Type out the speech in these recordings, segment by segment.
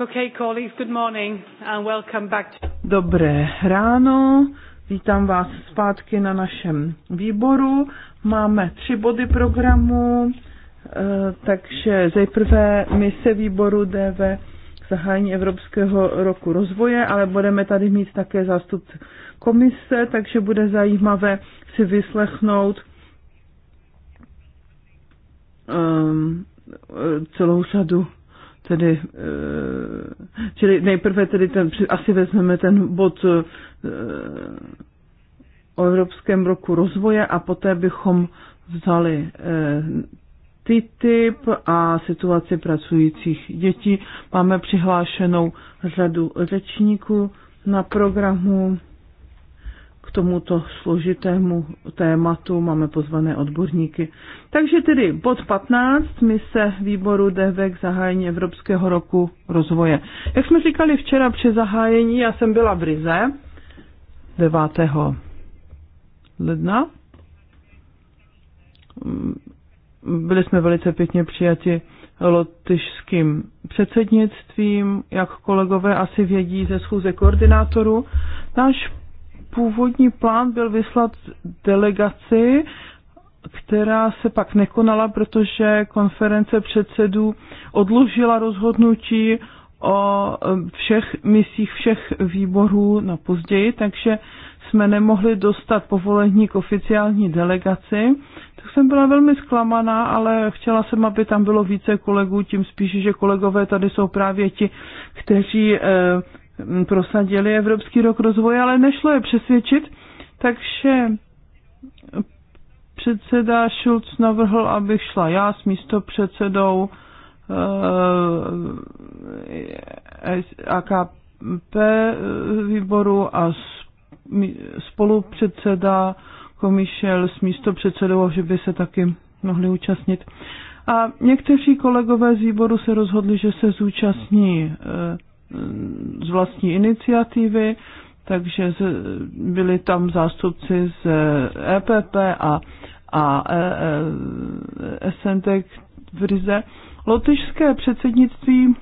Okay, colleagues, good morning and welcome back. To... Dobré ráno, vítám vás zpátky na našem výboru. Máme tři body programu, eh, takže nejprve mise výboru DV zahájení Evropského roku rozvoje, ale budeme tady mít také zástup komise, takže bude zajímavé si vyslechnout um, celou řadu tedy, eh, čili nejprve tedy ten, asi vezmeme ten bod eh, o Evropském roku rozvoje a poté bychom vzali ty eh, typ a situaci pracujících dětí. Máme přihlášenou řadu řečníků na programu k tomuto složitému tématu. Máme pozvané odborníky. Takže tedy bod 15, mise výboru DV e zahájení Evropského roku rozvoje. Jak jsme říkali včera při zahájení, já jsem byla v Rize 9. ledna. Byli jsme velice pěkně přijati lotyšským předsednictvím, jak kolegové asi vědí ze schůze koordinátorů. Náš původní plán byl vyslat delegaci, která se pak nekonala, protože konference předsedů odložila rozhodnutí o všech misích všech výborů na později, takže jsme nemohli dostat povolení k oficiální delegaci. Tak jsem byla velmi zklamaná, ale chtěla jsem, aby tam bylo více kolegů, tím spíše, že kolegové tady jsou právě ti, kteří prosadili Evropský rok rozvoje, ale nešlo je přesvědčit, takže předseda Schulz navrhl, abych šla já s místo předsedou eh, AKP výboru a spolupředseda komišel s místo předsedou, že by se taky mohli účastnit. A někteří kolegové z výboru se rozhodli, že se zúčastní eh, z vlastní iniciativy, takže byli tam zástupci z EPP a, a e, e, SNT v Rize. Lotyšské předsednictví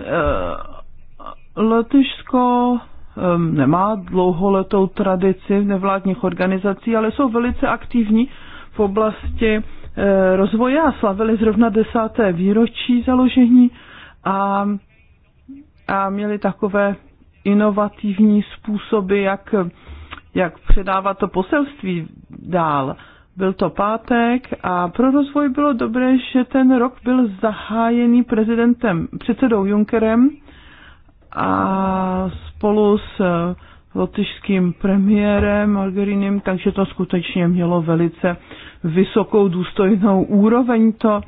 e, Lotyšsko nemá dlouholetou tradici nevládních organizací, ale jsou velice aktivní v oblasti Eh, rozvoje a slavili zrovna desáté výročí založení a, a měli takové inovativní způsoby, jak, jak předávat to poselství dál. Byl to pátek a pro rozvoj bylo dobré, že ten rok byl zahájený prezidentem, předsedou Junckerem a spolu s lotyšským premiérem Margarinem, takže to skutečně mělo velice vysokou důstojnou úroveň to,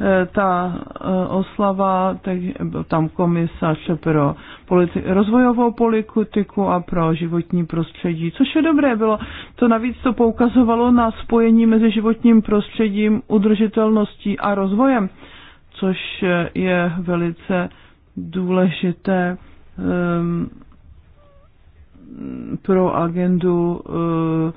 eh, ta eh, oslava, tak byl tam komisař pro politi- rozvojovou politiku a pro životní prostředí, což je dobré bylo. To navíc to poukazovalo na spojení mezi životním prostředím, udržitelností a rozvojem, což je velice důležité um, pro agendu eh,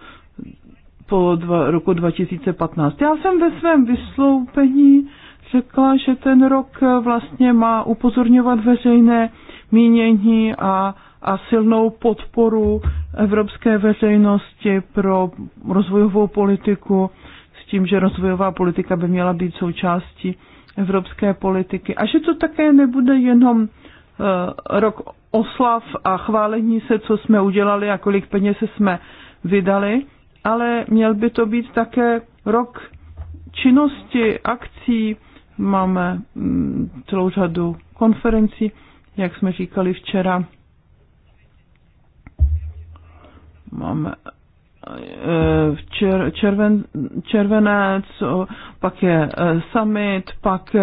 po dva, roku 2015. Já jsem ve svém vysloupení řekla, že ten rok vlastně má upozorňovat veřejné mínění a, a silnou podporu evropské veřejnosti pro rozvojovou politiku s tím, že rozvojová politika by měla být součástí evropské politiky a že to také nebude jenom Eh, rok oslav a chválení se, co jsme udělali a kolik peněz jsme vydali, ale měl by to být také rok činnosti, akcí. Máme mm, celou řadu konferencí, jak jsme říkali včera. Máme eh, červen, červenec, pak je eh, summit, pak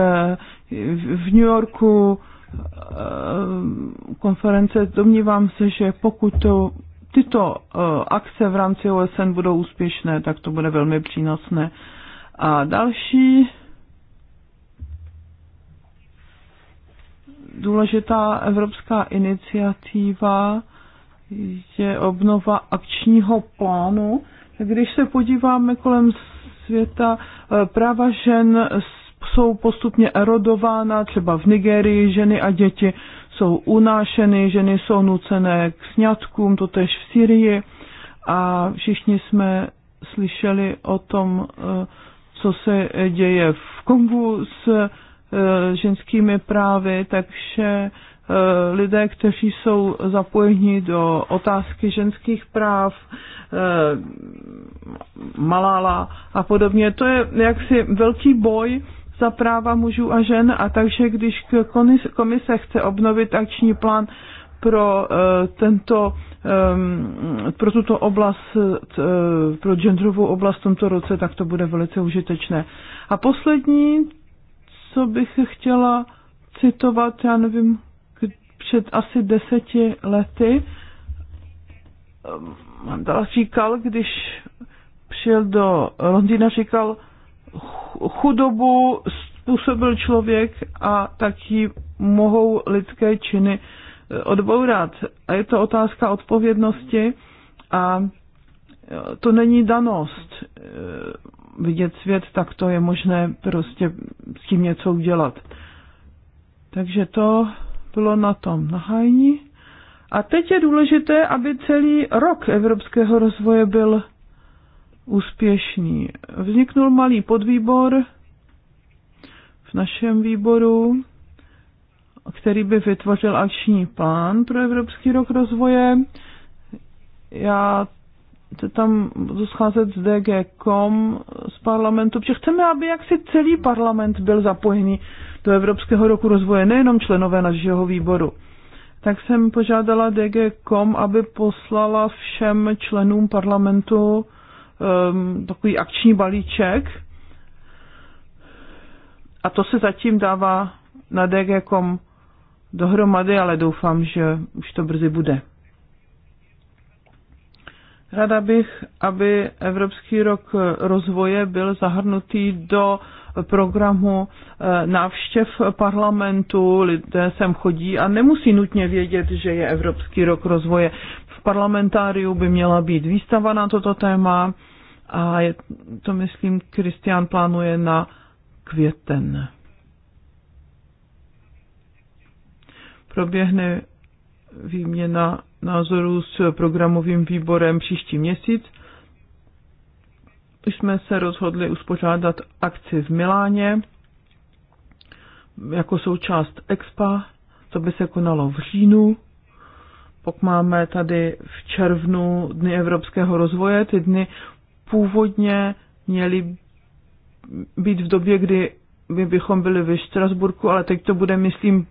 v New Yorku Eh, konference. Domnívám se, že pokud to, tyto eh, akce v rámci OSN budou úspěšné, tak to bude velmi přínosné. A další důležitá evropská iniciativa je obnova akčního plánu. Když se podíváme kolem světa, eh, práva žen jsou postupně erodována, třeba v Nigerii ženy a děti jsou unášeny, ženy jsou nucené k sňatkům, tež v Syrii. A všichni jsme slyšeli o tom, eh, co se děje v Kongu s eh, ženskými právy, takže eh, lidé, kteří jsou zapojeni do otázky ženských práv, Malala a podobně. To je jaksi velký boj za práva mužů a žen a takže když komise chce obnovit akční plán pro eh, tento ehm, pro tuto oblast, eh, eh, pro genderovou oblast v tomto roce, tak to bude velice užitečné. A poslední, co bych chtěla citovat, já nevím, před asi deseti lety, ehm, Mandela říkal, když přijel do Londýna, říkal, chudobu způsobil člověk a tak ji mohou lidské činy eh, odbourat. A je to otázka odpovědnosti a eh, to není danost. Eh, vidět svět tak to je možné prostě s tím něco udělat. Takže to bylo na tom nahájení. A teď je důležité, aby celý rok evropského rozvoje byl úspěšní. Vzniknul malý podvýbor v našem výboru, který by vytvořil akční plán pro Evropský rok rozvoje. Já se tam budu scházet s DG.com z parlamentu, protože chceme, aby jaksi celý parlament byl zapojený do Evropského roku rozvoje, nejenom členové našeho výboru. Tak jsem požádala DG.com, aby poslala všem členům parlamentu um, takový akční balíček a to se zatím dává na DGCOM dohromady, ale doufám, že už to brzy bude. Rada bych, aby Evropský rok rozvoje byl zahrnutý do programu eh, návštěv parlamentu. Lidé sem chodí a nemusí nutně vědět, že je Evropský rok rozvoje parlamentáriu by měla být výstava na toto téma a je, to, myslím, Kristian plánuje na květen. Proběhne výměna názorů s programovým výborem příští měsíc. Už Jsme se rozhodli uspořádat akci v Miláně jako součást EXPA, to by se konalo v říjnu pak máme tady v červnu Dny evropského rozvoje. Ty dny původně měly být v době, kdy my bychom byli ve Štrasburku, ale teď to bude, myslím,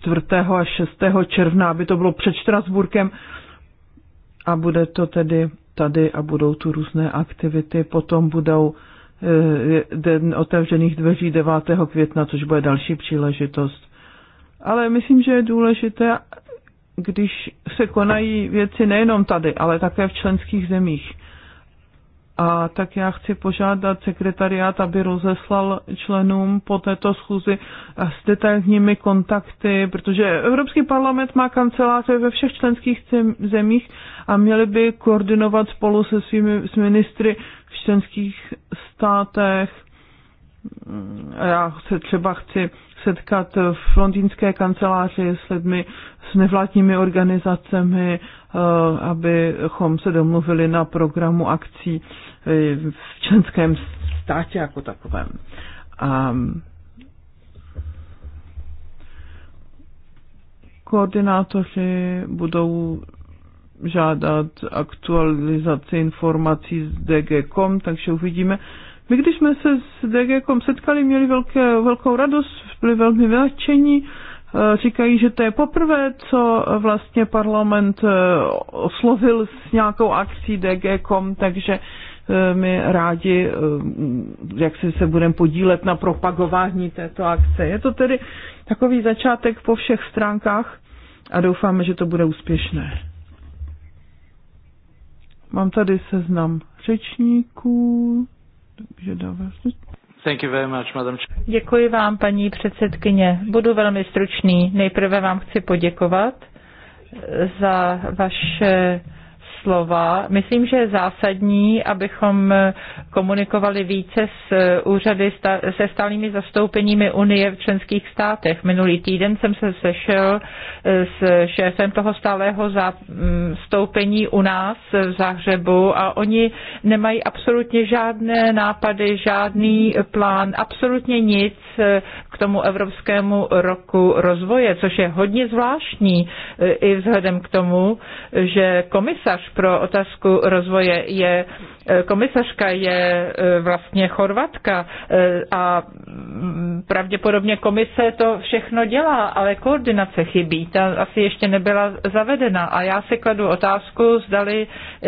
4. a 6. června, aby to bylo před Štrasburkem. A bude to tedy tady a budou tu různé aktivity. Potom budou eh, den otevřených dveří 9. května, což bude další příležitost. Ale myslím, že je důležité když se konají věci nejenom tady, ale také v členských zemích. A tak já chci požádat sekretariát, aby rozeslal členům po této schůzi s detailními kontakty, protože Evropský parlament má kanceláře ve všech členských zemích a měli by koordinovat spolu se svými s ministry v členských státech. Já se třeba chci setkat v londýnské kanceláři s lidmi, s nevládními organizacemi, eh, abychom se domluvili na programu akcí eh, v členském státě jako takovém. A mm, koordinátoři budou žádat aktualizaci informací z DG.com, takže uvidíme, my, když jsme se s DGKom setkali, měli velké, velkou radost, byli velmi vylačení, eh, říkají, že to je poprvé, co vlastně parlament eh, oslovil s nějakou akcí DGKom, takže eh, my rádi, jak si se budeme podílet na propagování této akce. Je to tedy takový začátek po všech stránkách a doufáme, že to bude úspěšné. Mám tady seznam řečníků. Thank you very much, madam. Děkuji vám, paní předsedkyně. Budu velmi stručný. Nejprve vám chci poděkovat eh, za vaše slova. Myslím, že je zásadní, abychom komunikovali více s eh, úřady se stálými zastoupeními Unie v členských státech. Minulý týden jsem se sešel eh, s šéfem toho stálého zastoupení u nás eh, v Zahřebu a oni nemají absolutně žádné nápady, žádný plán, absolutně nic k tomu Evropskému roku rozvoje, což je hodně zvláštní i vzhledem k tomu, že komisař pro otázku rozvoje je e, komisařka, je e, vlastně Chorvatka e, a mm, pravděpodobně komise to všechno dělá, ale koordinace chybí, ta asi ještě nebyla zavedena a já si kladu otázku, zdali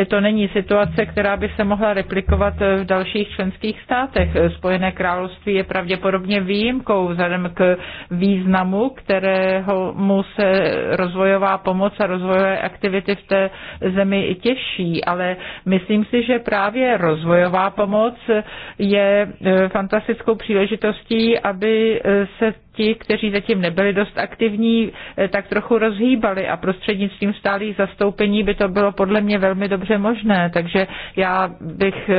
to není situace, která by se mohla replikovat v dalších členských státech. Spojené království je pravděpodobně výjimkou vzhledem k významu, kterého mu se rozvojová pomoc a rozvojové aktivity v té zemi těžší, ale myslím si, že právě rozvojová pomoc je e, fantastickou příležitostí, aby e, se ti, kteří zatím nebyli dost aktivní, e, tak trochu rozhýbali a prostřednictvím stálých zastoupení by to bylo podle mě velmi dobře možné. Takže já bych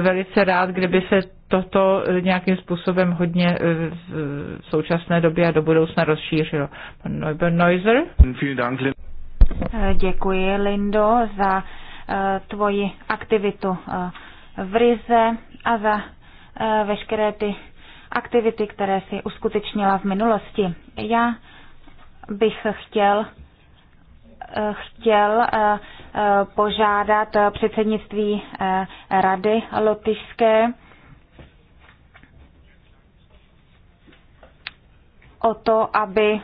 velice rád, kdyby se toto nějakým způsobem hodně v současné době a do budoucna rozšířilo. Pan Neuber Neuser. Děkuji, Lindo, za eh, tvoji aktivitu eh, v Rize a za eh, veškeré ty aktivity, které si uskutečnila v minulosti. Já bych chtěl chtěl požádat předsednictví Rady Lotyšské o to, aby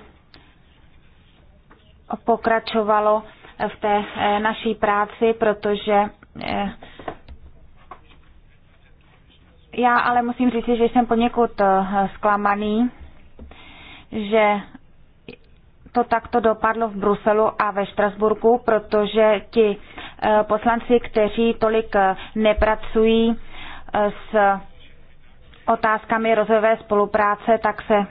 pokračovalo v té eh, naší práci, protože eh, já ale musím říct, že jsem poněkud eh, zklamaný, že to takto dopadlo v Bruselu a ve Štrasburku, protože ti poslanci, kteří tolik nepracují s otázkami rozvojové spolupráce, tak se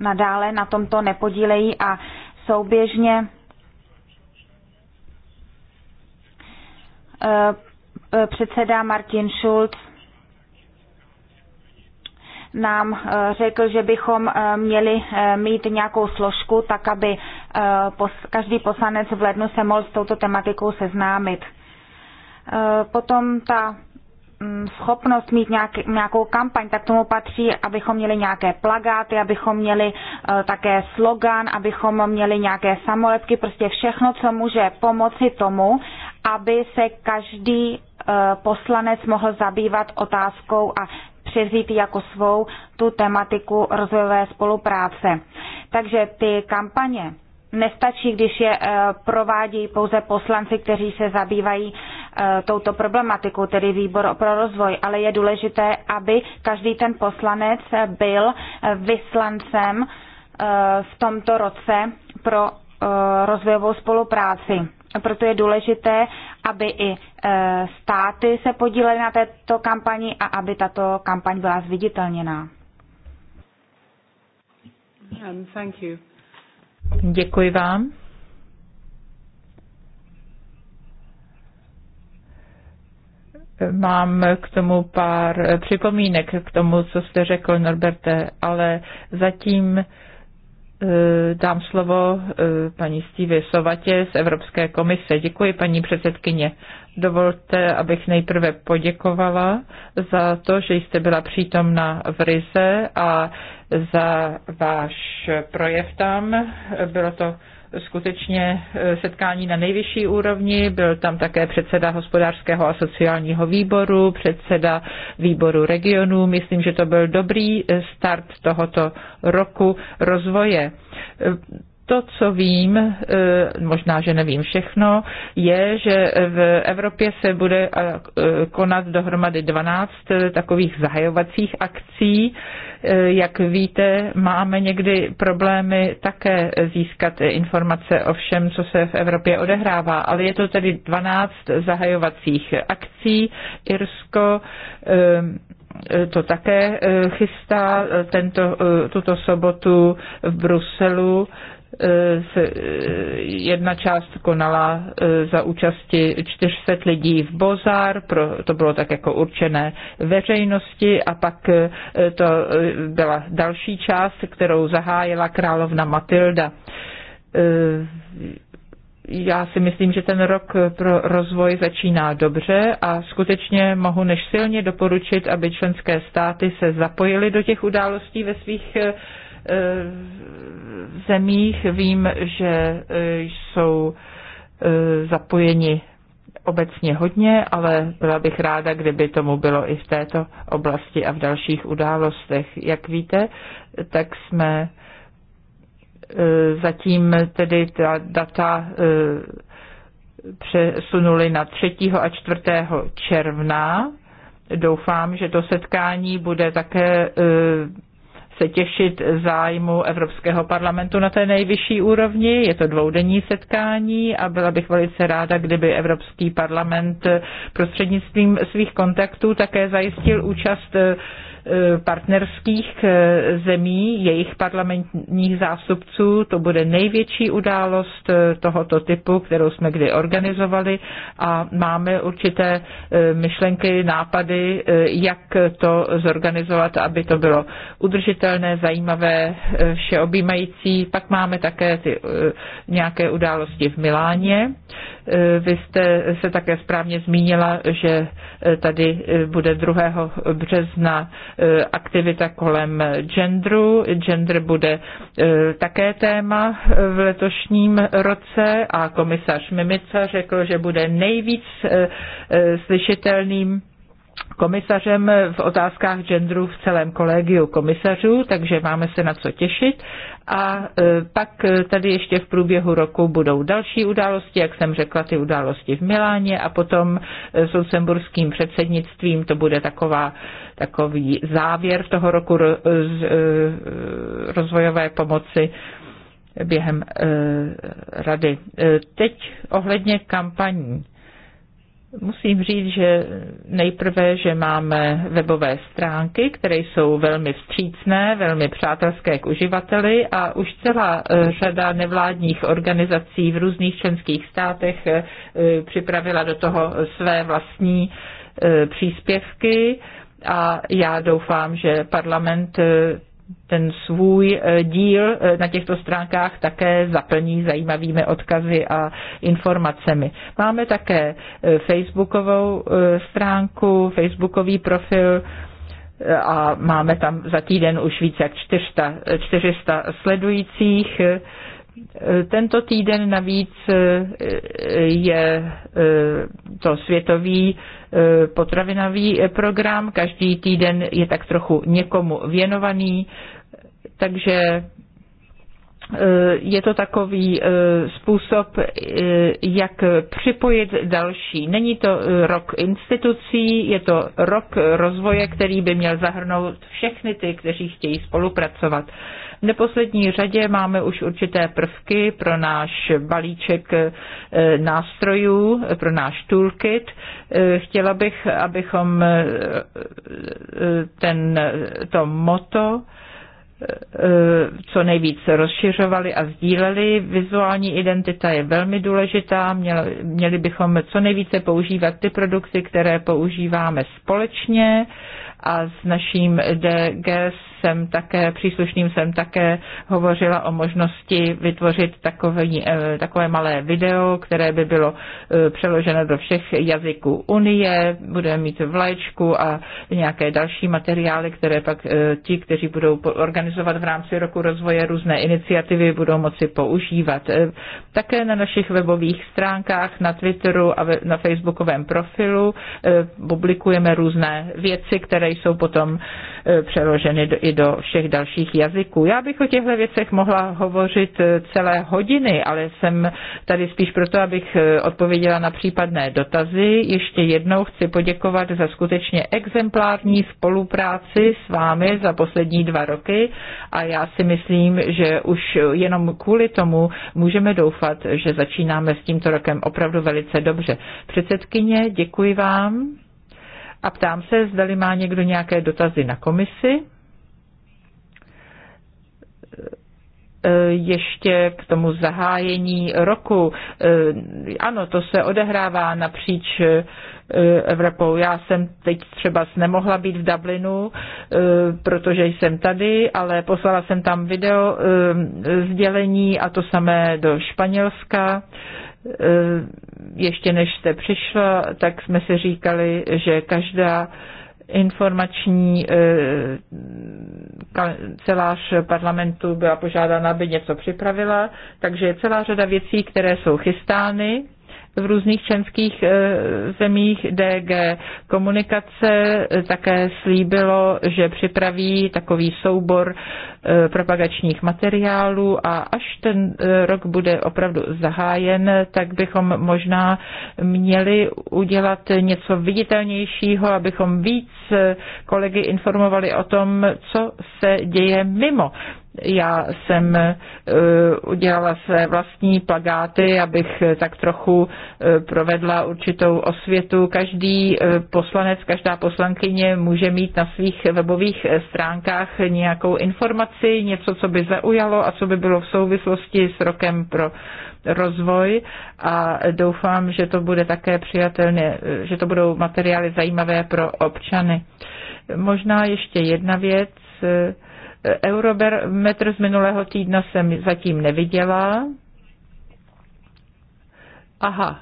nadále na tomto nepodílejí a souběžně eh, eh, předseda Martin Schulz nám eh, řekl, že bychom měli mít nějakou složku, tak aby každý poslanec v lednu se mohl s touto tematikou seznámit. Potom ta Mm, schopnost mít nějaký, nějakou kampaň, tak tomu patří, abychom měli nějaké plagáty, abychom měli uh, také slogan, abychom měli nějaké samolepky, prostě všechno, co může pomoci tomu, aby se každý uh, poslanec mohl zabývat otázkou a převzít jako svou tu tematiku rozvojové spolupráce. Takže ty kampaně nestačí, když je eh, provádějí pouze poslanci, kteří se zabývají eh, touto problematikou, tedy výbor pro rozvoj, ale je důležité, aby každý ten poslanec byl eh, vyslancem v tomto roce pro rozvojovou spolupráci. Proto je důležité, aby i státy se podílely na této kampani a aby tato kampaň byla zviditelněná. Um, thank you. Děkuji vám. Mám k tomu pár připomínek k tomu, co jste řekl, Norberte, ale zatím Eh, dám slovo eh, paní Stívy Sovatě z Evropské komise. Děkuji, paní předsedkyně. Dovolte, abych nejprve poděkovala za to, že jste byla přítomna v Rize a za váš projev tam. Bylo to skutečně e, setkání na nejvyšší úrovni. Byl tam také předseda hospodářského a sociálního výboru, předseda výboru regionů. Myslím, že to byl dobrý e, start tohoto roku rozvoje. E, to, co vím, e, možná, že nevím všechno, je, že v Evropě se bude e, konat dohromady 12 e, takových zahajovacích akcí. Jak víte, máme někdy problémy také získat informace o všem, co se v Evropě odehrává, ale je to tedy 12 zahajovacích akcí. Irsko, to také chystá tento, tuto sobotu v Bruselu Eh, se eh, jedna část konala eh, za účasti 400 lidí v Bozár, pro, to bylo tak jako určené veřejnosti a pak to byla další část, kterou zahájila královna Matilda já si myslím, že ten rok pro rozvoj začíná dobře a skutečně mohu než silně doporučit, aby členské státy se zapojily do těch událostí ve svých Eh, zemích. Vím, že eh, jsou eh, zapojeni obecně hodně, ale byla bych ráda, kdyby tomu bylo i v této oblasti a v dalších událostech. Jak víte, tak jsme zatím tedy ta data přesunuli na 3. a 4. června. Doufám, že to setkání bude také se těšit zájmu Evropského parlamentu na té nejvyšší úrovni. Je to dvoudenní setkání a byla bych velice ráda, kdyby Evropský parlament prostřednictvím svých kontaktů také zajistil účast Eh, partnerských eh, zemí, jejich parlamentních zástupců. To bude největší událost eh, tohoto typu, kterou jsme kdy organizovali a máme určité myšlenky, nápady, jak to zorganizovat, aby to bylo udržitelné, zajímavé, všeobjímající. Pak máme také ty nějaké události v Miláně. Vy jste se také správně zmínila, že tady bude 2. března E, aktivita kolem genderu. Gender bude e, také téma e, v letošním roce a komisař Mimica řekl, že bude nejvíc slyšitelným komisařem v otázkách genderu v celém kolegiu komisařů, takže máme se na co těšit. A pak tady ještě v průběhu roku budou další události, jak jsem řekla, ty události v Miláně a potom s lucemburským předsednictvím to bude taková takový závěr toho roku e, rozvojové pomoci během e, rady. E, teď ohledně kampaní. Musím říct, že nejprve, že máme webové stránky, které jsou velmi vstřícné, velmi přátelské k uživateli a už celá řada nevládních organizací v různých členských státech připravila do toho své vlastní příspěvky a já doufám, že parlament eh, ten svůj eh, díl eh, na těchto stránkách také zaplní zajímavými odkazy a informacemi. Máme také facebookovou stránku, facebookový profil a máme tam za týden už více jak 400, 400 sledujících. Tento týden navíc je to světový E, potravinový program. Každý týden je tak trochu někomu věnovaný, takže e, je to takový e, způsob, jak připojit další. Není to rok institucí, je to rok rozvoje, který by měl zahrnout všechny ty, kteří chtějí spolupracovat. V neposlední řadě máme už určité prvky pro náš balíček eh, nástrojů, eh, pro náš toolkit. Eh, chtěla bych, abychom ten, to moto, co nejvíce rozšiřovali a sdíleli. Vizuální identita je velmi důležitá. Měli bychom co nejvíce používat ty produkty, které používáme společně a s naším DG jsem také, příslušným jsem také hovořila o možnosti vytvořit takový, eh, takové malé video, které by bylo eh, přeloženo do všech jazyků Unie, budeme mít vlaječku a nějaké další materiály, které pak eh, ti, kteří budou organizovat v rámci roku rozvoje různé iniciativy, budou moci používat. Také na našich webových stránkách, na Twitteru a na facebookovém profilu publikujeme různé věci, které jsou potom e, přeloženy do, i do všech dalších jazyků. Já bych o těchto věcech mohla hovořit e, celé hodiny, ale jsem tady spíš proto, abych e, odpověděla na případné dotazy. Ještě jednou chci poděkovat za skutečně exemplární spolupráci s vámi za poslední dva roky a já si myslím, že už jenom kvůli tomu můžeme doufat, že začínáme s tímto rokem opravdu velice dobře. Předsedkyně, děkuji vám a ptám se, zdali má někdo nějaké dotazy na komisi. E, ještě k tomu zahájení roku. E, ano, to se odehrává napříč e, Evropou. Já jsem teď třeba nemohla být v Dublinu, protože jsem tady, ale poslala jsem tam video sdělení a to samé do Španělska ještě než jste přišla, tak jsme si říkali, že každá informační eh, celář parlamentu byla požádána, aby něco připravila, takže je celá řada věcí, které jsou chystány v různých členských eh, zemích DG komunikace eh, také slíbilo, že připraví takový soubor eh, propagačních materiálů a až ten rok bude opravdu zahájen, tak bychom možná měli udělat něco viditelnějšího, abychom víc kolegy informovali o tom, co se děje mimo já jsem eh, udělala své vlastní plagáty, abych eh, tak trochu eh, provedla určitou osvětu. Každý poslanec, každá poslankyně může mít na svých webových stránkách nějakou informaci, něco, co by zaujalo a co by bylo v souvislosti s rokem pro rozvoj a doufám, že to bude také přijatelné, že to budou materiály zajímavé pro občany. Možná ještě jedna věc, Eurometr z minulého týdna jsem zatím neviděla. Aha,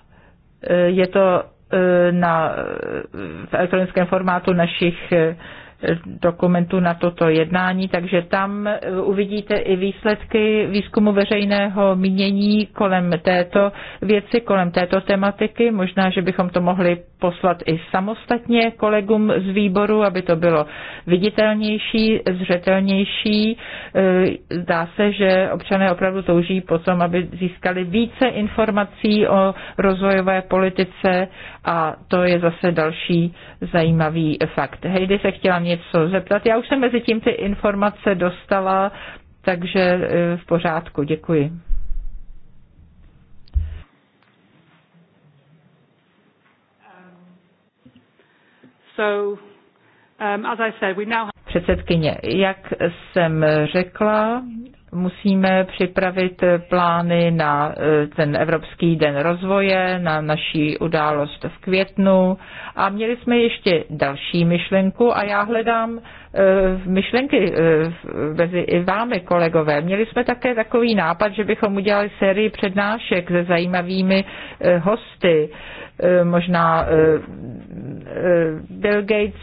e, je to e, na, v elektronickém formátu našich e, dokumentu na toto jednání, takže tam eh, uvidíte i výsledky výzkumu veřejného mínění kolem této věci, kolem této tematiky. Možná, že bychom to mohli poslat i samostatně kolegům z výboru, aby to bylo viditelnější, zřetelnější. Zdá eh, se, že občané opravdu touží po tom, aby získali více informací o rozvojové politice a to je zase další zajímavý fakt. Hejdy se chtěla mě něco zeptat. Já už jsem mezi tím ty informace dostala, takže e, v pořádku, děkuji. So, um, as I said, we now... Předsedkyně, jak jsem řekla, musíme připravit plány na e, ten Evropský den rozvoje, na naší událost v květnu a měli jsme ještě další myšlenku a já hledám e, myšlenky e, mezi i vámi, kolegové. Měli jsme také takový nápad, že bychom udělali sérii přednášek se zajímavými hosty. Možná Bill Gates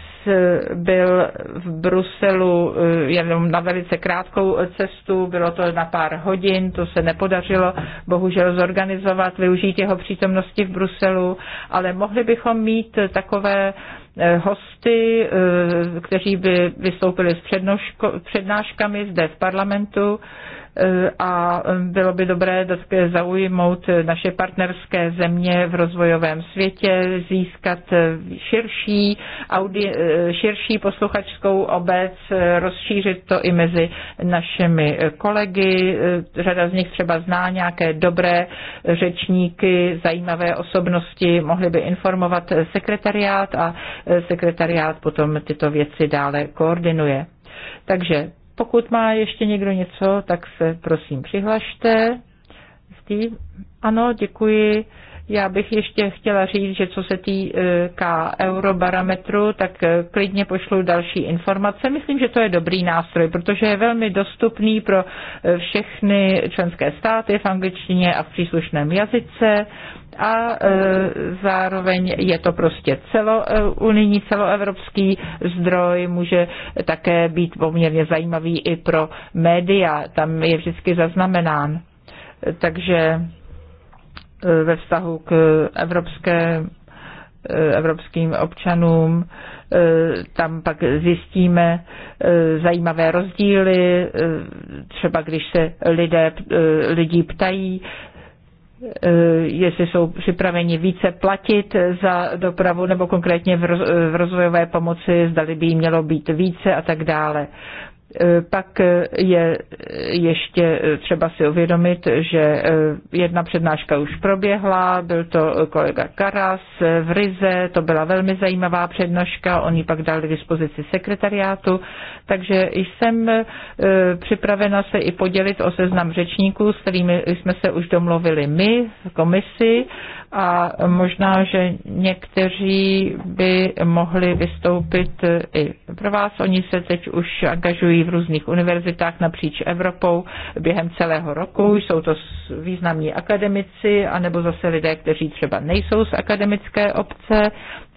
byl v Bruselu eh, jenom na velice krátkou cestu, bylo to na pár hodin, to se nepodařilo bohužel zorganizovat, využít jeho přítomnosti v Bruselu, ale mohli bychom mít takové eh, hosty, eh, kteří by vystoupili s přednáškami zde v parlamentu, Eh, a eh, bylo by dobré zaujmout naše partnerské země v rozvojovém světě, získat eh, širší, audi, širší posluchačskou obec, rozšířit to i mezi našimi kolegy. Řada z nich třeba zná nějaké dobré řečníky, zajímavé osobnosti, mohli by informovat sekretariát a sekretariát potom tyto věci dále koordinuje. Takže pokud má ještě někdo něco, tak se prosím přihlašte. Ano, děkuji. Já bych ještě chtěla říct, že co se týká eurobarometru, tak eh, klidně pošlu další informace. Myslím, že to je dobrý nástroj, protože je velmi dostupný pro eh, všechny členské státy v angličtině a v příslušném jazyce a eh, zároveň je to prostě celounijní, celoevropský zdroj, může také být poměrně zajímavý i pro média, tam je vždycky zaznamenán. Takže Eh, ve vztahu k evropské eh, evropským občanům. Eh, tam pak zjistíme zajímavé rozdíly, třeba když se lidé, lidi ptají, jestli jsou připraveni více platit za dopravu nebo konkrétně v rozvojové pomoci, zdali by jí mělo být více a tak dále. Eh, pak eh, je eh, ještě třeba si uvědomit, že jedna přednáška už proběhla, byl to kolega Karas v Rize, to byla velmi zajímavá přednáška, oni pak dali k dispozici sekretariátu, takže jsem připravena se i podělit o seznam řečníků, s kterými jsme se už domluvili my v komisi a možná, že někteří by mohli vystoupit i pro vás, oni se teď už angažují v různých univerzitách napříč Evropou během celého roku. Jsou to významní akademici, anebo zase lidé, kteří třeba nejsou z akademické obce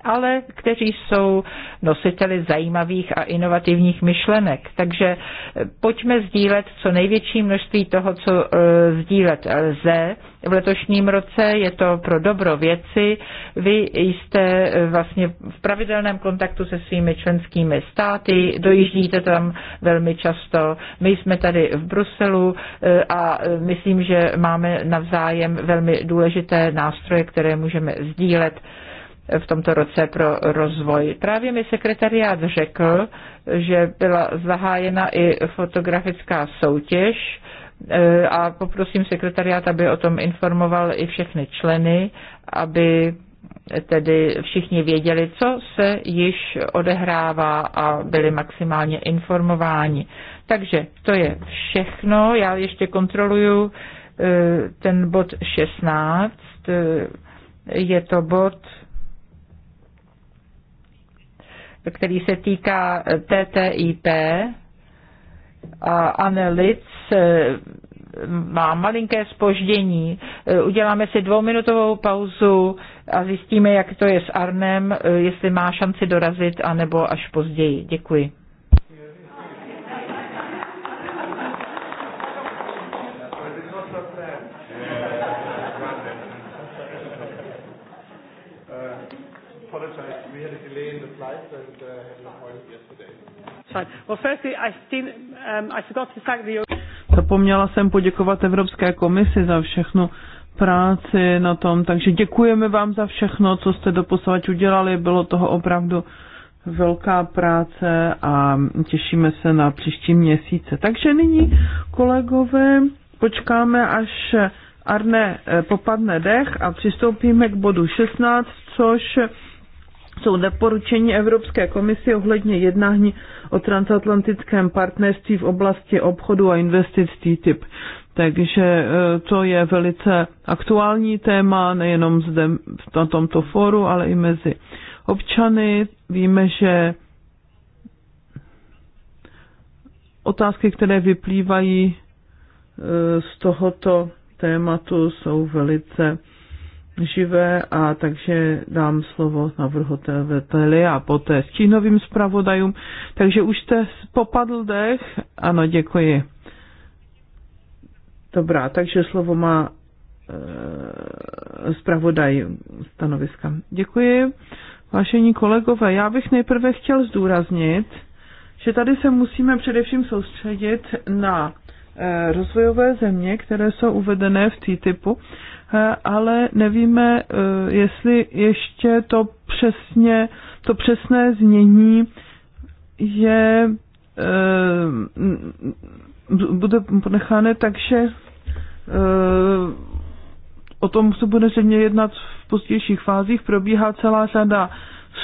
ale kteří jsou nositeli zajímavých a inovativních myšlenek. Takže eh, pojďme sdílet co největší množství toho, co eh, sdílet lze. V letošním roce je to pro dobro věci. Vy jste eh, vlastně v pravidelném kontaktu se svými členskými státy, dojíždíte tam velmi často. My jsme tady v Bruselu a myslím, že máme navzájem velmi důležité nástroje, které můžeme sdílet v tomto roce pro rozvoj. Právě mi sekretariát řekl, že byla zahájena i fotografická soutěž e, a poprosím sekretariát, aby o tom informoval i všechny členy, aby tedy všichni věděli, co se již odehrává a byli maximálně informováni. Takže to je všechno. Já ještě kontroluju e, ten bod 16. E, je to bod který se týká eh, TTIP a Anelic eh, má malinké spoždění. Eh, uděláme si dvouminutovou pauzu a zjistíme, jak to je s Arnem, jestli má šanci dorazit, anebo až později. Děkuji. Um, Zapomněla jsem poděkovat Evropské komisi za všechnu práci na tom, takže děkujeme vám za všechno, co jste doposavať udělali, bylo toho opravdu velká práce a těšíme se na příští měsíce. Takže nyní, kolegové, počkáme, až Arne eh, popadne dech a přistoupíme k bodu 16, což jsou doporučení Evropské komisi ohledně jednání o transatlantickém partnerství v oblasti obchodu a investic TTIP. Takže e, to je velice aktuální téma, nejenom zde na tomto fóru, ale i mezi občany. Víme, že otázky, které vyplývají e, z tohoto tématu, jsou velice živé a takže dám slovo navrhovateli a poté stínovým zpravodajům. Takže už jste popadl dech? Ano, děkuji. Dobrá, takže slovo má e, zpravodaj stanoviska. Děkuji. Vážení kolegové, já bych nejprve chtěl zdůraznit, že tady se musíme především soustředit na Eh, rozvojové země, které jsou uvedené v TTIPu, eh, ale nevíme, eh, jestli ještě to přesně, to přesné znění je bude ponecháno, takže o tom se bude zřejmě jednat v pozdějších fázích. Probíhá celá řada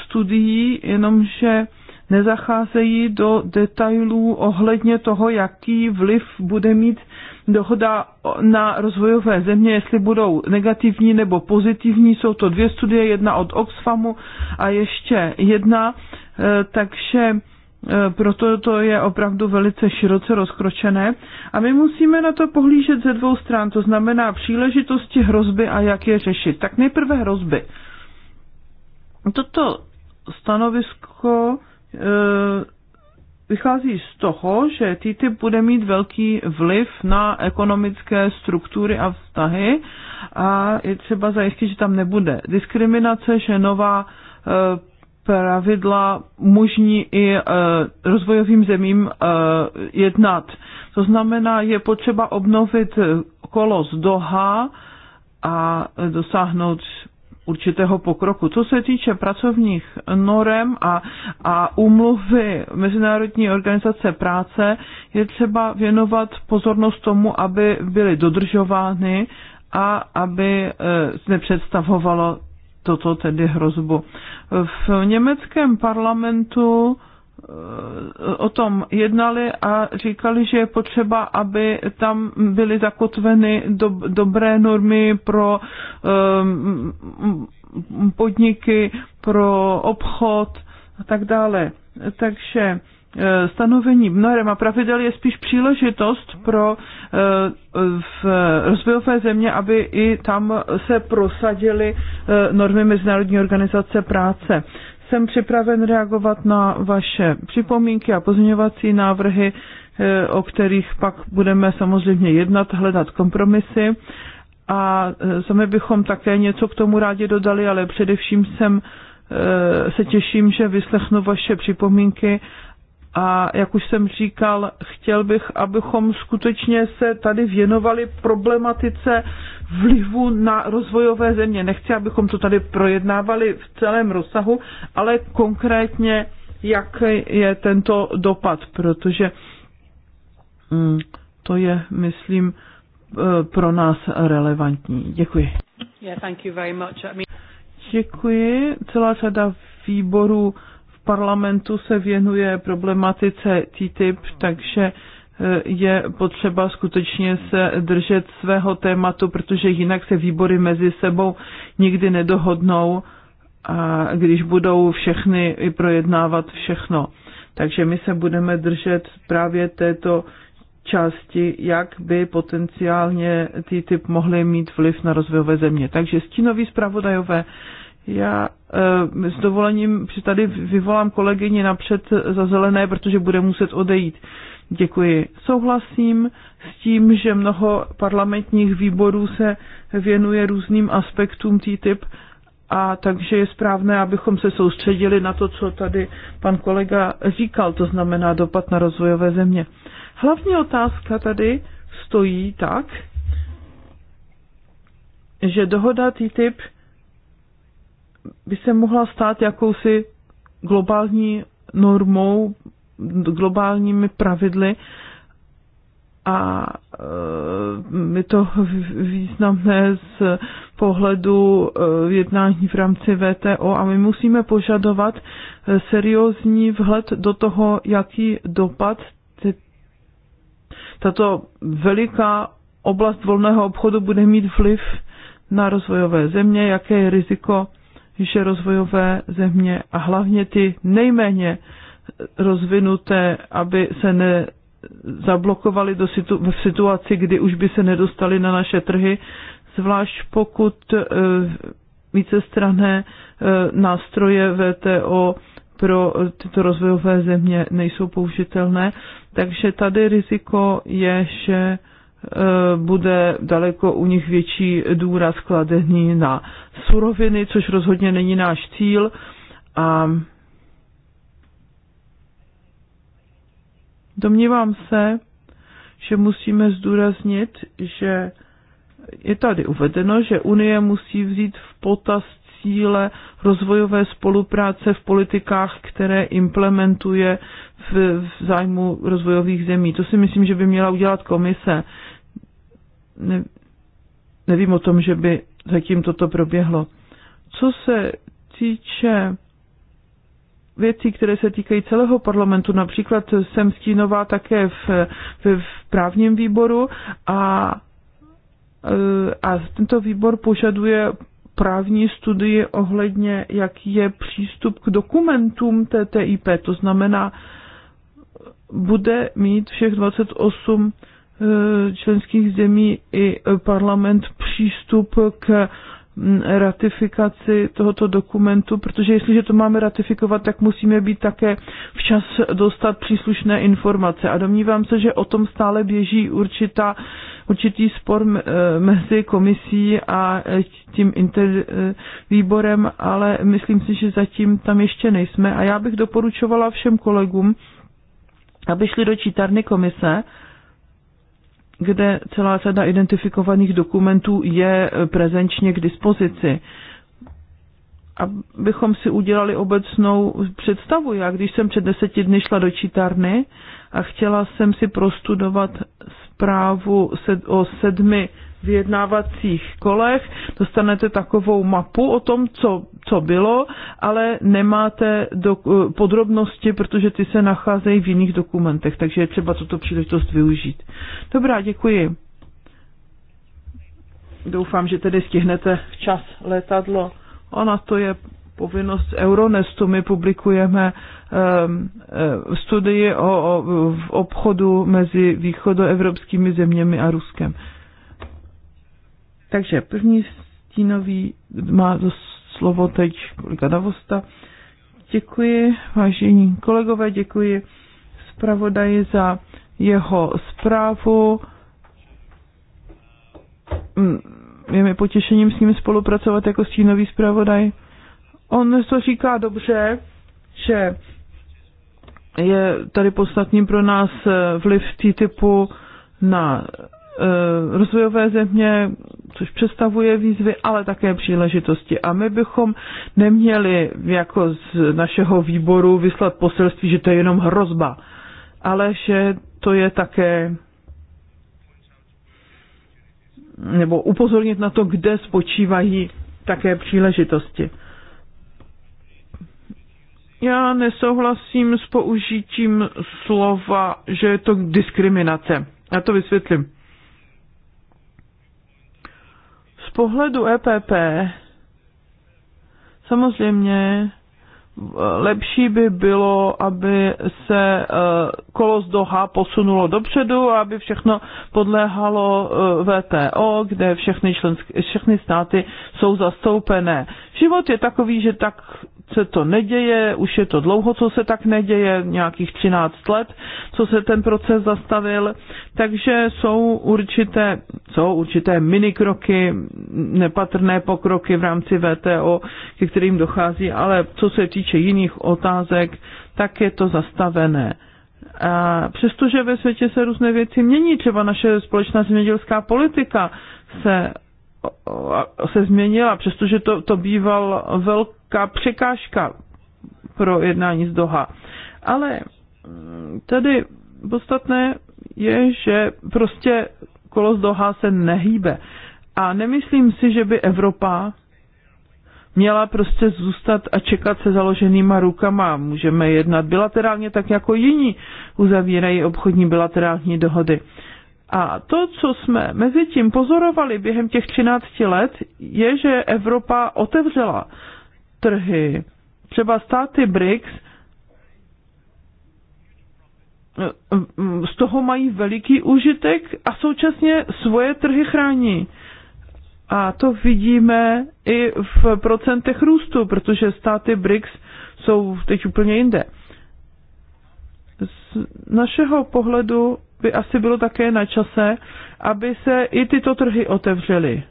studií, jenomže nezacházejí do detailů ohledně toho, jaký vliv bude mít dohoda na rozvojové země, jestli budou negativní nebo pozitivní. Jsou to dvě studie, jedna od Oxfamu a ještě jedna, e, takže e, proto to je opravdu velice široce rozkročené. A my musíme na to pohlížet ze dvou stran, to znamená příležitosti, hrozby a jak je řešit. Tak nejprve hrozby. Toto stanovisko Eh, vychází z toho, že TTIP bude mít velký vliv na ekonomické struktury a vztahy a je třeba zajistit, že tam nebude diskriminace, že nová eh, pravidla možní i eh, rozvojovým zemím jednat. To znamená, je potřeba obnovit kolo z Doha a dosáhnout určitého pokroku. Co se týče pracovních norem a, a umluvy Mezinárodní organizace práce, je třeba věnovat pozornost tomu, aby byly dodržovány a aby eh, nepředstavovalo toto tedy hrozbu. V německém parlamentu Eh, o tom jednali a říkali, že je potřeba, aby tam byly zakotveny do, dobré normy pro um, podniky, pro obchod a tak dále. Takže eh, stanovení norm a pravidel je spíš příležitost pro v rozvojové země, aby i tam se prosadily normy Mezinárodní organizace práce. Jsem připraven reagovat na vaše připomínky a pozměňovací návrhy, eh, o kterých pak budeme samozřejmě jednat, hledat kompromisy. A eh, sami bychom také něco k tomu rádi dodali, ale především jsem eh, se těším, že vyslechnu vaše připomínky a jak už jsem říkal, chtěl bych, abychom skutečně se tady věnovali problematice vlivu na rozvojové země. Nechci, abychom to tady projednávali v celém rozsahu, ale konkrétně, jak je tento dopad, protože mm, to je, myslím, e, pro nás relevantní. Děkuji. Yeah, thank you very much. I mean... Děkuji. Celá řada výborů v parlamentu se věnuje problematice TTIP, takže je potřeba skutečně se držet svého tématu, protože jinak se výbory mezi sebou nikdy nedohodnou, a když budou všechny i projednávat všechno. Takže my se budeme držet právě této části, jak by potenciálně ty typ mohly mít vliv na rozvojové země. Takže stínový zpravodajové, já e, s dovolením tady vyvolám kolegyni napřed za zelené, protože bude muset odejít. Děkuji. Souhlasím s tím, že mnoho parlamentních výborů se věnuje různým aspektům TTIP a takže je správné, abychom se soustředili na to, co tady pan kolega říkal, to znamená dopad na rozvojové země. Hlavní otázka tady stojí tak, že dohoda TTIP by se mohla stát jakousi globální normou globálními pravidly a e, je to významné z pohledu e, jednání v rámci VTO a my musíme požadovat seriózní vhled do toho, jaký dopad tato veliká oblast volného obchodu bude mít vliv na rozvojové země, jaké je riziko, že rozvojové země a hlavně ty nejméně rozvinuté, aby se ne zablokovali do situ- v situaci, kdy už by se nedostali na naše trhy, zvlášť pokud e, vícestrané e, nástroje VTO pro tyto rozvojové země nejsou použitelné. Takže tady riziko je, že e, bude daleko u nich větší důraz kladený na suroviny, což rozhodně není náš cíl. A Domnívám se, že musíme zdůraznit, že je tady uvedeno, že Unie musí vzít v potaz cíle rozvojové spolupráce v politikách, které implementuje v, v zájmu rozvojových zemí. To si myslím, že by měla udělat komise. Ne, nevím o tom, že by zatím toto proběhlo. Co se týče věcí, které se týkají celého parlamentu. Například jsem stínová také v, v, v právním výboru a, e, a tento výbor požaduje právní studii ohledně, jaký je přístup k dokumentům TTIP. To znamená, bude mít všech 28 e, členských zemí i parlament přístup k ratifikaci tohoto dokumentu, protože jestliže to máme ratifikovat, tak musíme být také včas dostat příslušné informace. A domnívám se, že o tom stále běží určitá, určitý spor e, mezi komisí a e, tím intervýborem, ale myslím si, že zatím tam ještě nejsme. A já bych doporučovala všem kolegům, aby šli do čítarny komise, kde celá řada identifikovaných dokumentů je eh, prezenčně k dispozici. Abychom si udělali obecnou představu, já když jsem před deseti dny šla do čítárny a chtěla jsem si prostudovat zprávu o sedmi vyjednávacích kolech, dostanete takovou mapu o tom, co, co bylo, ale nemáte do, eh, podrobnosti, protože ty se nacházejí v jiných dokumentech, takže je třeba tuto příležitost využít. Dobrá, děkuji. Doufám, že tedy stihnete včas letadlo. Ona to je povinnost Euronestu. My publikujeme um, studii o, o v obchodu mezi východoevropskými zeměmi a Ruskem. Takže první stínový má slovo teď kolega Davosta. Děkuji, vážení kolegové, děkuji zpravodaji za jeho zprávu. Mm, je mi potěšením s ním spolupracovat jako stínový zpravodaj. On to říká dobře, že je tady podstatný pro nás vliv typu na Eh, rozvojové země, což představuje výzvy, ale také příležitosti. A my bychom neměli jako z našeho výboru vyslat poselství, že to je jenom hrozba, ale že to je také nebo upozornit na to, kde spočívají také příležitosti. Já nesouhlasím s použitím slova, že je to diskriminace. Já to vysvětlím. pohledu EPP samozřejmě eh, lepší by bylo, aby se eh, kolo z Doha posunulo dopředu a aby všechno podléhalo eh, VTO, kde všechny, členské, všechny státy jsou zastoupené. Život je takový, že tak se to neděje, už je to dlouho, co se tak neděje, nějakých 13 let, co se ten proces zastavil, takže jsou určité, jsou určité minikroky, nepatrné pokroky v rámci VTO, ke kterým dochází, ale co se týče jiných otázek, tak je to zastavené. A přestože ve světě se různé věci mění, třeba naše společná zemědělská politika se se změnila, přestože to, to býval velký velká překážka pro jednání z Doha. Ale mm, tady podstatné je, že prostě kolo z Doha se nehýbe. A nemyslím si, že by Evropa měla prostě zůstat a čekat se založenýma rukama. Můžeme jednat bilaterálně tak, jako jiní uzavírají obchodní bilaterální dohody. A to, co jsme mezi tím pozorovali během těch 13 let, je, že Evropa otevřela trhy. Třeba státy BRICS z toho mají veliký užitek a současně svoje trhy chrání. A to vidíme i v procentech růstu, protože státy BRICS jsou teď úplně jinde. Z našeho pohledu by asi bylo také na čase, aby se i tyto trhy otevřely.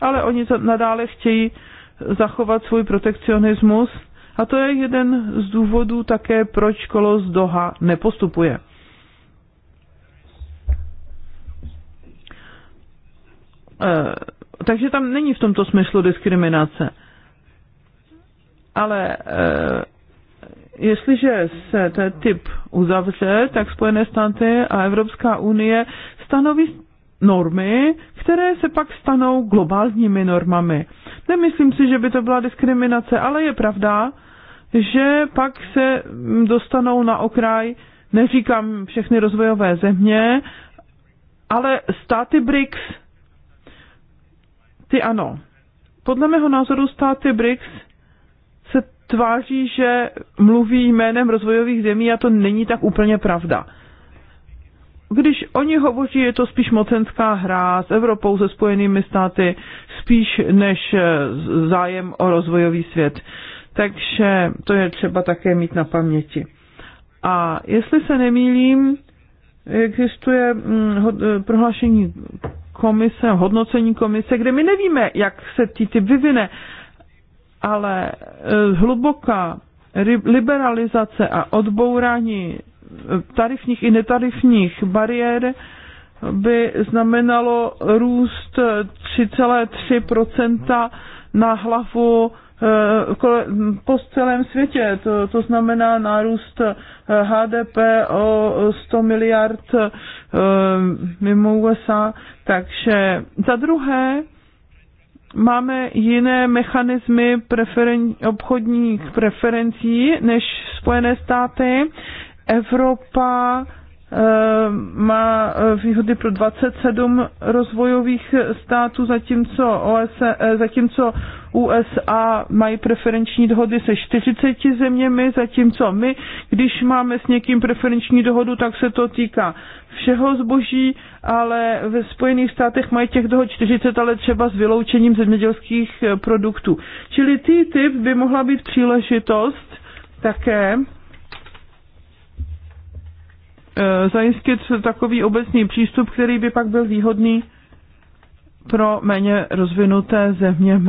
Ale oni nadále chtějí zachovat svůj protekcionismus a to je jeden z důvodů také, proč kolo z Doha nepostupuje. Eh, takže tam není v tomto smyslu diskriminace. Ale eh, jestliže se ten typ uzavře, tak Spojené státy a Evropská unie stanoví normy, které se pak stanou globálními normami. Nemyslím si, že by to byla diskriminace, ale je pravda, že pak se mm, dostanou na okraj, neříkám všechny rozvojové země, ale státy BRICS, ty ano. Podle mého názoru státy BRICS se tváří, že mluví jménem rozvojových zemí a to není tak úplně pravda když oni hovoří, je to spíš mocenská hra s Evropou, se Spojenými státy, spíš než eh, zájem o rozvojový svět. Takže to je třeba také mít na paměti. A jestli se nemýlím, existuje mm, eh, prohlášení komise, hodnocení komise, kde my nevíme, jak se TTIP vyvine, ale eh, hluboká liberalizace a odbourání tarifních i netarifních bariér by znamenalo růst 3,3 na hlavu eh, po celém světě. To, to znamená nárůst HDP eh, o 100 miliard eh, mimo USA. Takže za druhé máme jiné mechanismy preferen, obchodních preferencí než Spojené státy. Evropa eh, má eh, výhody pro 27 rozvojových států, zatímco, OS, e, eh, zatímco USA mají preferenční dohody se 40 zeměmi, zatímco my, když máme s někým preferenční dohodu, tak se to týká všeho zboží, ale ve Spojených státech mají těch dohod 40, ale třeba s vyloučením zemědělských produktů. Čili TTIP by mohla být příležitost také Eh, zajistit takový obecný přístup, který by pak byl výhodný pro méně rozvinuté země.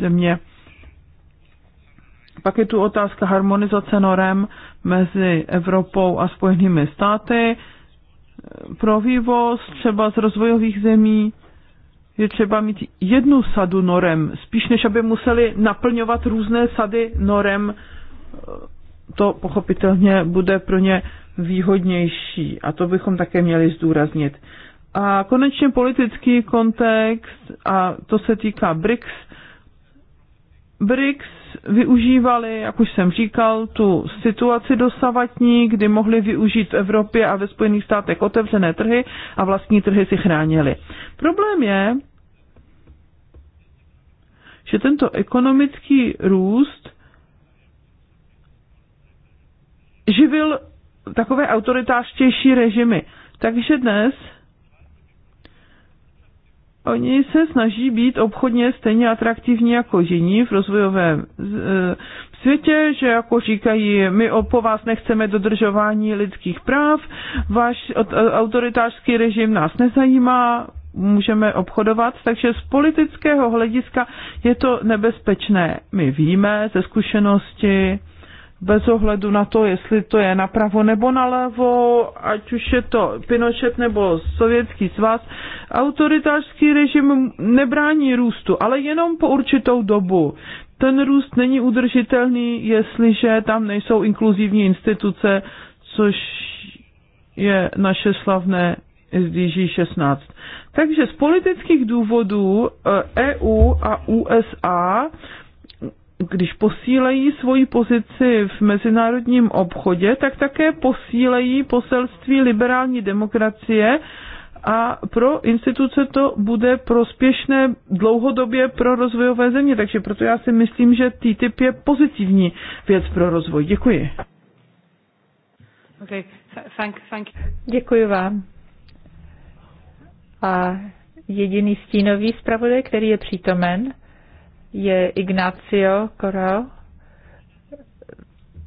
země. Pak je tu otázka harmonizace norem mezi Evropou a Spojenými státy. Eh, pro vývoz třeba z rozvojových zemí je třeba mít jednu sadu norem, spíš než aby museli naplňovat různé sady norem. Eh, to pochopitelně bude pro ně výhodnější a to bychom také měli zdůraznit. A konečně politický kontext, a to se týká BRICS. BRICS využívali, jak už jsem říkal, tu situaci dosavatní, kdy mohli využít v Evropě a ve Spojených státech otevřené trhy a vlastní trhy si chránili. Problém je, že tento ekonomický růst živil takové autoritářtější režimy. Takže dnes oni se snaží být obchodně stejně atraktivní jako jiní v rozvojovém e, světě, že jako říkají, my po vás nechceme dodržování lidských práv, váš autoritářský režim nás nezajímá, můžeme obchodovat, takže z politického hlediska je to nebezpečné. My víme ze zkušenosti, bez ohledu na to, jestli to je napravo nebo nalevo, ať už je to Pinochet nebo Sovětský svaz, autoritářský režim nebrání růstu, ale jenom po určitou dobu. Ten růst není udržitelný, jestliže tam nejsou inkluzivní instituce, což je naše slavné SDG 16. Takže z politických důvodů EU eh, e a USA když posílejí svoji pozici v mezinárodním obchodě, tak také posílejí poselství liberální demokracie a pro instituce to bude prospěšné dlouhodobě pro rozvojové země. Takže proto já si myslím, že TTIP je pozitivní věc pro rozvoj. Děkuji. Okay. Thank, thank Děkuji vám. A jediný stínový zpravodaj, který je přítomen, je Ignacio Corral.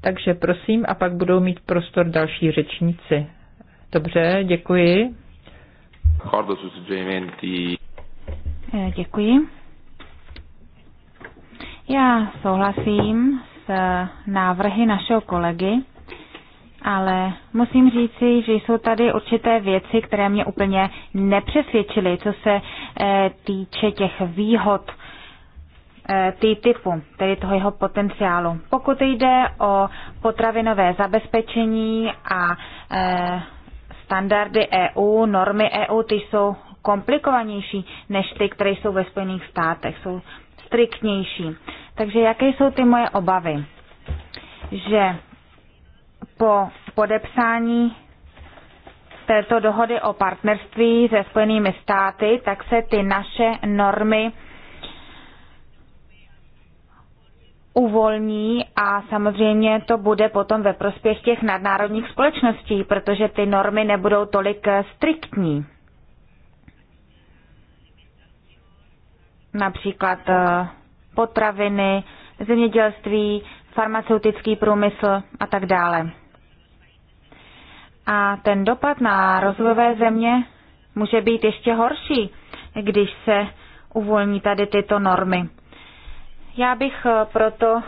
Takže prosím, a pak budou mít prostor další řečníci. Dobře, děkuji. Eh, děkuji. Já souhlasím s eh, návrhy našeho kolegy, ale musím říci, že jsou tady určité věci, které mě úplně nepřesvědčily, co se eh, týče těch výhod Eh, typu, tedy toho jeho potenciálu. Pokud jde o potravinové zabezpečení a eh, standardy EU, normy EU, ty jsou komplikovanější než ty, které jsou ve Spojených státech, jsou striktnější. Takže jaké jsou ty moje obavy? Že po podepsání této dohody o partnerství se Spojenými státy, tak se ty naše normy uvolní a samozřejmě to bude potom ve prospěch těch nadnárodních společností, protože ty normy nebudou tolik eh, striktní. Například eh, potraviny, zemědělství, farmaceutický průmysl a tak dále. A ten dopad na rozvojové země může být ještě horší, když se uvolní tady tyto normy. Já bych eh, proto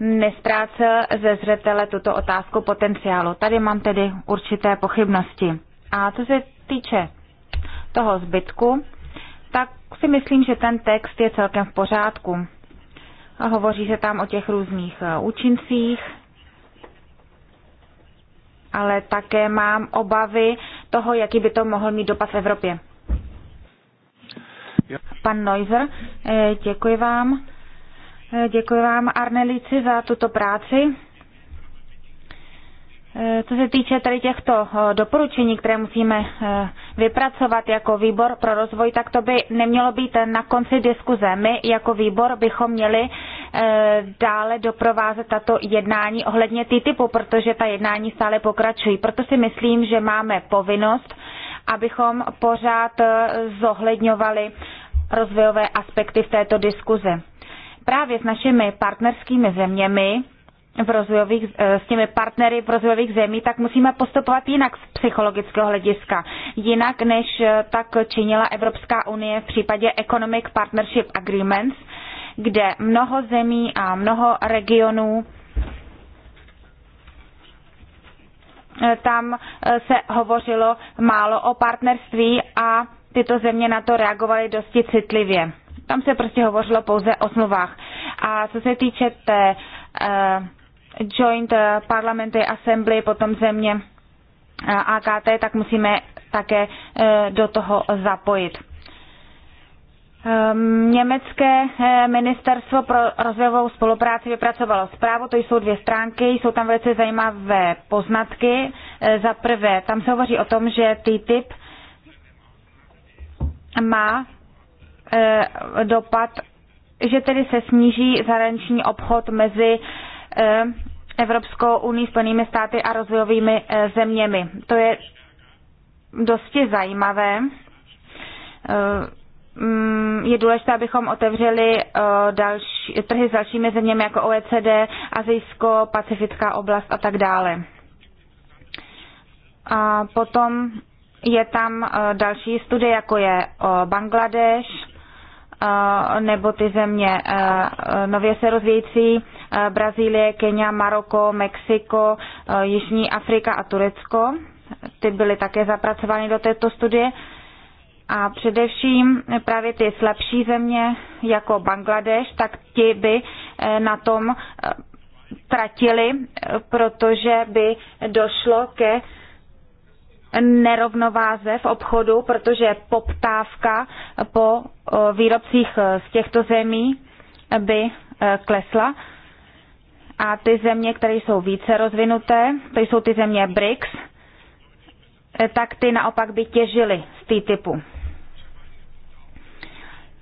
nestrácel ze zřetele tuto otázku potenciálu. Tady mám tedy určité pochybnosti. A co se týče toho zbytku, tak si myslím, že ten text je celkem v pořádku. Hovoří se tam o těch různých eh, účincích, ale také mám obavy toho, jaký by to mohl mít dopad v Evropě. Pan Neuser, eh, děkuji vám. Děkuji vám, Arnelici, za tuto práci. E, co se týče tady těchto e, doporučení, které musíme e, vypracovat jako výbor pro rozvoj, tak to by nemělo být na konci diskuze. My jako výbor bychom měli dále doprovázet tato jednání ohledně TTIPu, protože ta jednání stále pokračují. Proto si myslím, že máme povinnost, abychom pořád zohledňovali rozvojové aspekty v této diskuze právě s našimi partnerskými zeměmi, v rozvojových, eh, s těmi partnery v rozvojových zemí, tak musíme postupovat jinak z psychologického hlediska. Jinak, než eh, tak činila Evropská unie v případě Economic Partnership Agreements, kde mnoho zemí a mnoho regionů eh, tam se hovořilo málo o partnerství a tyto země na to reagovaly dosti citlivě tam se prostě hovořilo pouze o smluvách. A co se týče té uh, joint parliamentary assembly, potom země uh, eh, AKT, tak musíme také uh, do toho zapojit. Ehm, německé ministerstvo pro rozvojovou spolupráci vypracovalo zprávu, to jsou dvě stránky, jsou tam velice zajímavé poznatky. Za prvé, tam se hovoří o tom, že TTIP má Eh, dopad, že tedy se sníží zahraniční obchod mezi eh, Evropskou unii, Spojenými státy a rozvojovými eh, zeměmi. To je dosti zajímavé. Mm, je důležité, abychom otevřeli další, trhy s dalšími zeměmi jako OECD, Azijsko, Pacifická oblast a tak dále. A potom je tam další studie, jako je Bangladeš, nebo ty země nově se rozvějící Brazílie, Kenia, Maroko, Mexiko, Jižní Afrika a Turecko. Ty byly také zapracovány do této studie. A především právě ty slabší země jako Bangladeš, tak ti by e, na tom e, tratili, e, protože by došlo ke nerovnováze v obchodu, protože poptávka po výrobcích e, z těchto zemí by e, klesla. A ty země, které jsou více rozvinuté, to jsou ty země BRICS, e, tak ty naopak by těžily z té typu.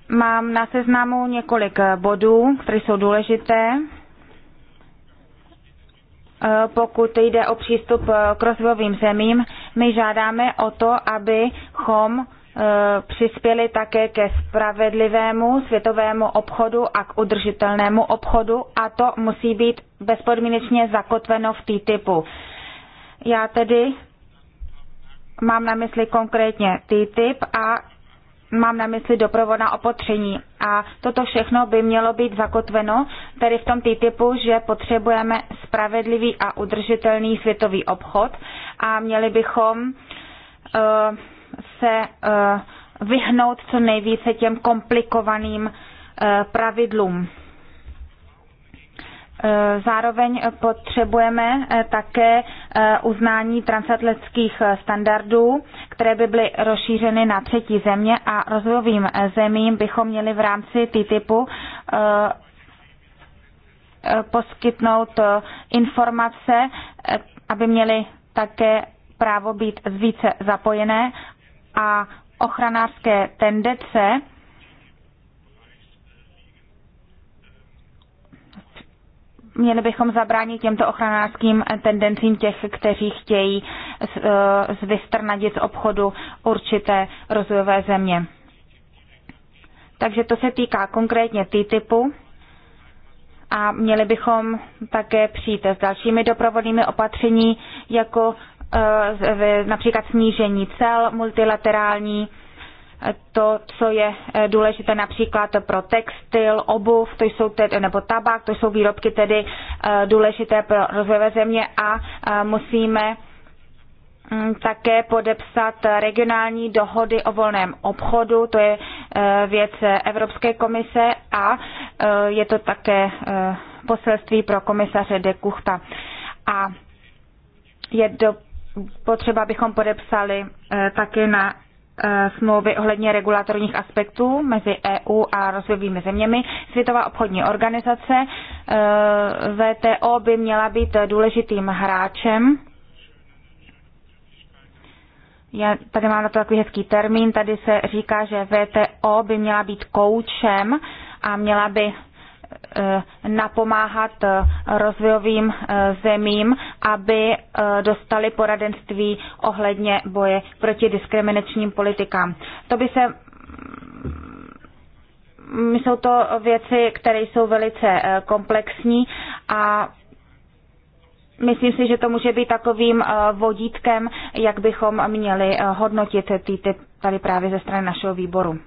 Mám na seznamu několik bodů, které jsou důležité Eh, pokud jde o přístup eh, k rozvojovým zemím, my žádáme o to, abychom eh, přispěli také ke spravedlivému světovému obchodu a k udržitelnému obchodu a to musí být bezpodmínečně zakotveno v TTIPu. Já tedy mám na mysli konkrétně TTIP a mám na mysli doprovodná opatření. A toto všechno by mělo být zakotveno tedy v tom typu, že potřebujeme spravedlivý a udržitelný světový obchod a měli bychom uh, se uh, vyhnout co nejvíce těm komplikovaným uh, pravidlům. E, zároveň potřebujeme e, také e, uznání transatlantských standardů, které by byly rozšířeny na třetí země a rozvojovým zemím bychom měli v rámci TTIPu poskytnout informace, aby měli také právo být více zapojené a ochranářské tendence měli bychom zabránit těmto ochranářským tendencím těch, kteří chtějí eh, eh, vystrnadit z obchodu určité rozvojové země. Takže to se týká konkrétně TTIPu a měli bychom také přijít s dalšími doprovodnými opatření, jako eh, například snížení cel, multilaterální to, co je eh, důležité například pro textil, obuv, to jsou tedy, nebo tabák, to jsou výrobky tedy eh, důležité pro rozvojové země a eh, musíme mm, také podepsat regionální dohody o volném obchodu, to je věc Evropské komise a je to také poselství pro komisaře de Kuchta. A je do, potřeba, abychom podepsali také na Eh, smlouvy ohledně regulatorních aspektů mezi EU a rozvojovými zeměmi. Světová obchodní organizace eh, VTO by měla být důležitým hráčem. Já tady mám na to takový hezký termín. Tady se říká, že VTO by měla být koučem a měla by Eh, napomáhat eh, rozvojovým eh, zemím, aby dostali poradenství ohledně boje proti diskriminačním politikám. To by se mm, mm, jsou to věci, které jsou velice komplexní a myslím si, že to může být takovým vodítkem, jak bychom měli hodnotit ty tady právě ze strany našeho výboru.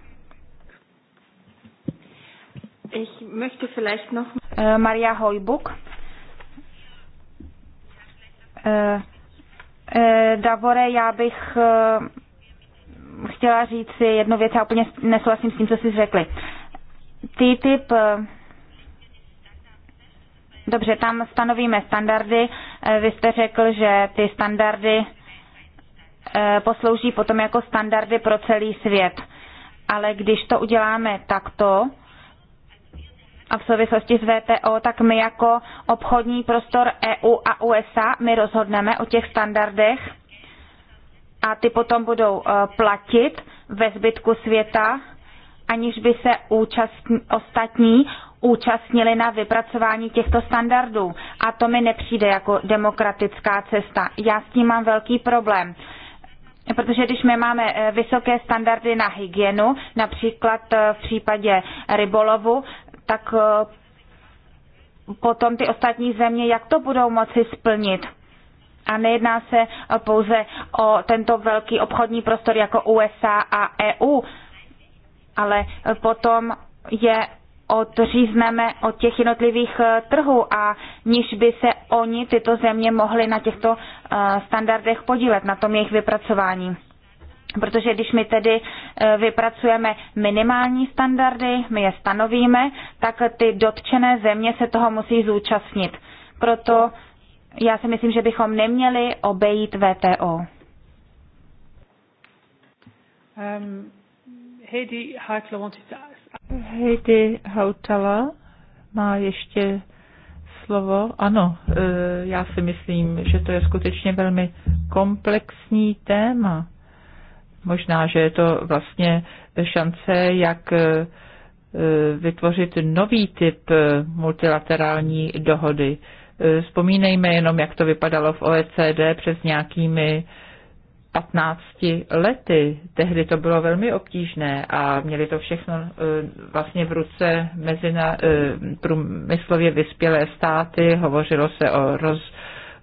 Ich möchte vielleicht noch eh, Maria Hojbuk. Eh, eh, Davore, já bych chtěla říct si jednu věc a úplně nesouhlasím s tím, co jsi řekli. TTIP, dobře, tam stanovíme standardy. Vy jste řekl, že ty standardy poslouží potom jako standardy pro celý svět. Ale když to uděláme takto, a v souvislosti s VTO, tak my jako obchodní prostor EU a USA, my rozhodneme o těch standardech a ty potom budou e, platit ve zbytku světa, aniž by se účastní, ostatní účastnili na vypracování těchto standardů. A to mi nepřijde jako demokratická cesta. Já s tím mám velký problém. Protože když my máme e, vysoké standardy na hygienu, například e, v případě rybolovu, tak eh, potom ty ostatní země, jak to budou moci splnit? A nejedná se eh, pouze o tento velký obchodní prostor jako USA a EU, ale eh, potom je odřízneme od těch jednotlivých trhů a niž by se oni, tyto země, mohly na těchto standardech podílet, na tom jejich vypracování. Protože když my tedy eh, vypracujeme minimální standardy, my je stanovíme, tak ty dotčené země se toho musí zúčastnit. Proto já si myslím, že bychom neměli obejít VTO. Um, Heidi Heidi Hautala má ještě slovo. Ano, eh, já si myslím, že to je skutečně velmi komplexní téma Možná, že je to vlastně šance, jak eh, vytvořit nový typ eh, multilaterální dohody. Eh, vzpomínejme jenom, jak to vypadalo v OECD přes nějakými 15 lety. Tehdy to bylo velmi obtížné a měli to všechno vlastně v ruce mezi na, průmyslově vyspělé státy. Hovořilo se o roz,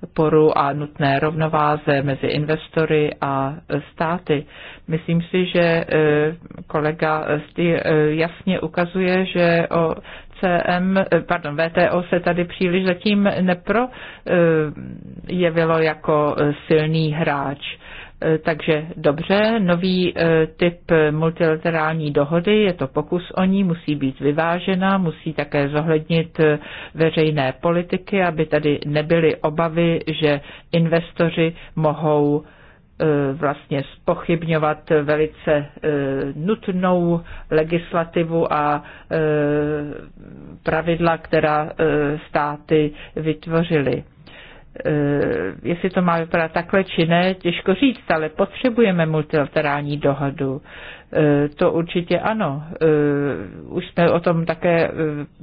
sporu a nutné rovnováze mezi investory a státy. Myslím si, že eh, kolega eh, eh, jasně ukazuje, že o CM, pardon, VTO se tady příliš zatím nepro jevilo jako silný hráč. Eh, takže dobře, nový eh, typ multilaterální dohody, je to pokus o ní, musí být vyvážena, musí také zohlednit eh, veřejné politiky, aby tady nebyly obavy, že investoři mohou vlastně spochybňovat velice nutnou legislativu a pravidla, která státy vytvořily. Eh, jestli to má vypadat takhle či ne, těžko říct, ale potřebujeme multilaterální dohodu. Eh, to určitě ano. Eh, už jsme o tom také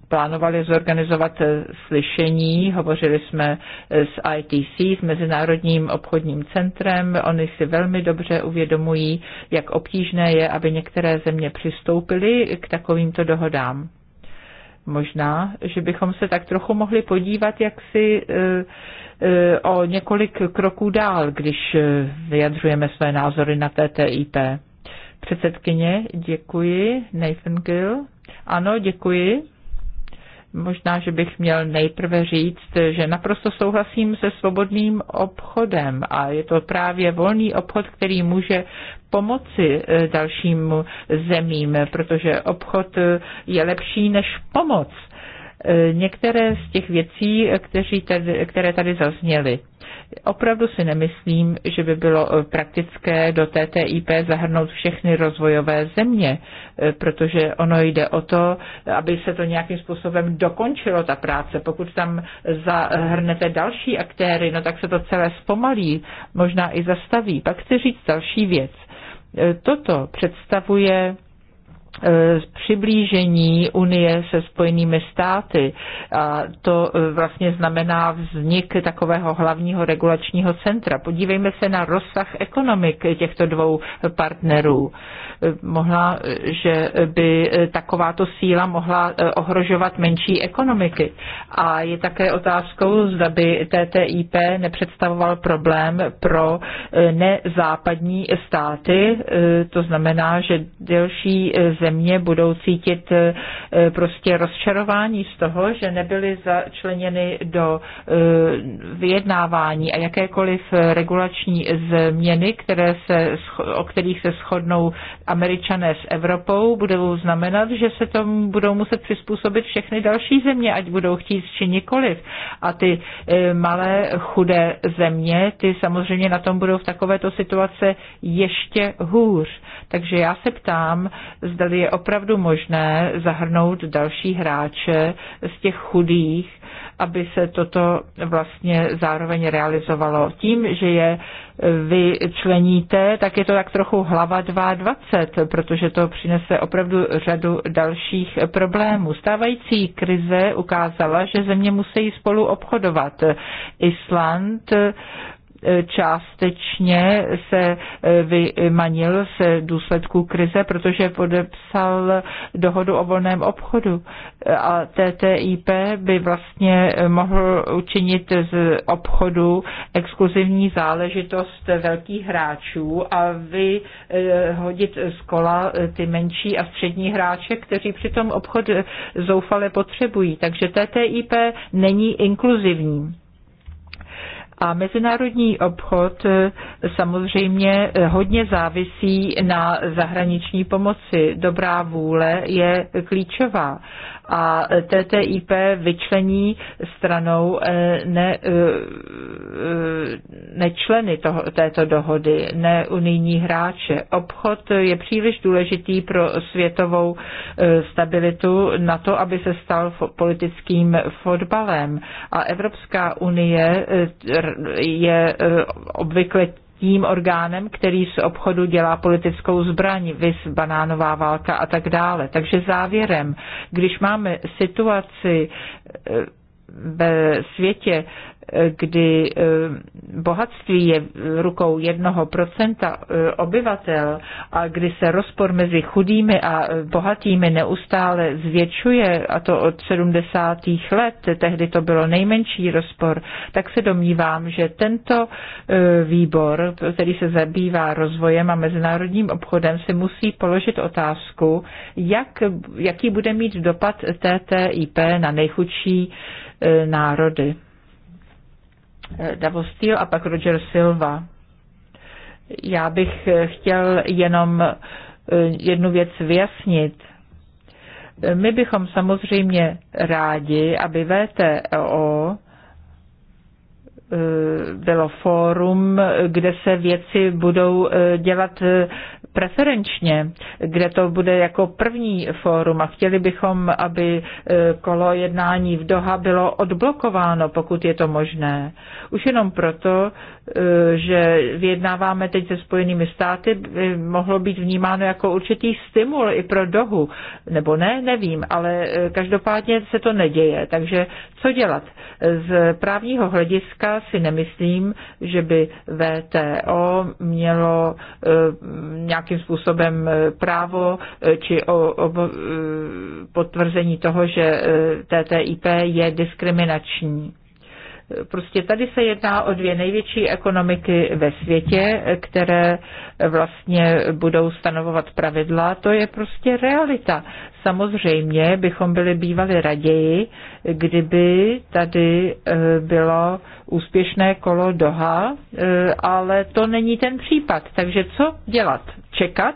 plánovali zorganizovat slyšení. Hovořili jsme s ITC, s Mezinárodním obchodním centrem. Oni si velmi dobře uvědomují, jak obtížné je, aby některé země přistoupily k takovýmto dohodám možná, že bychom se tak trochu mohli podívat, jak si E, o několik kroků dál, když e, vyjadřujeme své názory na TTIP. Předsedkyně, děkuji. Nathan Gill. Ano, děkuji. Možná, že bych měl nejprve říct, že naprosto souhlasím se svobodným obchodem a je to právě volný obchod, který může pomoci e, dalším zemím, protože obchod je lepší než pomoc. E, některé z těch věcí, kteří tady, které tady zazněly. Opravdu si nemyslím, že by bylo e, praktické do TTIP zahrnout všechny rozvojové země, e, protože ono jde o to, aby se to nějakým způsobem dokončilo, ta práce. Pokud tam zahrnete další aktéry, no tak se to celé zpomalí, možná i zastaví. Pak chci říct další věc. Toto představuje Eh, přiblížení Unie se Spojenými státy. A to eh, vlastně znamená vznik takového hlavního regulačního centra. Podívejme se na rozsah ekonomik těchto dvou partnerů. Eh, mohla, že by takováto síla mohla ohrožovat menší ekonomiky. A je také otázkou, zda by TTIP nepředstavoval problém pro nezápadní státy. To znamená, že delší země budou cítit eh, prostě rozčarování z toho, že nebyly začleněny do eh, vyjednávání a jakékoliv regulační změny, které se, o kterých se shodnou američané s Evropou, budou znamenat, že se tomu budou muset přizpůsobit všechny další země, ať budou chtít či nikoliv. A ty eh, malé chudé země, ty samozřejmě na tom budou v takovéto situace ještě hůř. Takže já se ptám, zda je opravdu možné zahrnout další hráče z těch chudých, aby se toto vlastně zároveň realizovalo. Tím, že je vyčleníte, tak je to tak trochu hlava 22, protože to přinese opravdu řadu dalších problémů. Stávající krize ukázala, že země musí spolu obchodovat. Island částečně se e, vymanil z důsledků krize, protože podepsal dohodu o volném obchodu. A TTIP by vlastně mohl učinit z obchodu exkluzivní záležitost velkých hráčů a vyhodit z kola ty menší a střední hráče, kteří přitom obchod zoufale potřebují. Takže TTIP není inkluzivní. A mezinárodní obchod e, samozřejmě e, hodně závisí na zahraniční pomoci. Dobrá vůle je klíčová a TTIP vyčlení stranou eh, ne, eh, eh, nečleny toho, této dohody, ne unijní hráče. Obchod je příliš důležitý pro světovou stabilitu na to, aby se stal politickým fotbalem. A Evropská unie je obvykle tím orgánem, který z obchodu dělá politickou zbraň, vys banánová válka a tak dále. Takže závěrem, když máme situaci eh, ve světě, kdy eh, bohatství je rukou jednoho procenta eh, obyvatel a kdy se rozpor mezi chudými a eh, bohatými neustále zvětšuje, a to od 70. let, tehdy to bylo nejmenší rozpor, tak se domnívám, že tento výbor, který se zabývá rozvojem a mezinárodním obchodem, si musí položit otázku, jak, jaký bude mít dopad TTIP na nejchudší národy. Eh, Davos Steele a pak Roger Silva. Já bych eh, chtěl jenom eh, jednu věc vyjasnit. My bychom samozřejmě rádi, aby VTO e bylo fórum, kde se věci budou dělat preferenčně, kde to bude jako první fórum a chtěli bychom, aby e, kolo jednání v Doha bylo odblokováno, pokud je to možné. Už jenom proto, Eh, že vyjednáváme teď se Spojenými státy, by mohlo být vnímáno jako určitý stimul i pro dohu, nebo ne, nevím, ale eh, každopádně se to neděje. Takže co dělat? Z právního hlediska si nemyslím, že by VTO mělo eh, nějakým způsobem právo či o, o potvrzení toho, že TTIP je diskriminační Prostě tady se jedná o dvě největší ekonomiky ve světě, které vlastně budou stanovovat pravidla. To je prostě realita. Samozřejmě bychom byli bývali raději, kdyby tady eh, bylo úspěšné kolo Doha, eh, ale to není ten případ. Takže co dělat? Čekat?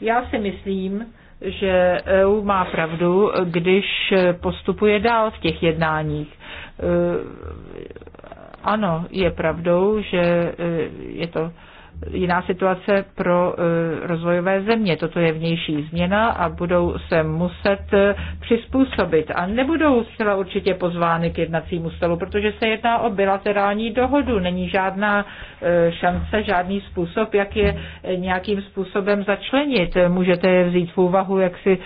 Já si myslím, že EU má pravdu, když postupuje dál v těch jednáních. E, ano, je pravdou, že e, je to jiná situace pro e, rozvojové země. Toto je vnější změna a budou se muset e, přizpůsobit a nebudou zcela určitě pozvány k jednacímu stolu, protože se jedná o bilaterální dohodu. Není žádná e, šance, žádný způsob, jak je nějakým způsobem začlenit. Můžete je vzít v úvahu jaksi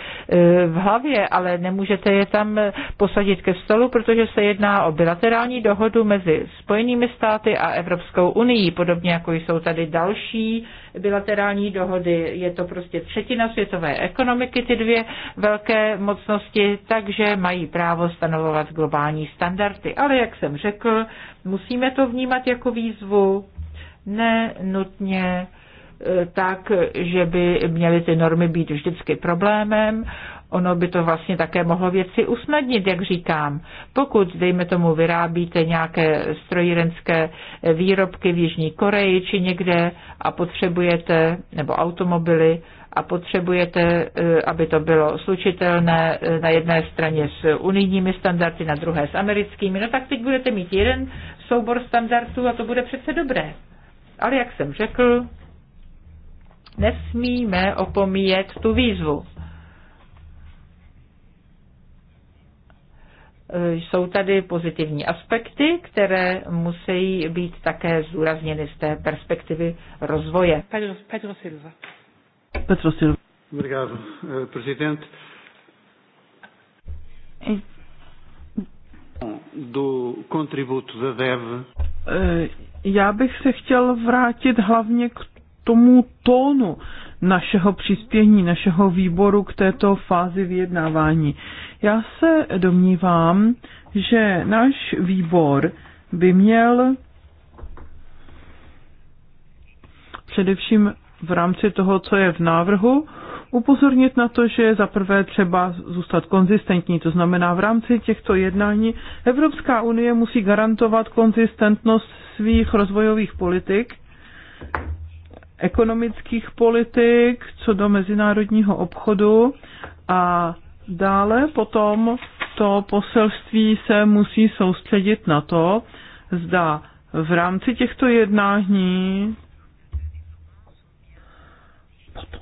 v hlavě, ale nemůžete je tam posadit ke stolu, protože se jedná o bilaterální dohodu mezi Spojenými státy a Evropskou unii, podobně jako jsou tady další bilaterální dohody. Je to prostě třetina světové ekonomiky, ty dvě velké mocnosti, takže mají právo stanovovat globální standardy. Ale jak jsem řekl, musíme to vnímat jako výzvu, ne nutně eh, tak, že by měly ty normy být vždycky problémem ono by to vlastně také mohlo věci usnadnit, jak říkám. Pokud, dejme tomu, vyrábíte nějaké strojírenské výrobky v Jižní Koreji či někde a potřebujete, nebo automobily, a potřebujete, eh, aby to bylo slučitelné eh, na jedné straně s unijními standardy, na druhé s americkými, no tak teď budete mít jeden soubor standardů a to bude přece dobré. Ale jak jsem řekl, nesmíme opomíjet tu výzvu Jsou tady pozitivní aspekty, které musí být také zúrazněny z té perspektivy rozvoje. Pedro, Pedro Silva. Petro Silva. Obrigado, eh, Do contributo da DEV. Eh, já bych se chtěl vrátit hlavně k tomu tónu našeho přispění, našeho výboru k této fázi vyjednávání. Já se domnívám, že náš výbor by měl především v rámci toho, co je v návrhu, upozornit na to, že za prvé třeba zůstat konzistentní, to znamená v rámci těchto jednání Evropská unie musí garantovat konzistentnost svých rozvojových politik ekonomických politik, co do mezinárodního obchodu a dále potom to poselství se musí soustředit na to, zda v rámci těchto jednání potom,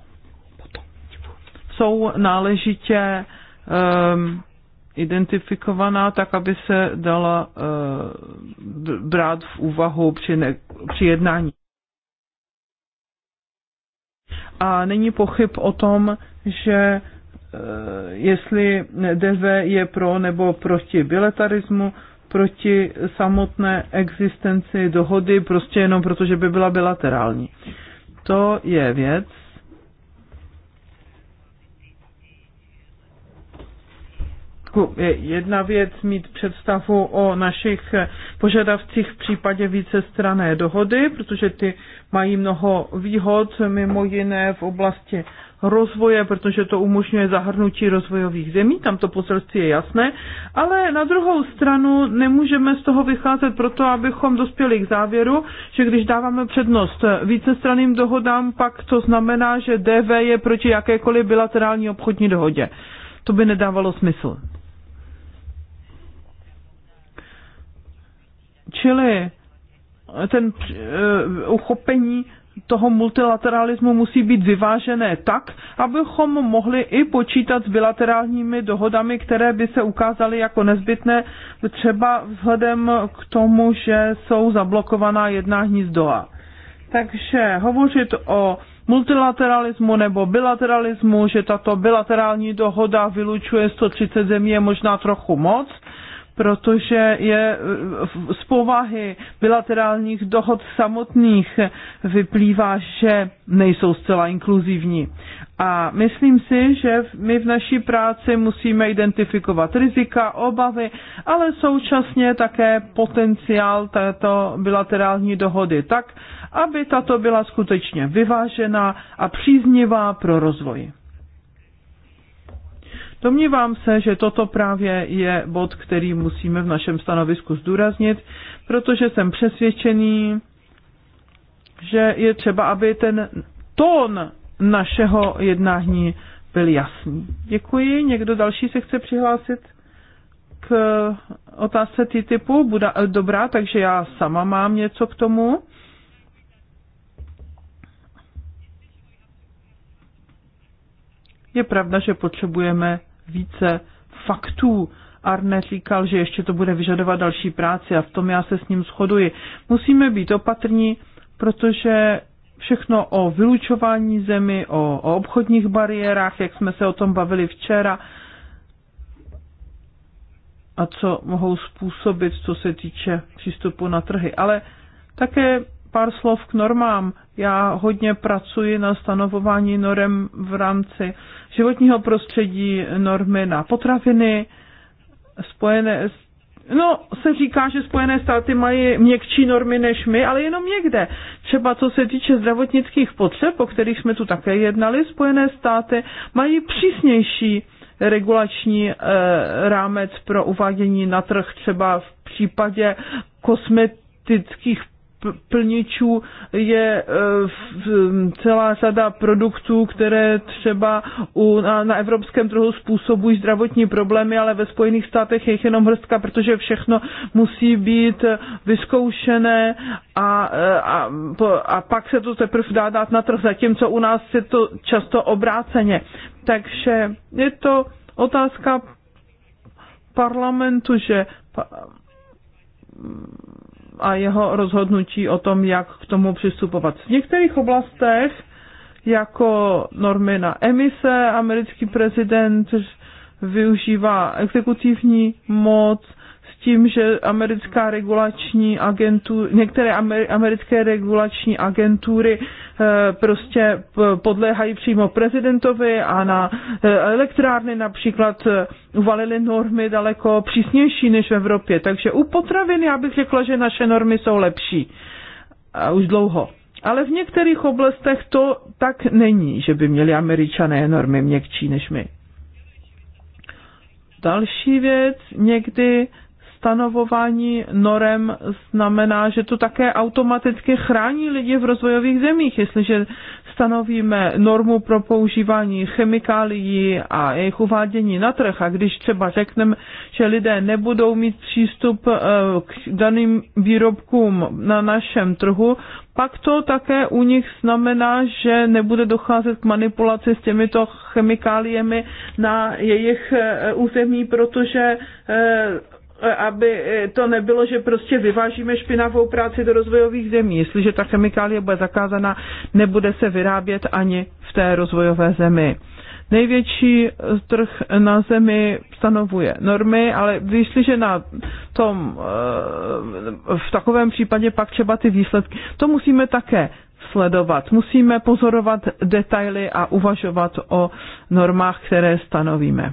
potom, jsou náležitě um, identifikovaná tak, aby se dala uh, brát v úvahu při, ne, při jednání a není pochyb o tom, že e, jestli DV je pro nebo proti biletarismu, proti samotné existenci dohody, prostě jenom proto, že by byla bilaterální. To je věc, jedna věc mít představu o našich požadavcích v případě vícestrané dohody, protože ty mají mnoho výhod, mimo jiné v oblasti rozvoje, protože to umožňuje zahrnutí rozvojových zemí, tam to poselství je jasné, ale na druhou stranu nemůžeme z toho vycházet proto, abychom dospěli k závěru, že když dáváme přednost vícestranným dohodám, pak to znamená, že DV je proti jakékoliv bilaterální obchodní dohodě. To by nedávalo smysl. Čili eh, ten uh, uchopení toho multilateralismu musí být vyvážené tak, abychom mohli i počítat s bilaterálními dohodami, které by se ukázaly jako nezbytné, třeba vzhledem k tomu, že jsou zablokovaná jednání z Takže hovořit o multilateralismu nebo bilateralismu, že tato bilaterální dohoda vylučuje 130 zemí je možná trochu moc, protože je z povahy bilaterálních dohod samotných vyplývá, že nejsou zcela inkluzivní. A myslím si, že my v naší práci musíme identifikovat rizika, obavy, ale současně také potenciál této bilaterální dohody tak, aby tato byla skutečně vyvážená a příznivá pro rozvoj. Domnívám se, že toto právě je bod, který musíme v našem stanovisku zdůraznit, protože jsem přesvědčený, že je třeba, aby ten tón našeho jednání byl jasný. Děkuji. Někdo další se chce přihlásit k otázce typu? Bude dobrá, takže já sama mám něco k tomu. Je pravda, že potřebujeme více faktů. Arne říkal, že ještě to bude vyžadovat další práci a v tom já se s ním shoduji. Musíme být opatrní, protože všechno o vylučování zemi, o, o obchodních bariérách, jak jsme se o tom bavili včera, a co mohou způsobit, co se týče přístupu na trhy. Ale také pár slov k normám. Já hodně pracuji na stanovování norem v rámci životního prostředí, normy na potraviny, spojené s No, se říká, že Spojené státy mají měkčí normy než my, ale jenom někde. Třeba co se týče zdravotnických potřeb, o kterých jsme tu také jednali, Spojené státy mají přísnější regulační e, rámec pro uvádění na trh třeba v případě kosmetických plničů je e, celá řada produktů, které třeba u, na, na evropském trhu způsobují zdravotní problémy, ale ve Spojených státech je jich jenom hrstka, protože všechno musí být vyzkoušené a, e, a, a pak se to teprve dá dát na trh, zatímco u nás je to často obráceně. Takže je to otázka parlamentu, že a jeho rozhodnutí o tom, jak k tomu přistupovat. V některých oblastech, jako normy na emise, americký prezident využívá exekutivní moc, tím, že americká regulační agentura, některé americké regulační agentury eh, prostě podléhají přímo prezidentovi a na eh, elektrárny například eh, uvalily normy daleko přísnější než v Evropě. Takže u potravin já bych řekla, že naše normy jsou lepší. A už dlouho. Ale v některých oblastech to tak není, že by měli američané normy měkčí než my. Další věc, někdy stanovování norem znamená, že to také automaticky chrání lidi v rozvojových zemích. Jestliže stanovíme normu pro používání chemikálií a jejich uvádění na trh a když třeba řekneme, že lidé nebudou mít přístup eh, k daným výrobkům na našem trhu, pak to také u nich znamená, že nebude docházet k manipulaci s těmito chemikáliemi na jejich eh, území, protože eh, aby eh, to nebylo, že prostě vyvážíme špinavou práci do rozvojových zemí. Jestliže ta chemikálie bude zakázaná, nebude se vyrábět ani v té rozvojové zemi. Největší eh, trh na zemi stanovuje normy, ale jestliže na tom, eh, v takovém případě pak třeba ty výsledky, to musíme také sledovat. Musíme pozorovat detaily a uvažovat o normách, které stanovíme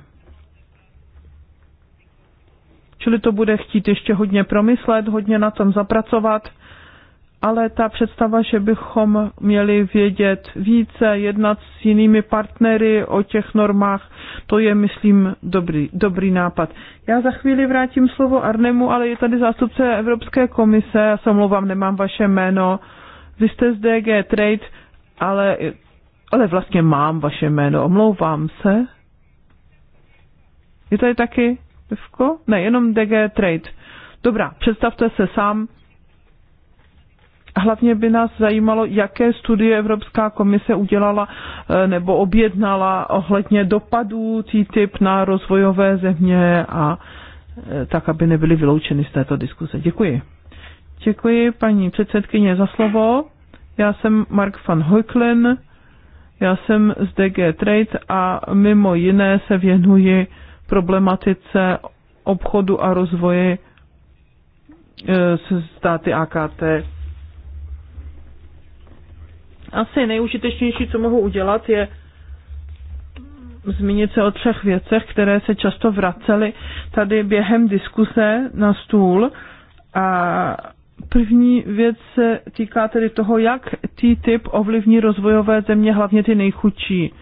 čili to bude chtít ještě hodně promyslet, hodně na tom zapracovat, ale ta představa, že bychom měli vědět více, jednat s jinými partnery o těch normách, to je, myslím, dobrý, dobrý nápad. Já za chvíli vrátím slovo Arnemu, ale je tady zástupce Evropské komise, já se omlouvám, nemám vaše jméno, vy jste z DG Trade, ale, ale vlastně mám vaše jméno, omlouvám se. Je tady taky? Devko? Ne, jenom DG Trade. Dobrá, představte se sám. Hlavně by nás zajímalo, jaké studie Evropská komise udělala eh, nebo objednala ohledně dopadů TTIP na rozvojové země a eh, tak, aby nebyly vyloučeny z této diskuse. Děkuji. Děkuji paní předsedkyně za slovo. Já jsem Mark van Hojklen, já jsem z DG Trade a mimo jiné se věnuji problematice obchodu a rozvoje e, se státy AKT. Asi nejúžitečnější, co mohu udělat, je zmínit se o třech věcech, které se často vracely tady během diskuse na stůl. A první věc se týká tedy toho, jak TTIP ovlivní rozvojové země, hlavně ty nejchudší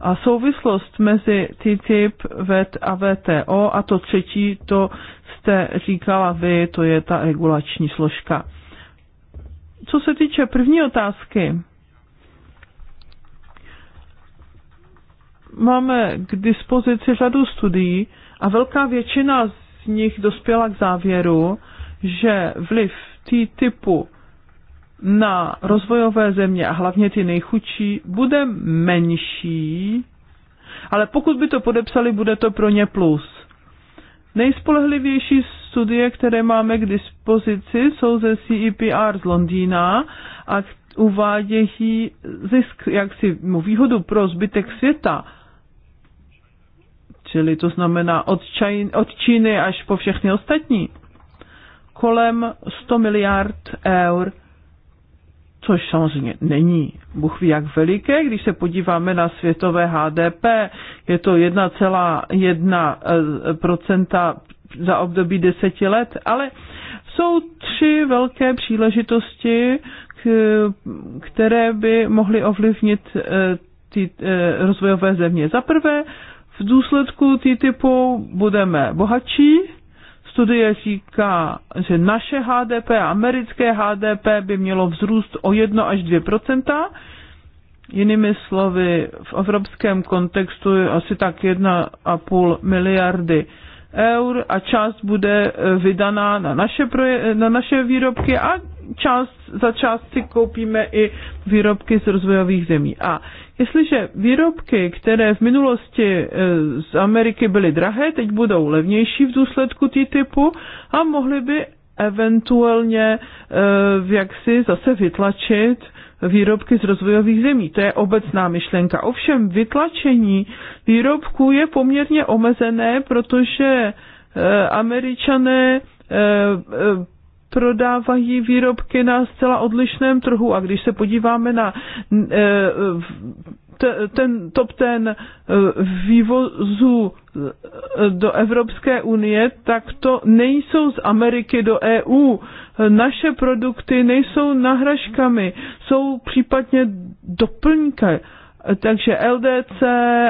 a souvislost mezi TTIP, VET a VTO a to třetí, to jste říkala vy, to je ta regulační složka. Co se týče první otázky, máme k dispozici řadu studií a velká většina z nich dospěla k závěru, že vliv T-typu na rozvojové země a hlavně ty nejchudší bude menší, ale pokud by to podepsali, bude to pro ně plus. Nejspolehlivější studie, které máme k dispozici, jsou ze CEPR z Londýna a uvádějí zisk, jak si mu no, výhodu pro zbytek světa. Čili to znamená od, Čín, od Číny až po všechny ostatní. Kolem 100 miliard eur což samozřejmě není Bůh ví jak veliké, když se podíváme na světové HDP, je to 1,1% za období deseti let, ale jsou tři velké příležitosti, které by mohly ovlivnit eh, ty eh, rozvojové země. Za prvé, v důsledku TTIPu budeme bohatší, Studie říká, že naše HDP a americké HDP by mělo vzrůst o 1 až 2 Jinými slovy, v evropském kontextu je asi tak 1,5 miliardy eur a část bude eh, vydaná na naše, proje, na naše výrobky a část, za část si koupíme i výrobky z rozvojových zemí. A Jestliže výrobky, které v minulosti e, z Ameriky byly drahé, teď budou levnější v důsledku TTIPu a mohly by eventuálně e, jaksi zase vytlačit výrobky z rozvojových zemí. To je obecná myšlenka. Ovšem vytlačení výrobků je poměrně omezené, protože e, američané prodávají výrobky na zcela odlišném trhu. A když se podíváme na eh, ten top ten eh, vývozu eh, do Evropské unie, tak to nejsou z Ameriky do EU. Naše produkty nejsou nahražkami, jsou případně doplňky. Takže LDC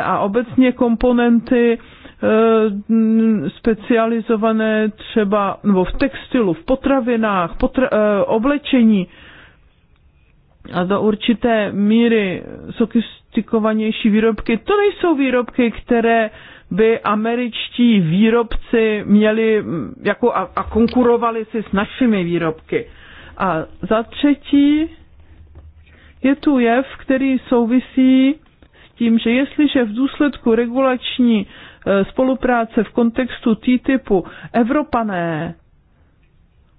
a obecně komponenty Eh, specializované třeba nebo v textilu, v potravinách, potra, eh, oblečení a do určité míry sofistikovanější výrobky. To nejsou výrobky, které by američtí výrobci měli mm, jako a, a konkurovali si s našimi výrobky. A za třetí je tu jev, který souvisí s tím, že jestliže v důsledku regulační Eh, spolupráce v kontextu TTIPu Evropané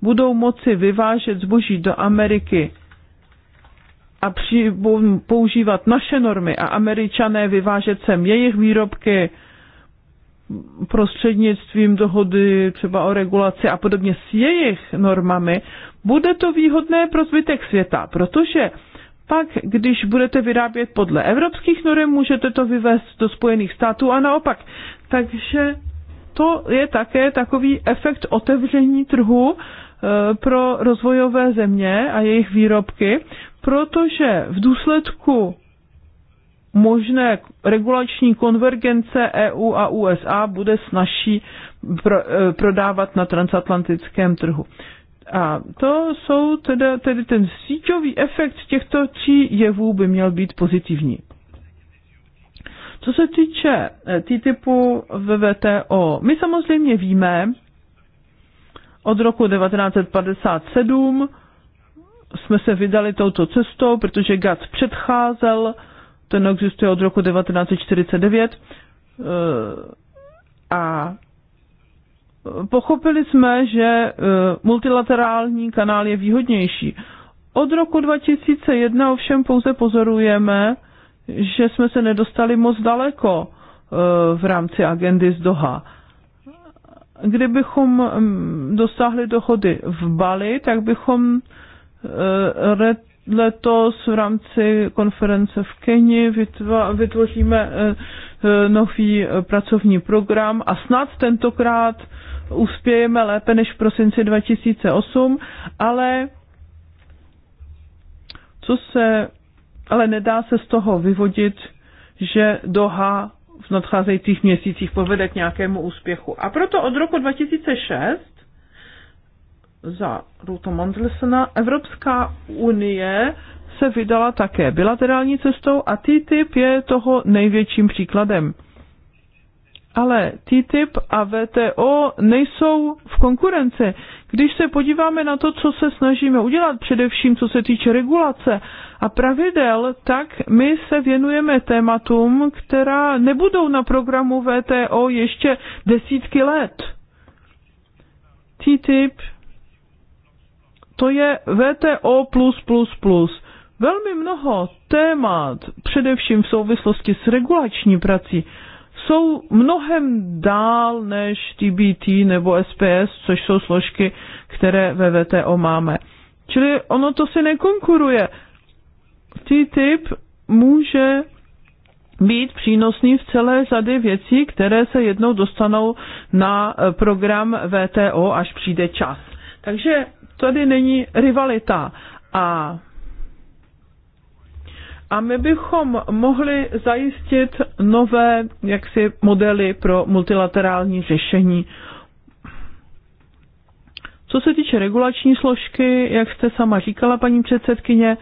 budou moci vyvážet zboží do Ameriky a při, používat naše normy a američané vyvážet sem jejich výrobky prostřednictvím dohody třeba o regulaci a podobně s jejich normami, bude to výhodné pro zbytek světa, protože pak, když budete vyrábět podle evropských norm, můžete to vyvést do Spojených států a naopak. Takže to je také takový efekt otevření trhu eh, pro rozvojové země a jejich výrobky, protože v důsledku možné regulační konvergence EU a USA bude snažší pro, eh, prodávat na transatlantickém trhu. A to jsou teda, tedy ten síťový efekt těchto tří jevů by měl být pozitivní. Co se týče eh, TTIPu ve VTO, my samozřejmě víme, od roku 1957 jsme se vydali touto cestou, protože GATT předcházel, ten existuje od roku 1949 eh, a pochopili jsme, že e, multilaterální kanál je výhodnější. Od roku 2001 ovšem pouze pozorujeme, že jsme se nedostali moc daleko e, v rámci agendy z Doha. Kdybychom dosáhli dohody v Bali, tak bychom e, letos v rámci konference v Keni vytvoříme nový pracovní program a snad tentokrát uspějeme lépe než v prosinci 2008, ale co se, ale nedá se z toho vyvodit, že Doha v nadcházejících měsících povede k nějakému úspěchu. A proto od roku 2006 za Ruta Mandelsena Evropská unie se vydala také bilaterální cestou a TTIP je toho největším příkladem. Ale TTIP a VTO nejsou v konkurenci. Když se podíváme na to, co se snažíme udělat, především co se týče regulace a pravidel, tak my se věnujeme tématům, která nebudou na programu VTO ještě desítky let. TTIP, to je VTO++. Velmi mnoho témat, především v souvislosti s regulační prací, jsou mnohem dál než TBT nebo SPS, což jsou složky, které ve VTO máme. Čili ono to si nekonkuruje. TTIP může být přínosný v celé řady věcí, které se jednou dostanou na eh, program VTO, až přijde čas. Takže tady není rivalita. A a my bychom mohli zajistit nové jaksi modely pro multilaterální řešení. Co se týče regulační složky, jak jste sama říkala, paní předsedkyně,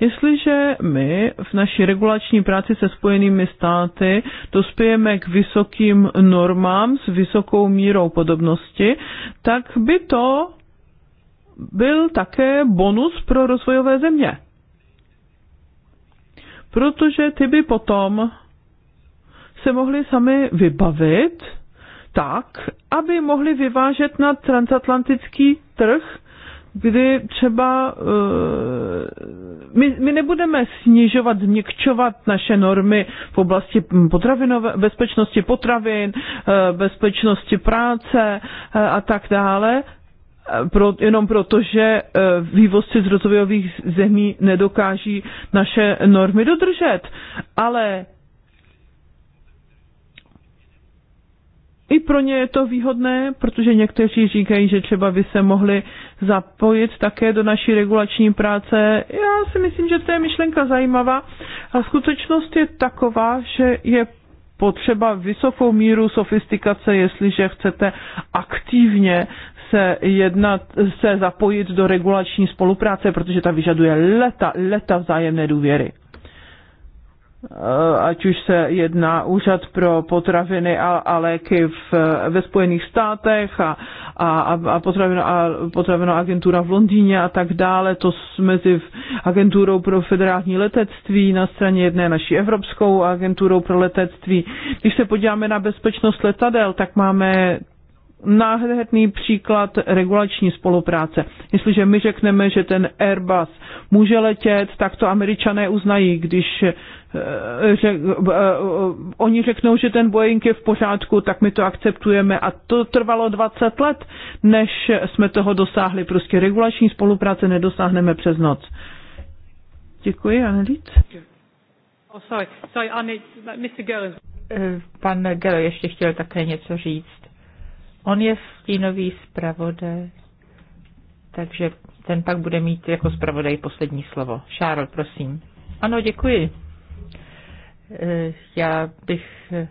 Jestliže my v naší regulační práci se spojenými státy dospějeme k vysokým normám s vysokou mírou podobnosti, tak by to byl také bonus pro rozvojové země. Protože ty by potom se mohli sami vybavit tak, aby mohli vyvážet na transatlantický trh, kdy třeba uh, my, my nebudeme snižovat, změkčovat naše normy v oblasti potravinové, bezpečnosti potravin, uh, bezpečnosti práce uh, a tak dále, pro, jenom proto, že e, vývozci z rozvojových zemí nedokáží naše normy dodržet. Ale i pro ně je to výhodné, protože někteří říkají, že třeba by se mohli zapojit také do naší regulační práce. Já si myslím, že to je myšlenka zajímavá. A skutečnost je taková, že je potřeba vysokou míru sofistikace, jestliže chcete aktivně se jednat, se zapojit do regulační spolupráce, protože ta vyžaduje leta, leta vzájemné důvěry eh, ať už se jedná úřad pro potraviny a, a léky v, ve Spojených státech a, a, a, potravina, a potravinová agentura v Londýně a tak dále, to mezi agenturou pro federální letectví na straně jedné naší evropskou agenturou pro letectví. Když se podíváme na bezpečnost letadel, tak máme náhradný příklad regulační spolupráce. Jestliže my řekneme, že ten Airbus může letět, tak to američané uznají, když eh, řek, eh, oni řeknou, že ten Boeing je v pořádku, tak my to akceptujeme a to trvalo 20 let, než jsme toho dosáhli. Prostě regulační spolupráce nedosáhneme přes noc. Děkuji, Annelies. Oh, sorry. Sorry, Anne, eh, Pan Gero ještě chtěl také něco říct. On je stínový zpravodaj, takže ten pak bude mít jako zpravodaj poslední slovo. Šárol, prosím. Ano, děkuji. Eh, já bych eh,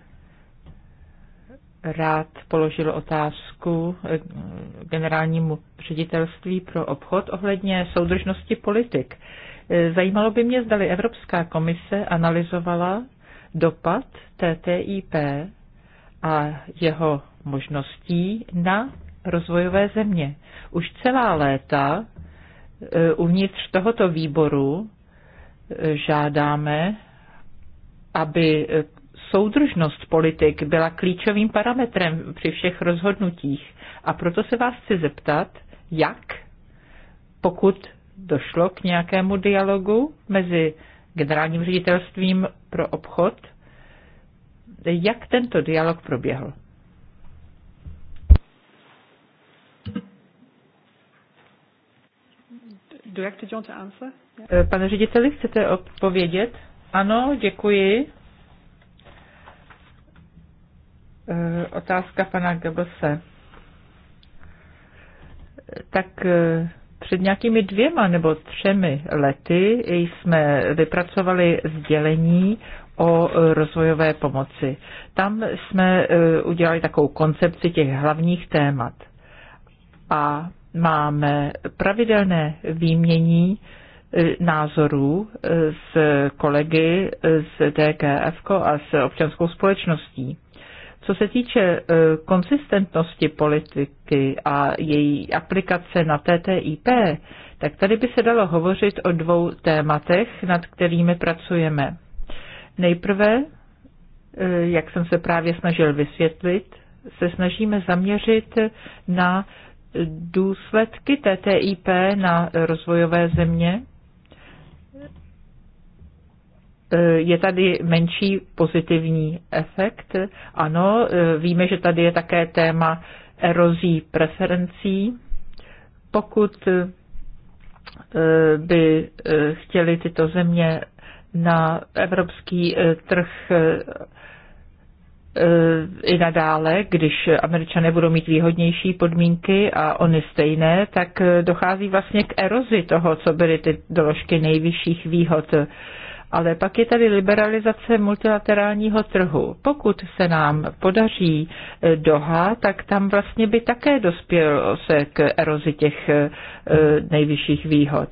rád položil otázku eh, generálnímu ředitelství pro obchod ohledně soudržnosti politik. Zajímalo by mě, zdali Evropská komise analyzovala dopad TTIP a jeho možností na rozvojové země. Už celá léta e, uvnitř tohoto výboru e, žádáme, aby e, soudržnost politik byla klíčovým parametrem při všech rozhodnutích. A proto se vás chci zeptat, jak, pokud došlo k nějakému dialogu mezi generálním ředitelstvím pro obchod jak tento dialog proběhl? Director, do you want to answer? Yeah. Pane řediteli, chcete odpovědět? Ano, děkuji. Eh, otázka pana Gabose. Eh, tak eh, před nějakými dvěma nebo třemi lety jsme vypracovali sdělení o e, rozvojové pomoci. Tam jsme e, udělali takovou koncepci těch hlavních témat a máme pravidelné výmění e, názorů s kolegy z DKF a s občanskou společností. Co se týče konsistentnosti politiky a její aplikace na TTIP, tak tady by se dalo hovořit o dvou tématech, nad kterými pracujeme. Nejprve, eh, jak jsem se právě snažil vysvětlit, se snažíme zaměřit na důsledky TTIP na rozvojové země. Eh, je tady menší pozitivní efekt. Ano, eh, víme, že tady je také téma erozí preferencí. Pokud by chtěli tyto země na evropský eh, trh eh, eh, i nadále, když američané budou mít výhodnější podmínky a oni stejné, tak dochází vlastně k erozi toho, co byly ty doložky nejvyšších výhod. Ale pak je tady liberalizace multilaterálního trhu. Pokud se nám podaří Doha, tak tam vlastně by také dospělo se k erozi těch nejvyšších výhod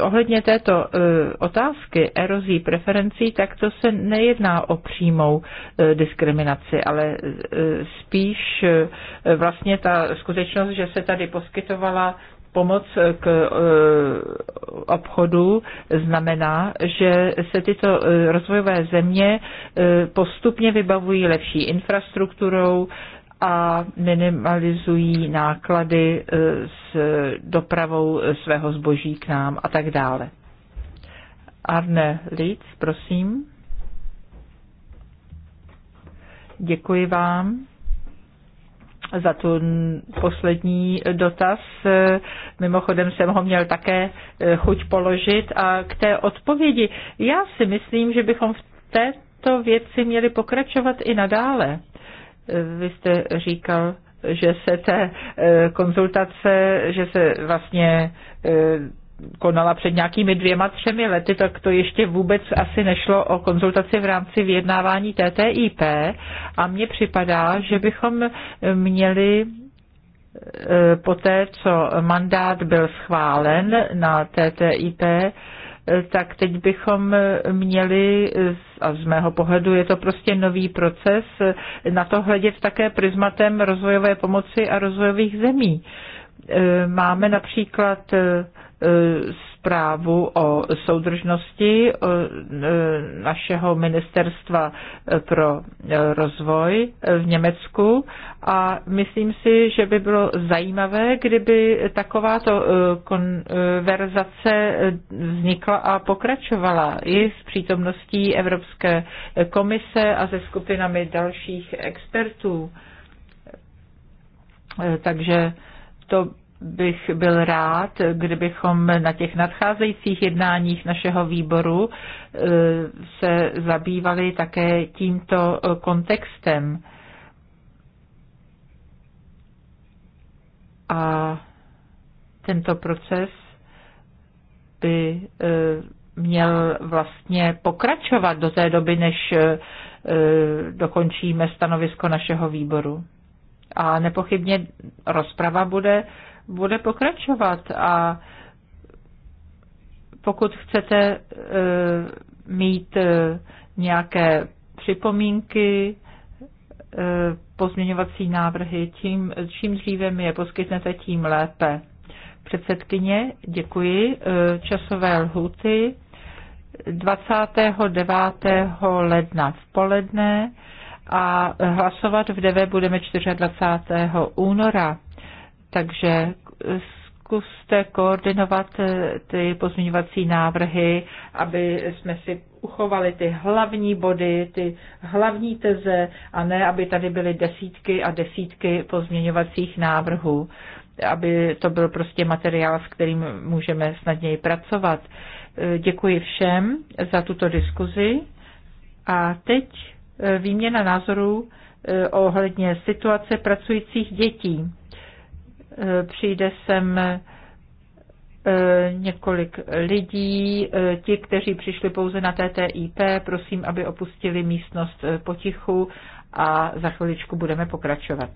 ohledně této eh, otázky erozí preferencí, tak to se nejedná o přímou eh, diskriminaci, ale eh, spíš vlastně ta skutečnost, že se tady poskytovala pomoc k obchodu znamená, že se tyto rozvojové země postupně vybavují lepší infrastrukturou, a minimalizují náklady e, s dopravou svého zboží k nám a tak dále. Arne Litz, prosím. Děkuji vám za tu poslední dotaz. E, mimochodem jsem ho měl také e, chuť položit a k té odpovědi. Já si myslím, že bychom v této věci měli pokračovat i nadále vy jste říkal, že se té e, konzultace, že se vlastně e, konala před nějakými dvěma, třemi lety, tak to ještě vůbec asi nešlo o konzultaci v rámci vyjednávání TTIP a mně připadá, že bychom měli e, poté, co mandát byl schválen na TTIP, tak teď bychom měli, a z mého pohledu je to prostě nový proces, na to hledět také prismatem rozvojové pomoci a rozvojových zemí. Máme například E, zprávu o soudržnosti e, e, našeho ministerstva pro rozvoj v Německu a myslím si, že by bylo zajímavé, kdyby takováto konverzace vznikla a pokračovala i s přítomností Evropské komise a se skupinami dalších expertů. Takže to bych byl rád, kdybychom na těch nadcházejících jednáních našeho výboru e, se zabývali také tímto e, kontextem. A tento proces by e, měl vlastně pokračovat do té doby, než dokončíme stanovisko našeho výboru. A nepochybně rozprava bude bude pokračovat a pokud chcete e, mít e, nějaké připomínky, e, pozměňovací návrhy, tím, čím dříve mi je poskytnete, tím lépe. Předsedkyně, děkuji. Časové lhuty 29. ledna v poledne a hlasovat v DV budeme 24. února. Takže zkuste koordinovat eh, ty pozměňovací návrhy, aby jsme si uchovali ty hlavní body, ty hlavní teze a ne, aby tady byly desítky a desítky pozměňovacích návrhů, aby to byl prostě materiál, s kterým můžeme snadněji pracovat. Eh, děkuji všem za tuto diskuzi a teď eh, výměna názorů ohledně situace pracujících dětí. Eh, přijde sem eh, několik lidí. Eh, ti, kteří přišli pouze na TTIP, prosím, aby opustili místnost potichu a za chviličku budeme pokračovat.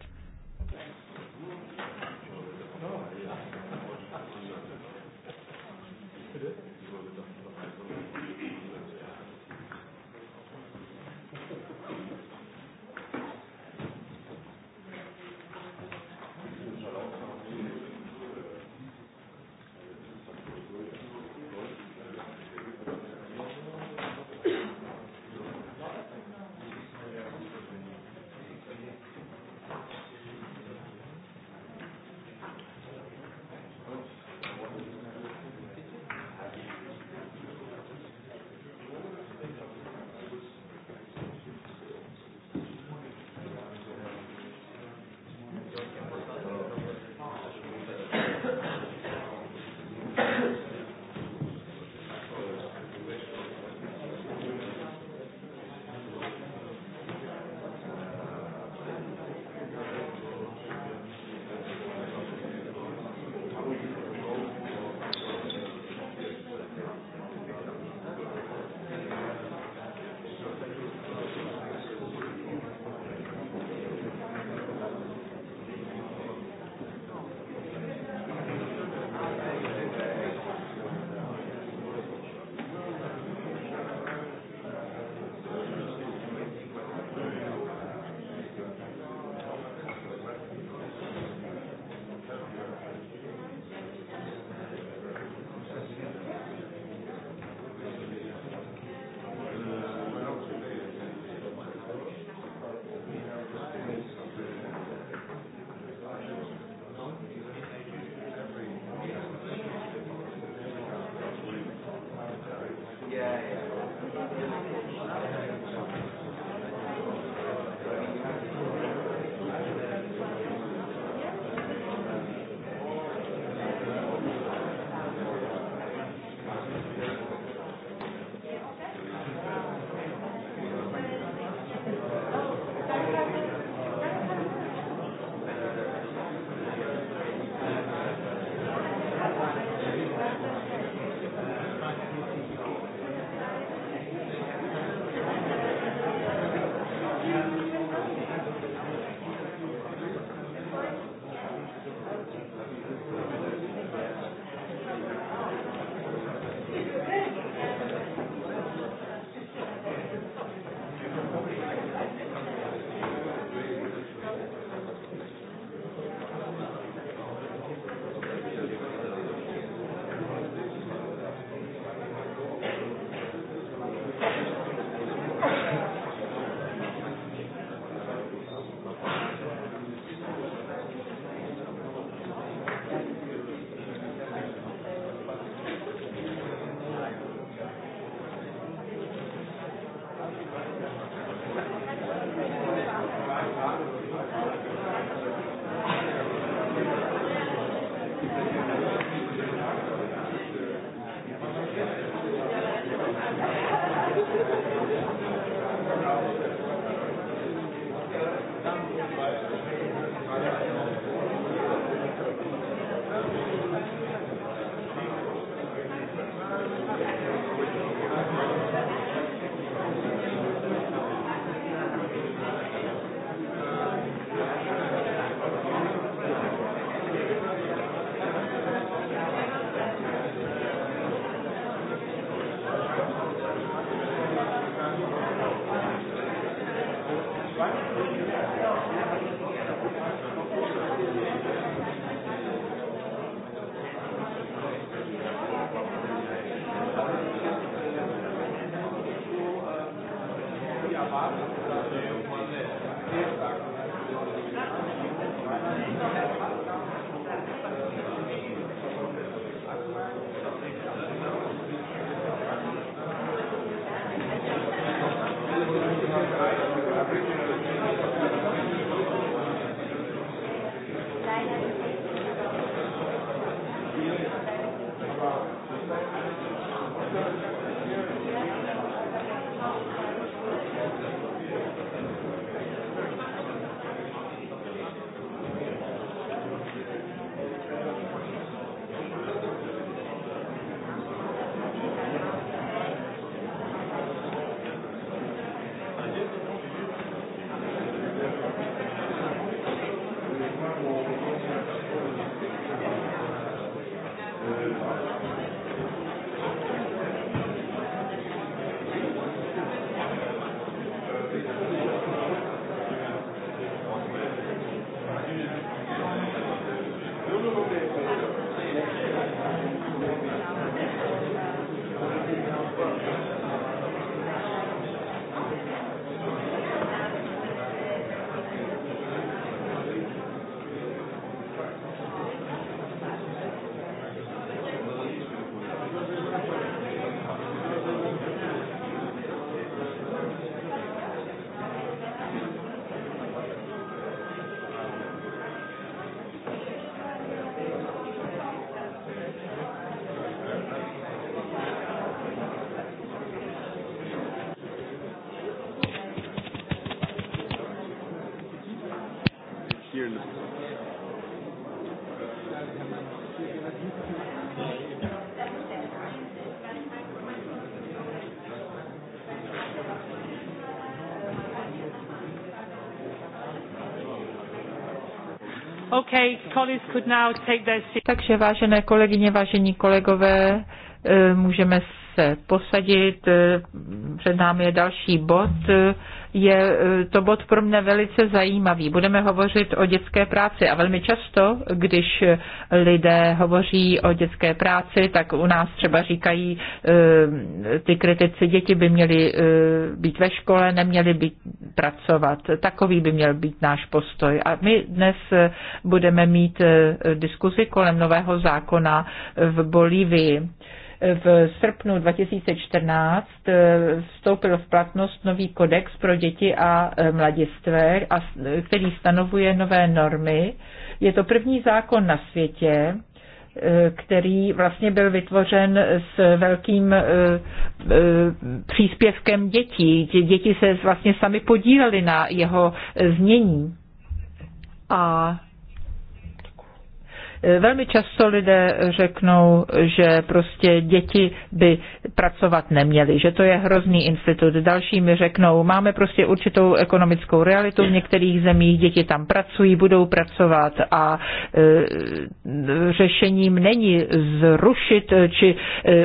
Takže vážené kolegyně, vážení kolegové, eh, můžeme se posadit. Eh, před námi je další bod. Eh, je eh, to bod pro mě velice zajímavý. Budeme hovořit o dětské práci a velmi často, když eh, lidé hovoří o dětské práci, tak u nás třeba říkají eh, ty kritici, děti by měly být ve škole, neměly být pracovat. Takový by měl být náš postoj. A my dnes budeme mít diskuzi kolem nového zákona v Bolívii. V srpnu 2014 eh, vstoupil v platnost nový kodex pro děti a eh, mladistvé, eh, který stanovuje nové normy. Je to první zákon na světě, který vlastně byl vytvořen s velkým příspěvkem dětí. Děti se vlastně sami podílely na jeho znění. A Eh, velmi často lidé řeknou, že prostě děti by pracovat neměly, že to je hrozný institut. Další mi řeknou, máme prostě určitou ekonomickou realitu, v některých zemích děti tam pracují, budou pracovat a eh, řešením není zrušit eh, či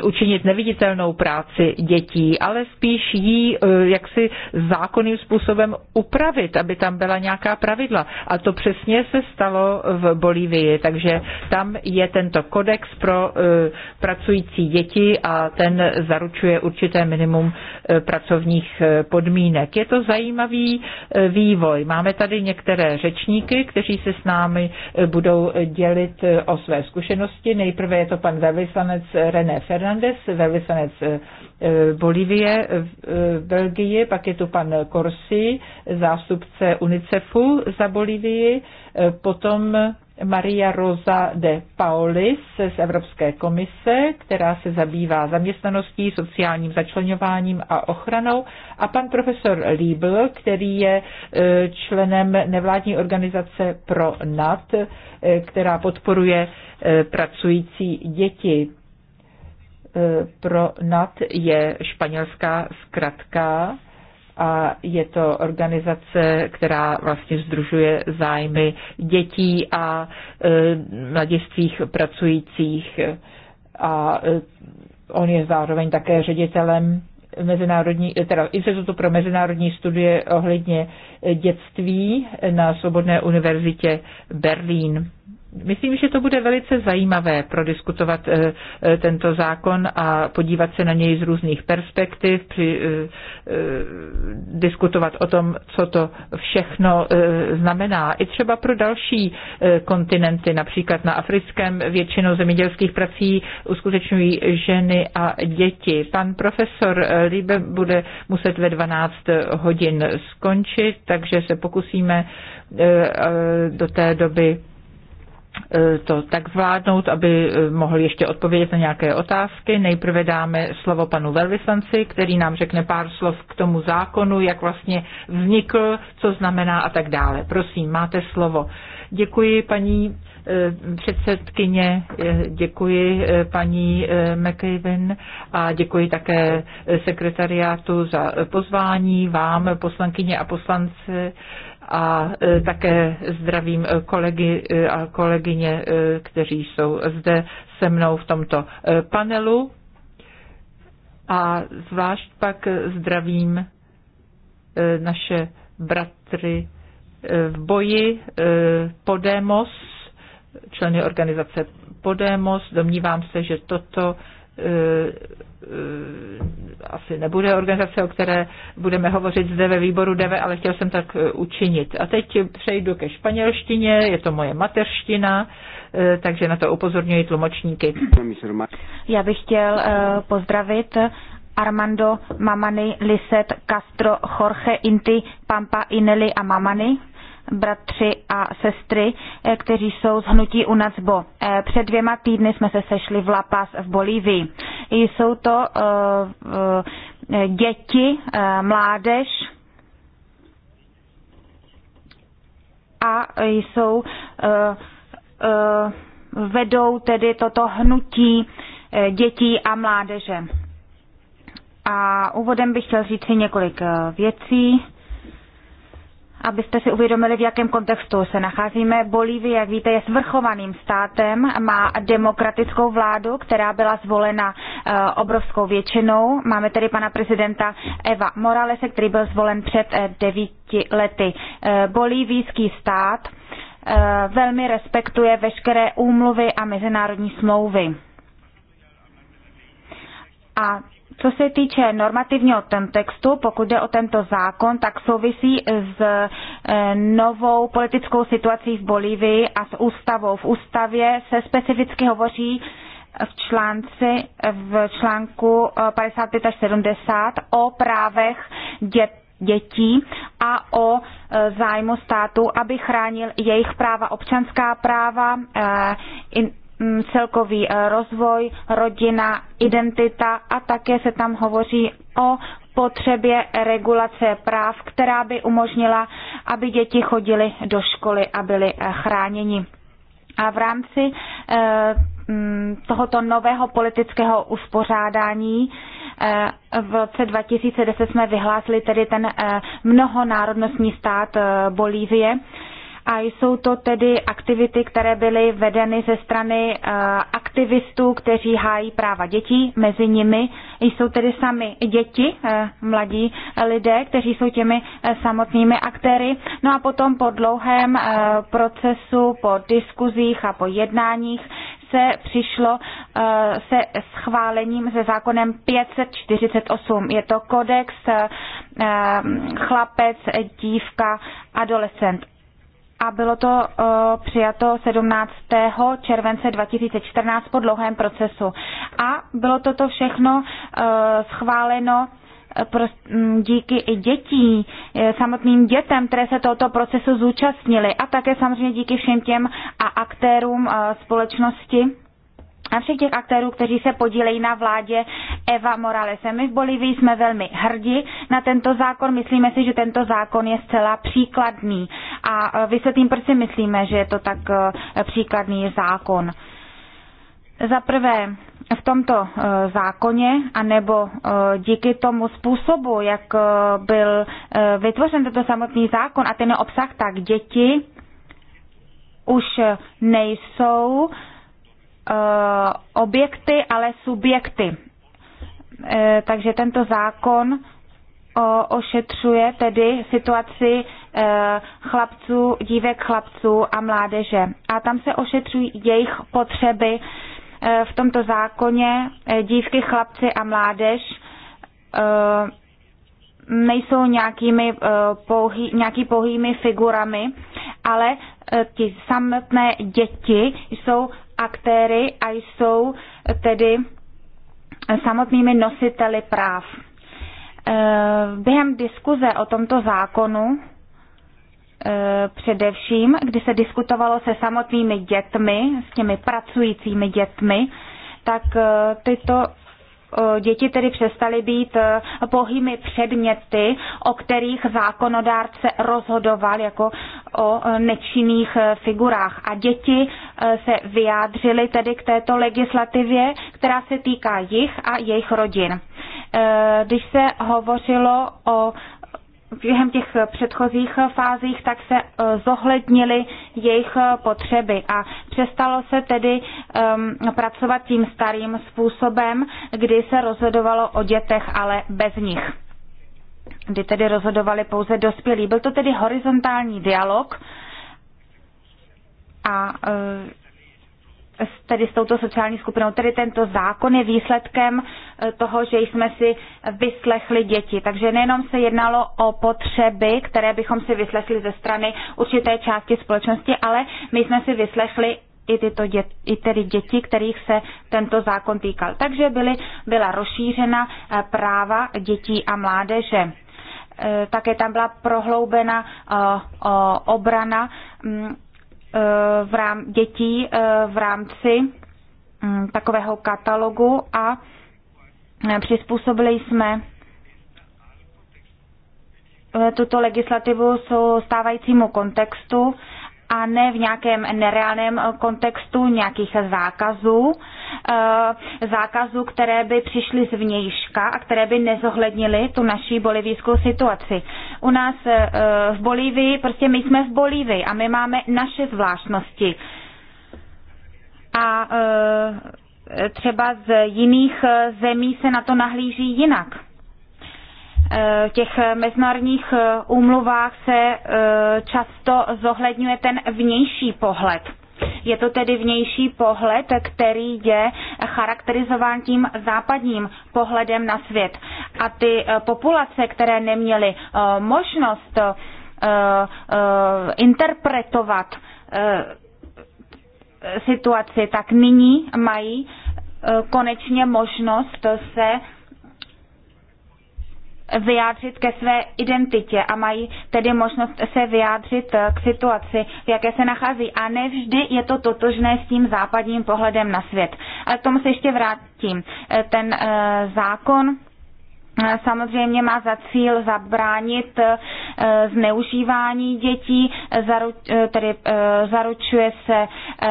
učinit neviditelnou práci dětí, ale spíš jí jaksi zákonným způsobem upravit, aby tam byla nějaká pravidla. A to přesně se stalo v Bolívii. Takže tam je tento kodex pro e, pracující děti a ten zaručuje určité minimum e, pracovních e, podmínek. Je to zajímavý vývoj. Máme tady některé řečníky, kteří se s námi budou dělit o své zkušenosti. Nejprve je to pan velvyslanec René Fernandez, velvyslanec Bolivie v Belgii, pak je tu pan Corsi, zástupce UNICEFu za Bolivii, potom Maria Rosa de Paulis z Evropské komise, která se zabývá zaměstnaností, sociálním začlenováním a ochranou, a pan profesor Liebl, který je e, členem nevládní organizace pro NAT, e, která podporuje e, pracující děti. Pro NAT je španělská zkratka a je to organizace, která vlastně združuje zájmy dětí a e, mladistvých pracujících a e, on je zároveň také ředitelem mezinárodní, e, teda Institutu pro mezinárodní studie ohledně dětství na Svobodné univerzitě Berlín. Myslím, že to bude velice zajímavé prodiskutovat eh, eh, tento zákon a podívat se na něj z různých perspektiv, při, eh, diskutovat o tom, co to všechno znamená. I třeba pro další kontinenty, například na africkém většinou zemědělských prací uskutečňují ženy a děti. Pan profesor Liebe bude muset ve 12 hodin skončit, takže se pokusíme do té doby E, to tak zvládnout, aby e, mohl ještě odpovědět na nějaké otázky. Nejprve dáme slovo panu velvyslanci, který nám řekne pár slov k tomu zákonu, jak vlastně vznikl, co znamená a tak dále. Prosím, máte slovo. Děkuji paní e, předsedkyně, děkuji paní McAven a děkuji také sekretariátu za pozvání vám, poslankyně a poslanci a e, také zdravím e, kolegy e, a kolegyně, kteří jsou zde se mnou v tomto panelu. A zvlášť pak zdravím naše bratry v boji Podemos, členy organizace Podemos. Domnívám se, že toto Eh, asi nebude organizace, o které budeme hovořit zde ve výboru DEVE, ale chtěl jsem tak eh, učinit. A teď přejdu ke španělštině, je to moje mateřština, eh, takže na to upozorňuji tlumočníky. Já bych chtěl pozdravit Armando Mamany, Liset, Castro, Jorge, Inti, Pampa, Ineli a Mamany bratři a sestry, kteří jsou z hnutí UNACBO. Před dvěma týdny jsme se sešli v La Paz v Bolívii. Jsou to eh, eh, děti, eh, mládež a jsou vedou tedy toto hnutí dětí a mládeže. A úvodem bych chtěl říct si několik věcí abyste si uvědomili, v jakém kontextu se nacházíme. Bolívie, jak víte, je svrchovaným státem, má demokratickou vládu, která byla zvolena eh, obrovskou většinou. Máme tedy pana prezidenta Eva Moralese, který byl zvolen před eh, devíti lety. Eh, bolívijský stát velmi respektuje veškeré úmluvy a mezinárodní smlouvy. A co se týče normativního textu, pokud jde o tento zákon, tak souvisí s e, novou politickou situací v Bolívii a s ústavou. V ústavě se specificky hovoří v, článci, v článku 55 e, až 70 o právech dětí dětí a o e, zájmu státu, aby chránil jejich práva, občanská práva, Mm, celkový eh, rozvoj, rodina, identita a také se tam hovoří o potřebě regulace práv, která by umožnila, aby děti chodili do školy a byly eh, chráněni. A v rámci eh, mm, tohoto nového politického uspořádání v roce 2010 jsme vyhlásili tedy ten mnohonárodnostní stát Bolívie a jsou to tedy aktivity, které byly vedeny ze strany eh, aktivistů, kteří hájí práva dětí. Mezi nimi jsou tedy sami děti, eh, mladí lidé, kteří jsou těmi eh, samotnými aktéry. No a potom po dlouhém procesu, po diskuzích a po jednáních se přišlo se schválením se zákonem 548. Je to kodex chlapec, dívka, adolescent a bylo to uh, přijato 17. července 2014 po dlouhém procesu. A bylo toto všechno uh, schváleno eh, mm, díky i dětí, samotným dětem, které se tohoto procesu zúčastnili a také samozřejmě díky všem těm a aktérům společnosti, a všech těch aktérů, kteří se podílejí na vládě Eva Morales, My v Bolívii jsme velmi hrdí na tento zákon. Myslíme si, že tento zákon je zcela příkladný. A e, vysvětlím, proč si myslíme, že je to tak e, příkladný zákon. Za prvé, v tomto e, zákoně, anebo díky tomu způsobu, jak byl vytvořen tento samotný zákon a ten obsah, tak děti už nejsou uh, Eh, objekty, ale subjekty. Eh, takže tento zákon ošetřuje tedy situaci eh, chlapců, dívek chlapců a mládeže. A tam se ošetřují jejich potřeby v tomto zákoně dívky, chlapci a mládež nejsou nějakými, pouhý, nějaký pouhými figurami, ale ti samotné děti jsou aktéry a jsou tedy samotnými nositeli práv. Eh, během diskuze o tomto zákonu eh, především, kdy se diskutovalo se samotnými dětmi, s těmi pracujícími dětmi, tak eh, tyto Eh, děti tedy přestaly být pohými eh, předměty, o kterých zákonodárce rozhodoval jako o eh, nečinných figurách. A děti se vyjádřily tedy k této legislativě, která se týká jich a jejich rodin. Když se hovořilo o během těch předchozích fázích, tak se eh, zohlednily jejich eh, potřeby a přestalo se tedy um, pracovat tím starým způsobem, kdy se rozhodovalo o dětech, ale bez nich kdy tedy rozhodovali pouze dospělí. Byl to tedy horizontální dialog a eh, tedy s touto sociální skupinou. Tedy tento zákon je výsledkem eh, toho, že jsme si vyslechli děti. Takže nejenom se jednalo o potřeby, které bychom si vyslechli ze strany určité části společnosti, ale my jsme si vyslechli i, tyto dět, i tedy děti, kterých se tento zákon týkal. Takže byly, byla rozšířena eh, práva dětí a mládeže. Eh, také tam byla prohloubena obrana mm, Eh, v rám, dětí eh, v rámci mm, takového katalogu a eh, přizpůsobili jsme tuto legislativu stávajícímu kontextu a ne v nějakém nereálném eh, kontextu nějakých zákazů, eh, zákazů, které by přišly z vnějška a které by nezohlednily tu naší bolivijskou situaci. U nás eh, v Bolívii, prostě my jsme v Bolívii a my máme naše zvláštnosti. A třeba z jiných zemí se na to nahlíží jinak. Eh, v těch mezinárodních eh, úmluvách se eh, často zohledňuje ten vnější pohled. Je to tedy vnější pohled, který je charakterizován tím západním pohledem na svět. A ty populace, které neměly možnost interpretovat situaci, tak nyní mají konečně možnost se vyjádřit ke své identitě a mají tedy možnost se vyjádřit eh, k situaci, v jaké se nachází. A nevždy je to totožné s tím západním pohledem na svět. Ale k tomu se ještě vrátím. Eh, ten eh, zákon samozřejmě má za cíl zabránit zneužívání dětí, tedy zaručuje se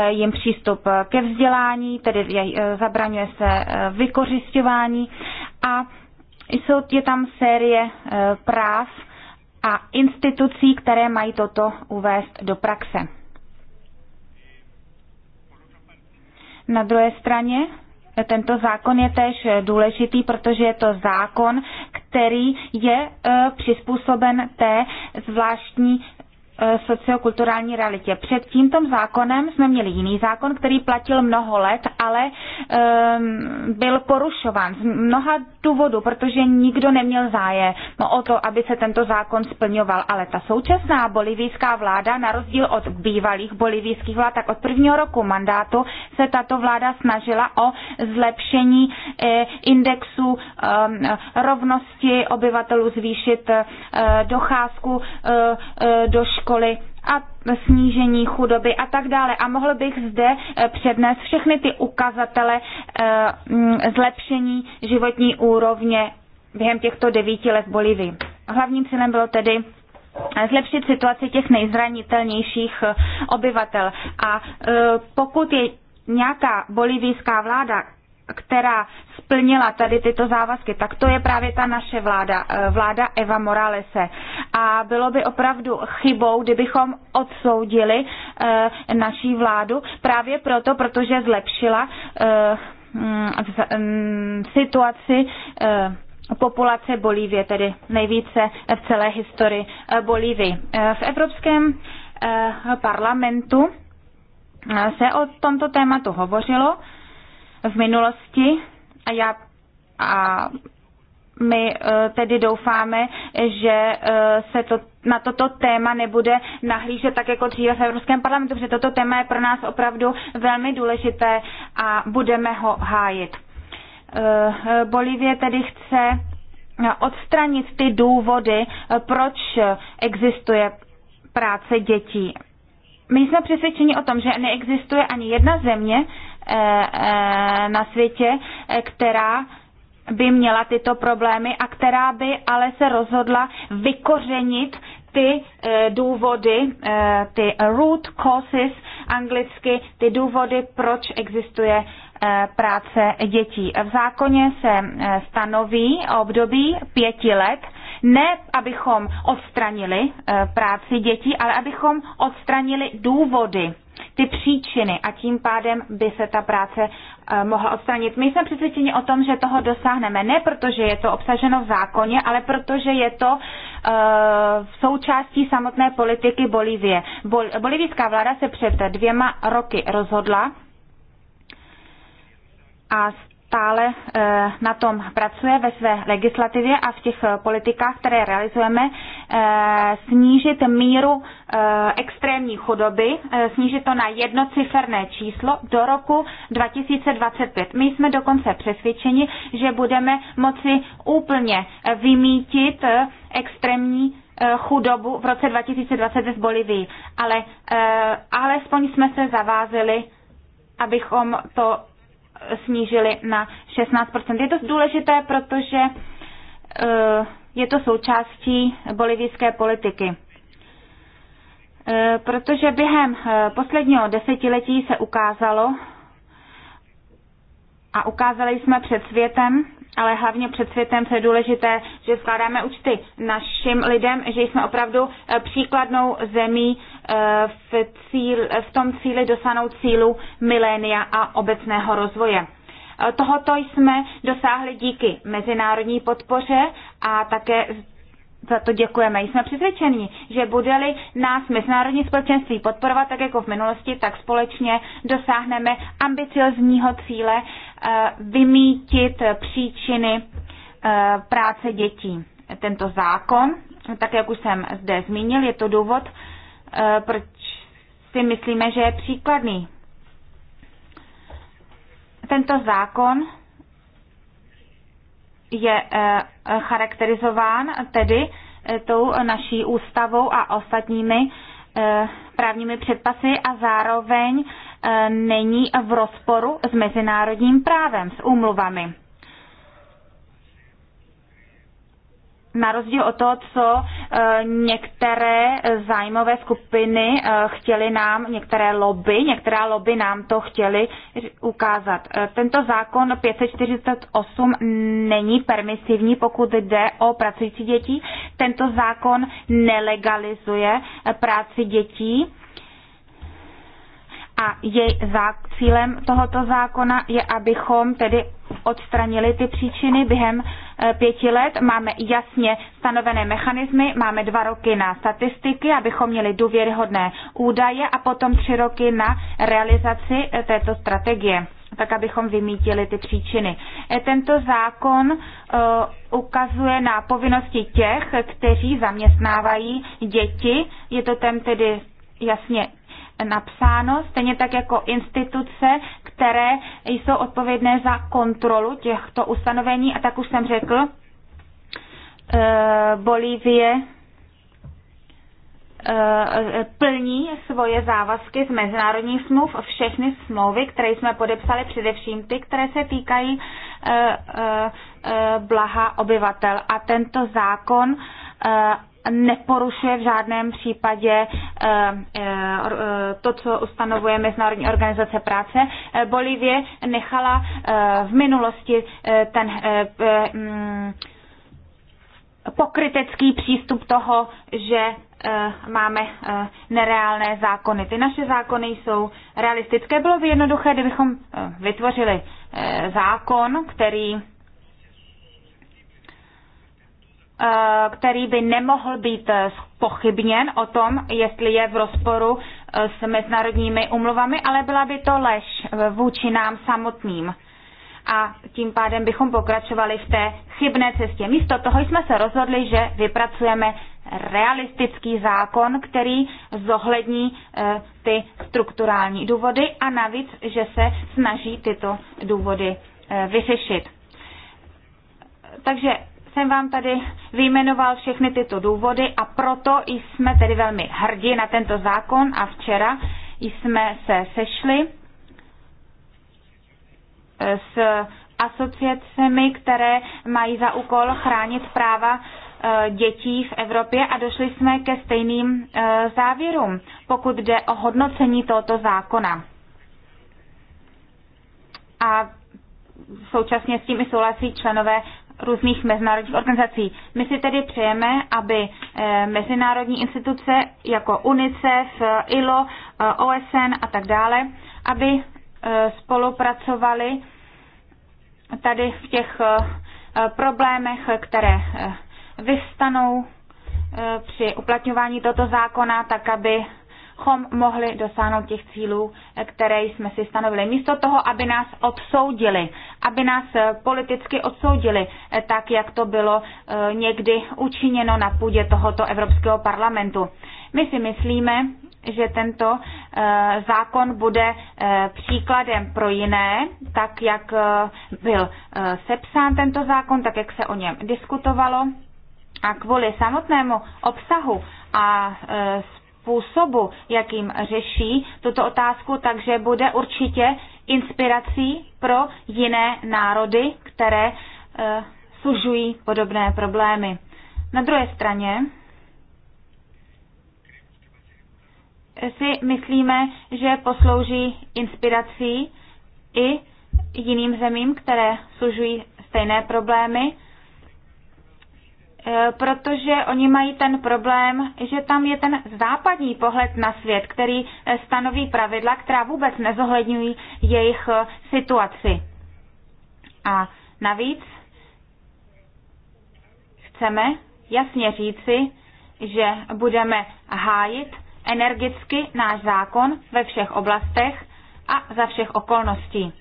jim přístup ke vzdělání, tedy zabraňuje se vykořišťování a jsou, je tam série e, práv a institucí, které mají toto uvést do praxe. Na druhé straně e, tento zákon je též důležitý, protože je to zákon, který je e, přizpůsoben té zvláštní Eh, sociokulturální realitě. Před tímto zákonem jsme měli jiný zákon, který platil mnoho let, ale um, byl porušován z mnoha důvodů, protože nikdo neměl zájem o to, aby se tento zákon splňoval. Ale ta současná bolivijská vláda, na rozdíl od bývalých bolivijských vlád, tak od prvního roku mandátu se tato vláda snažila o zlepšení eh, indexu um, rovnosti obyvatelů, zvýšit eh, docházku eh, eh do školy školy a snížení chudoby a tak dále. A mohl bych zde eh, přednést všechny ty ukazatele eh, mm, zlepšení životní úrovně během těchto devíti let Bolivy. Hlavním cílem bylo tedy eh, zlepšit situaci těch nejzranitelnějších obyvatel. A pokud je nějaká bolivijská vláda, která splnila tady tyto závazky, tak to je právě ta naše vláda, eh, vláda Eva Moralese. A bylo by opravdu chybou, kdybychom odsoudili eh, naší vládu právě proto, protože zlepšila eh, mm, mm, situaci populace Bolívie, tedy nejvíce v celé historii Bolívie. V Evropském parlamentu se o tomto tématu hovořilo v minulosti a já a my eh, tedy doufáme, že eh, se to, na toto téma nebude nahlížet tak jako dříve v Evropském parlamentu, protože toto téma je pro nás opravdu velmi důležité a budeme ho hájit. Eh, Bolivie tedy chce odstranit ty důvody, proč existuje práce dětí. My jsme přesvědčeni o tom, že neexistuje ani jedna země Eh, eh, na světě, eh, která by měla tyto problémy a která by ale se rozhodla vykořenit ty důvody, ty root causes anglicky, ty důvody, proč existuje práce dětí. V zákoně se stanoví období pěti let, ne abychom odstranili práci dětí, ale abychom odstranili důvody ty příčiny a tím pádem by se ta práce eh, mohla odstranit. My jsme přesvědčeni o tom, že toho dosáhneme ne protože je to obsaženo v zákoně, ale protože je to eh, v součástí samotné politiky Bolívie. Bol, bolivijská vláda se před dvěma roky rozhodla a s stále eh, na tom pracuje ve své legislativě a v těch eh, politikách, které realizujeme, eh, snížit míru extrémní chudoby, snížit to na jednociferné číslo do roku 2025. My jsme dokonce přesvědčeni, že budeme moci úplně vymítit extrémní chudobu v roce 2020 v Bolivii. Ale alespoň jsme se zavázili, abychom to snížili na 16%. Je to důležité, protože eh, je to součástí bolivijské politiky. Eh, protože během eh, posledního desetiletí se ukázalo, a ukázali jsme před světem, ale hlavně před světem, co je důležité, že skládáme účty našim lidem, že jsme opravdu eh, příkladnou zemí eh, v, cíl, v tom cíli dosáhnout cílu milénia a obecného rozvoje. Eh, tohoto jsme dosáhli díky mezinárodní podpoře a také za to děkujeme. Jsme přesvědčeni, že bude-li nás mezinárodní společenství podporovat tak jako v minulosti, tak společně dosáhneme ambiciozního cíle eh, vymítit příčiny eh, práce dětí. Tento zákon, tak jak už jsem zde zmínil, je to důvod, eh, proč si myslíme, že je příkladný. Tento zákon je eh, charakterizován tedy eh, tou naší ústavou a ostatními eh, právními předpasy a zároveň není v rozporu s mezinárodním právem, s úmluvami. na rozdíl od toho, co e, některé zájmové skupiny e, chtěly nám, některé lobby, některá lobby nám to chtěly ukázat. E, tento zákon 548 není permisivní, pokud jde o pracující děti. Tento zákon nelegalizuje práci dětí a jej cílem tohoto zákona je, abychom tedy odstranili ty příčiny během e, pěti let. Máme jasně stanovené mechanismy, máme dva roky na statistiky, abychom měli důvěryhodné údaje a potom tři roky na realizaci e, této strategie tak abychom vymítili ty příčiny. E, tento zákon ukazuje na povinnosti těch, kteří zaměstnávají děti. Je to tam tedy jasně napsáno, stejně tak jako instituce, které jsou odpovědné za kontrolu těchto ustanovení. A tak už jsem řekl, eh, Bolívie eh, plní svoje závazky z mezinárodních smluv, všechny smlouvy, které jsme podepsali, především ty, které se týkají eh, blaha obyvatel. A tento zákon neporušuje v žádném případě eh, eh, eh, to, co ustanovuje Mezinárodní organizace práce. Bolívie nechala v minulosti ten mm, pokrytecký přístup toho, že máme nereálné zákony. Ty naše zákony jsou realistické. Bylo by jednoduché, kdybychom vytvořili zákon, který Eh, který by nemohl být eh, pochybněn o tom, jestli je v rozporu eh, s mezinárodními umluvami, ale byla by to lež vůči nám samotným. A tím pádem bychom pokračovali v té chybné cestě. Místo toho jsme se rozhodli, že vypracujeme realistický zákon, který zohlední ty strukturální důvody a navíc, že se snaží tyto důvody vyřešit. Takže jsem vám tady vyjmenoval všechny tyto důvody a proto jsme tedy velmi hrdí na tento zákon a včera jsme se sešli eh, s asociacemi, které mají za úkol chránit práva eh, dětí v Evropě a došli jsme ke stejným eh, závěrům, pokud jde o hodnocení tohoto zákona. A současně s tím i souhlasí členové různých mezinárodních organizací. My si tedy přejeme, aby eh, mezinárodní instituce jako UNICEF, eh, ILO, eh, OSN a tak dále, aby spolupracovali tady v těch problémech, které vystanou při uplatňování tohoto zákona, tak aby chom mohli dosáhnout těch cílů, které jsme si stanovili. Místo toho, aby nás odsoudili, aby nás eh, politicky odsoudili, eh, tak jak to bylo eh, někdy učiněno na půdě tohoto Evropského parlamentu. My si myslíme, že tento zákon bude příkladem pro jiné, tak jak byl sepsán tento zákon, tak jak se o něm diskutovalo. A kvůli samotnému obsahu a způsobu, jakým řeší tuto otázku, takže bude určitě inspirací pro jiné národy, které eh, sužují podobné problémy. Na druhé straně si myslíme, že poslouží inspirací i jiným zemím, které sužují stejné problémy Eh, protože oni mají ten problém, že tam je ten západní pohled na svět, který eh, stanoví pravidla, která vůbec nezohledňují jejich eh, situaci. A navíc chceme jasně říci, že budeme hájit energicky náš zákon ve všech oblastech a za všech okolností.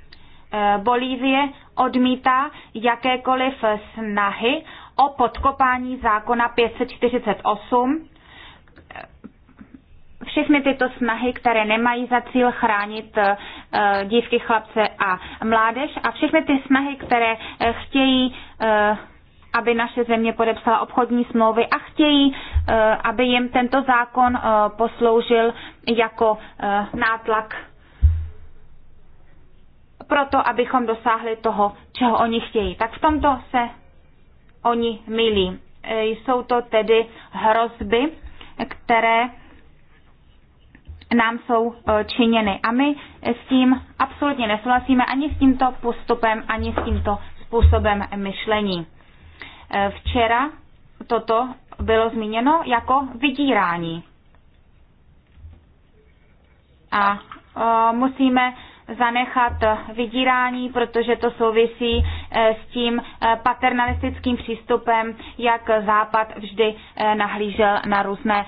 Bolívie odmítá jakékoliv snahy o podkopání zákona 548. Všechny tyto snahy, které nemají za cíl chránit eh, dívky, chlapce a mládež a všechny ty snahy, které eh, chtějí eh, aby naše země podepsala obchodní smlouvy a chtějí, aby jim tento zákon posloužil jako nátlak proto, abychom dosáhli toho, čeho oni chtějí. Tak v tomto se oni milí. E, jsou to tedy hrozby, které nám jsou e, činěny. A my s tím absolutně nesouhlasíme ani s tímto postupem, ani s tímto způsobem myšlení. E, včera toto bylo zmíněno jako vydírání. A musíme zanechat vydírání, protože to souvisí eh, s tím eh, paternalistickým přístupem, jak Západ vždy eh, nahlížel na různé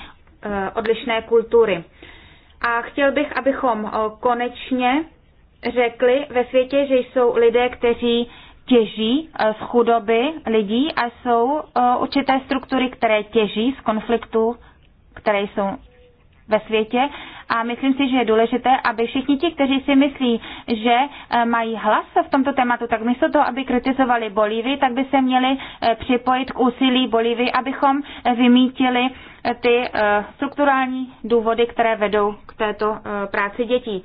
odlišné kultury. A chtěl bych, abychom konečně řekli ve světě, že jsou lidé, kteří těží z chudoby lidí a jsou určité struktury, které těží z konfliktů, které jsou ve světě a myslím si, že je důležité, aby všichni ti, kteří si myslí, že eh, mají hlas v tomto tématu, tak místo toho, aby kritizovali Bolívii, tak by se měli eh, připojit k úsilí Bolívii, abychom eh, vymítili ty strukturální důvody, které vedou k této práci dětí.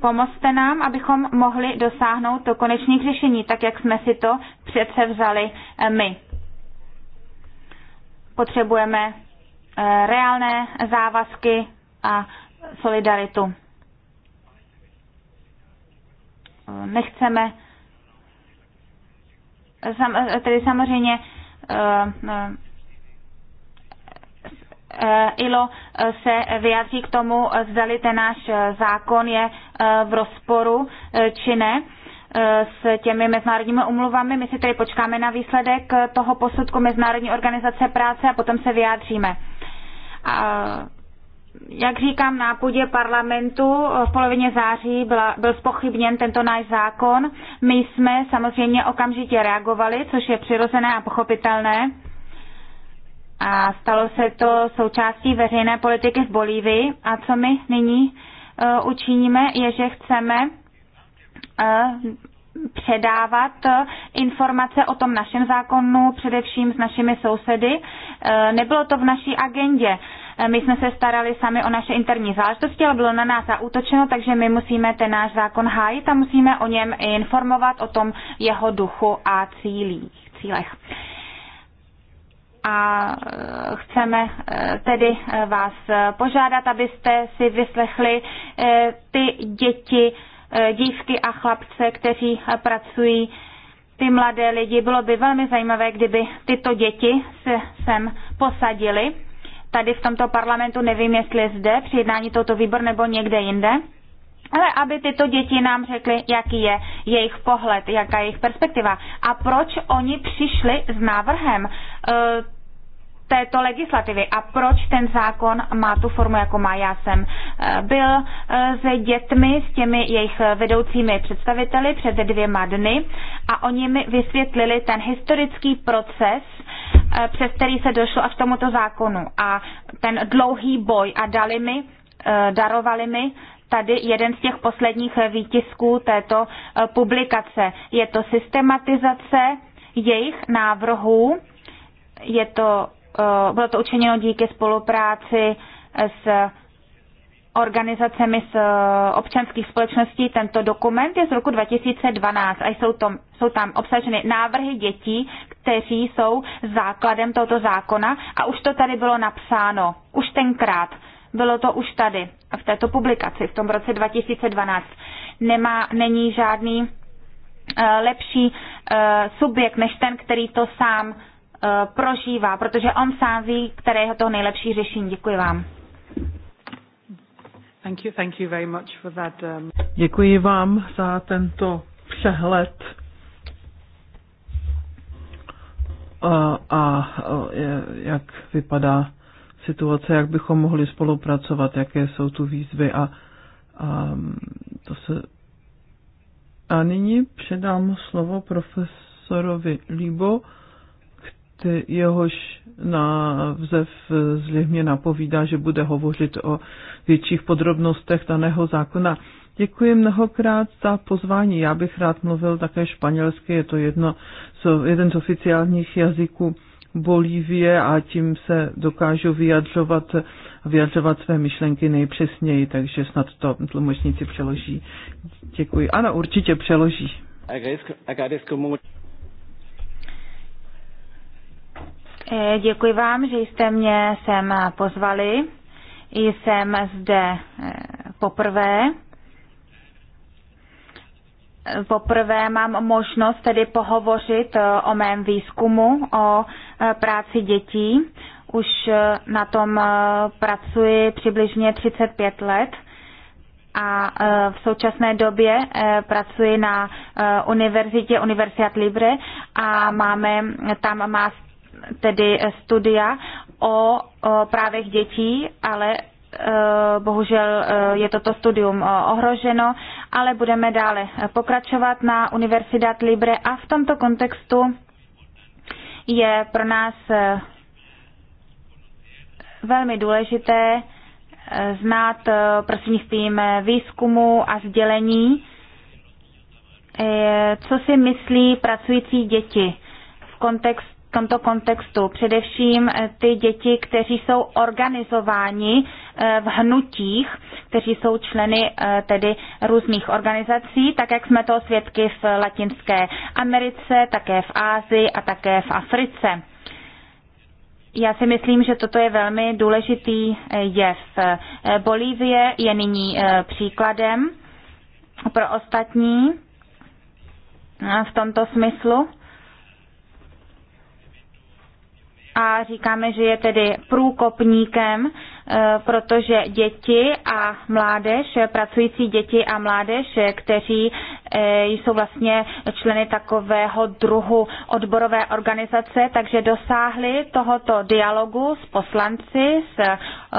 Pomozte nám, abychom mohli dosáhnout to konečných řešení, tak jak jsme si to přece vzali my. Potřebujeme Eh, reálné závazky a solidaritu. Nechceme, eh, tedy samozřejmě eh, ILO se vyjádří k tomu, zdali ten náš zákon je v rozporu či ne s těmi mezinárodními umluvami. My si tedy počkáme na výsledek toho posudku Mezinárodní organizace práce a potom se vyjádříme jak říkám, na půdě parlamentu v polovině září byla, byl spochybněn tento náš zákon. My jsme samozřejmě okamžitě reagovali, což je přirozené a pochopitelné. A stalo se to součástí veřejné politiky v Bolívii. A co my nyní uh, učiníme, je, že chceme uh, předávat eh, informace o tom našem zákonu, především s našimi sousedy. Eh, nebylo to v naší agendě. Eh, my jsme se starali sami o naše interní záležitosti, ale bylo na nás zaútočeno, takže my musíme ten náš zákon hájit a musíme o něm informovat, o tom jeho duchu a cílích, cílech. A chceme tedy vás požádat, abyste si vyslechli ty děti, Eh, dívky a chlapce, kteří eh, pracují, ty mladé lidi. Bylo by velmi zajímavé, kdyby tyto děti se sem posadili. Tady v tomto parlamentu nevím, jestli zde při jednání tohoto výbor nebo někde jinde. Ale aby tyto děti nám řekly, jaký je jejich pohled, jaká je jejich perspektiva a proč oni přišli s návrhem. E, této legislativy a proč ten zákon má tu formu, jako má. Já jsem eh, byl eh, s dětmi, s těmi jejich vedoucími představiteli před dvěma dny a oni mi vysvětlili ten historický proces, eh, přes který se došlo až k tomuto zákonu a ten dlouhý boj a dali mi, darovali mi tady jeden z těch posledních výtisků této publikace. Je to systematizace jejich návrhů, je to Eh, bylo to učiněno díky spolupráci s organizacemi z eh, občanských společností. Tento dokument je z roku 2012 a jsou, to, jsou tam obsaženy návrhy dětí, kteří jsou základem tohoto zákona a už to tady bylo napsáno, už tenkrát. Bylo to už tady, v této publikaci, v tom roce 2012. Nemá, není žádný eh, lepší subjekt než ten, který to sám Eh, prožívá, protože on sám ví, které je to nejlepší řešení. Děkuji vám. Thank you, thank you very much for that, um... Děkuji vám za tento přehled a, a eh, jak vypadá situace, jak bychom mohli spolupracovat, jaké jsou tu výzvy a, a mm, to se. A nyní předám slovo profesorovi Libo jehož na vzev zřejmě napovídá, že bude hovořit o větších podrobnostech daného zákona. Děkuji mnohokrát za pozvání. Já bych rád mluvil také španělsky, je to jedno, jeden z oficiálních jazyků Bolívie a tím se dokážu vyjadřovat, vyjadřovat své myšlenky nejpřesněji, takže snad to tlumočníci přeloží. Děkuji. Ano, určitě přeloží. Eh, děkuji vám, že jste mě sem pozvali. Jsem zde eh, poprvé. Poprvé mám možnost tedy pohovořit eh, o mém výzkumu, o práci dětí. Už na tom pracuji přibližně 35 let a v současné době pracuji na univerzitě Universiat Libre a máme tam tedy eh, studia o, o právech dětí, ale eh, bohužel eh, je toto studium ohroženo, ale budeme dále pokračovat na Universidad Libre a v tomto kontextu je pro nás velmi důležité znát prostřednictvím výzkumu a sdělení, co si myslí pracující děti v kontextu tomto kontextu. Především eh, ty děti, kteří jsou organizováni eh, v hnutích, kteří jsou členy eh, tedy různých organizací, tak jak jsme to svědky v Latinské Americe, také v Ázii a také v Africe. Já si myslím, že toto je velmi důležitý jev. Bolívie je nyní příkladem pro ostatní v tomto smyslu. a říkáme, že je tedy průkopníkem, eh, protože děti a mládež, pracující děti a mládež, kteří eh, jsou vlastně členy takového druhu odborové organizace, takže dosáhli tohoto dialogu s poslanci, s eh,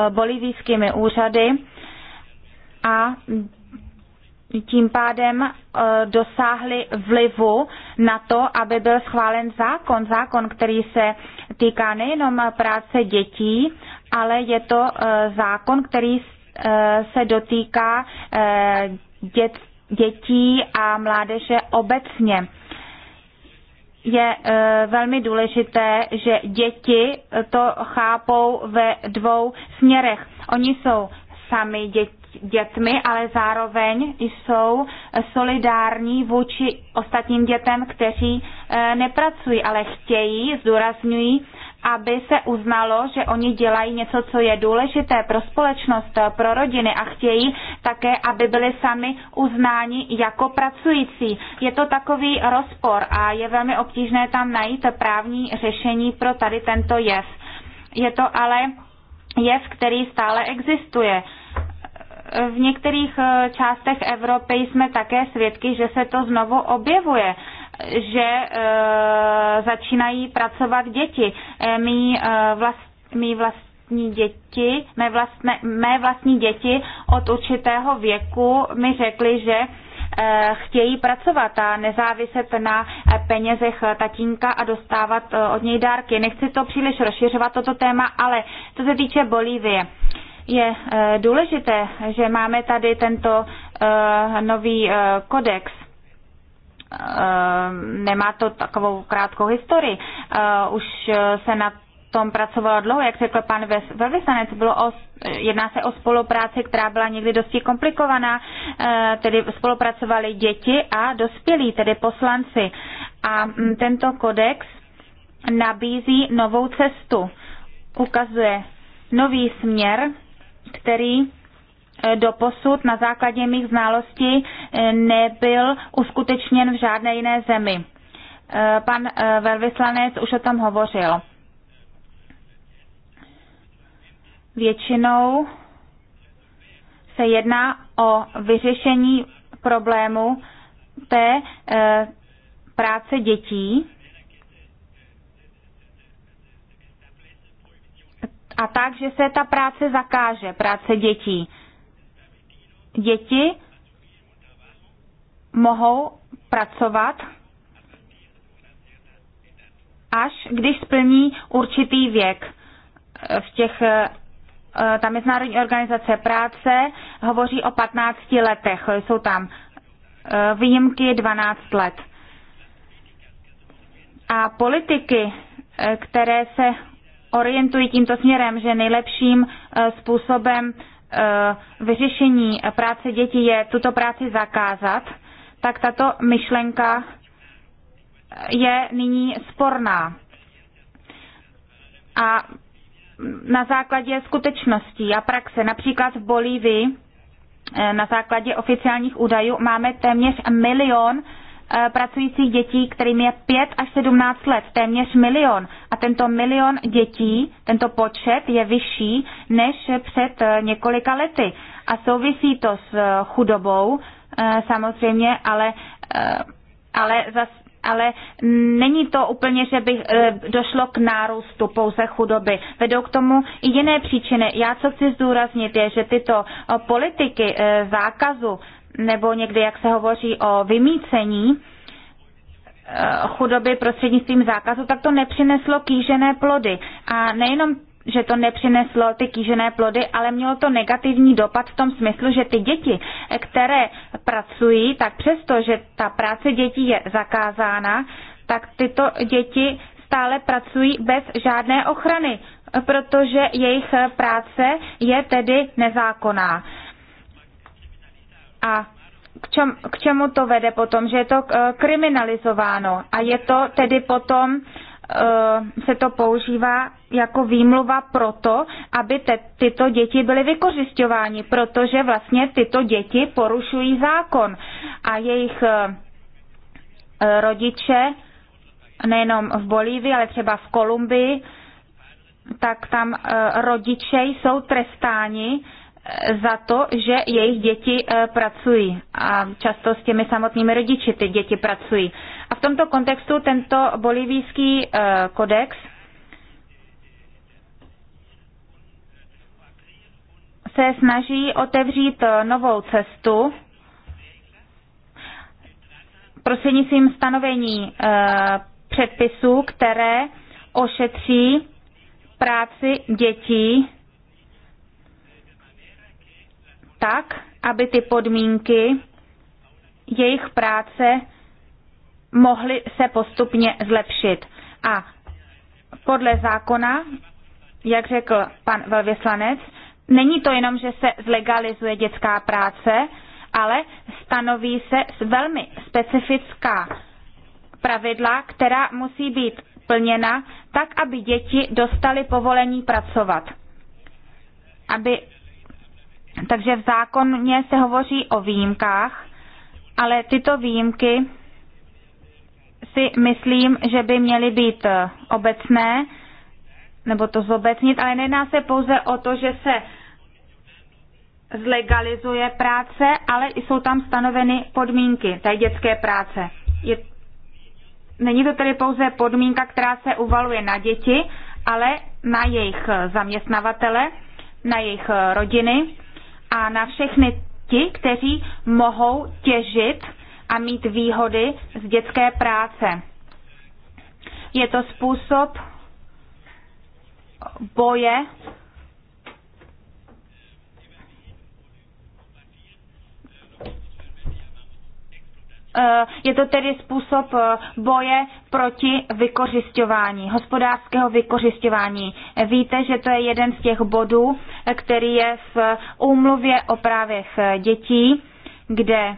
bolivijskými úřady a tím pádem eh, dosáhli vlivu na to, aby byl schválen zákon, zákon, který se týká nejenom práce dětí, ale je to eh, zákon, který eh, se dotýká dět, dětí a mládeže obecně. Je velmi důležité, že děti to chápou ve dvou směrech. Oni jsou sami děti dětmi, ale zároveň jsou solidární vůči ostatním dětem, kteří eh, nepracují, ale chtějí, zdůrazňují, aby se uznalo, že oni dělají něco, co je důležité pro společnost, pro rodiny a chtějí také, aby byli sami uznáni jako pracující. Je to takový rozpor a je velmi obtížné tam najít právní řešení pro tady tento jev. Je to ale jev, který stále existuje v některých eh, částech Evropy jsme také svědky, že se to znovu objevuje že e, začínají pracovat děti. E, mý, e, vlast, mý vlastní děti, mé, vlastne, mé vlastní děti od určitého věku mi řekly, že e, chtějí pracovat a nezáviset na penězech tatínka a dostávat od něj dárky. Nechci to příliš rozšiřovat, toto téma, ale co se týče Bolívie. E, je eh, důležité, že máme tady tento eh, nový eh, kodex. Nemá to takovou krátkou historii. Už se na tom pracovalo dlouho, jak řekl pan velvyslanec, bylo o, jedná se o spolupráci, která byla někdy dosti komplikovaná, tedy spolupracovali děti a dospělí, tedy poslanci. A hm, tento kodex nabízí novou cestu, ukazuje nový směr který eh, doposud na základě mých znalostí eh, nebyl uskutečněn v žádné jiné zemi. Eh, pan velvyslanec už o tom hovořil. Většinou se jedná o vyřešení problému té práce dětí, a tak, že se ta práce zakáže, práce dětí. Děti mohou pracovat až když splní určitý věk. V těch, eh, ta Mezinárodní organizace práce hovoří o 15 letech, jsou tam eh, výjimky 12 let. A politiky, eh, které se orientují tímto směrem, že nejlepším eh, způsobem eh, vyřešení eh, práce dětí je tuto práci zakázat, tak tato myšlenka je nyní sporná. A na základě skutečností a praxe, například v Bolívii, na základě oficiálních údajů máme téměř milion Eh, pracujících dětí, kterým je 5 až 17 let, téměř milion. A tento milion dětí, tento počet je vyšší než před eh, několika lety. A souvisí to s eh, chudobou, samozřejmě, ale, ale zas, ale není to úplně, že by došlo k nárůstu pouze chudoby. Vedou k tomu i jiné příčiny. Já co chci zdůraznit je, že tyto politiky zákazu nebo někdy, jak se hovoří o vymícení eh, chudoby prostřednictvím zákazu, tak to nepřineslo kýžené plody. A nejenom že to nepřineslo ty kýžené plody, ale mělo to negativní dopad v tom smyslu, že ty děti, které pracují, tak přesto, že ta práce dětí je zakázána, tak tyto děti stále pracují bez žádné ochrany, protože jejich práce je tedy nezákonná. A k, čem, k čemu to vede potom? Že je to eh, kriminalizováno a je to tedy potom eh, se to používá jako výmluva proto, aby te, tyto děti byly vykořišťovány, protože vlastně tyto děti porušují zákon a jejich eh, rodiče, nejenom v Bolívii, ale třeba v Kolumbii, tak tam rodiče jsou trestáni za to, že jejich děti eh, pracují a často s těmi samotnými rodiči ty děti pracují. A v tomto kontextu tento bolivijský eh, kodex se snaží otevřít eh, novou cestu prostřednictvím stanovení předpisů, které ošetří práci dětí tak, aby ty podmínky jejich práce mohly se postupně zlepšit. A podle zákona, jak řekl pan velvyslanec, není to jenom, že se zlegalizuje dětská práce, ale stanoví se velmi specifická pravidla, která musí být plněna tak, aby děti dostaly povolení pracovat. Aby takže v zákoně se hovoří o výjimkách, ale tyto výjimky si myslím, že by měly být obecné, nebo to zobecnit, ale nejedná se pouze o to, že se zlegalizuje práce, ale jsou tam stanoveny podmínky té dětské práce. Je, není to tedy pouze podmínka, která se uvaluje na děti, ale na jejich zaměstnavatele, na jejich rodiny a na všechny ti, kteří mohou těžit a mít výhody z dětské práce. Je to způsob boje Eh, je to tedy způsob eh, boje proti vykořišťování, hospodářského vykořišťování. Víte, že to je jeden z těch bodů, eh, který je v úmluvě o právech dětí, kde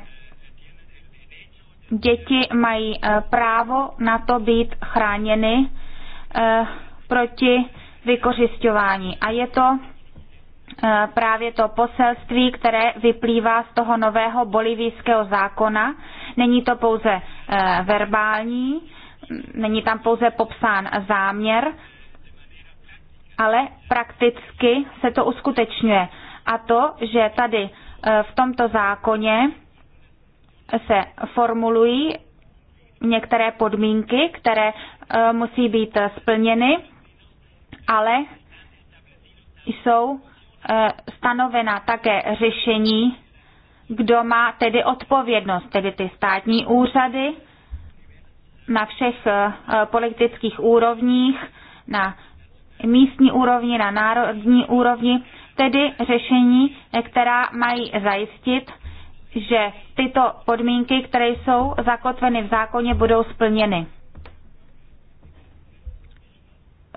děti mají právo na to být chráněny proti vykořišťování. A je to Eh, právě to poselství, které vyplývá z toho nového bolivijského zákona. Není to pouze eh, verbální, není tam pouze popsán záměr, ale prakticky se to uskutečňuje. A to, že tady eh, v tomto zákoně se formulují některé podmínky, které musí být splněny, ale jsou E, stanovena také řešení, kdo má tedy odpovědnost, tedy ty státní úřady na všech e, politických úrovních, na místní úrovni, na národní úrovni, tedy řešení, která mají zajistit, že tyto podmínky, které jsou zakotveny v zákoně, budou splněny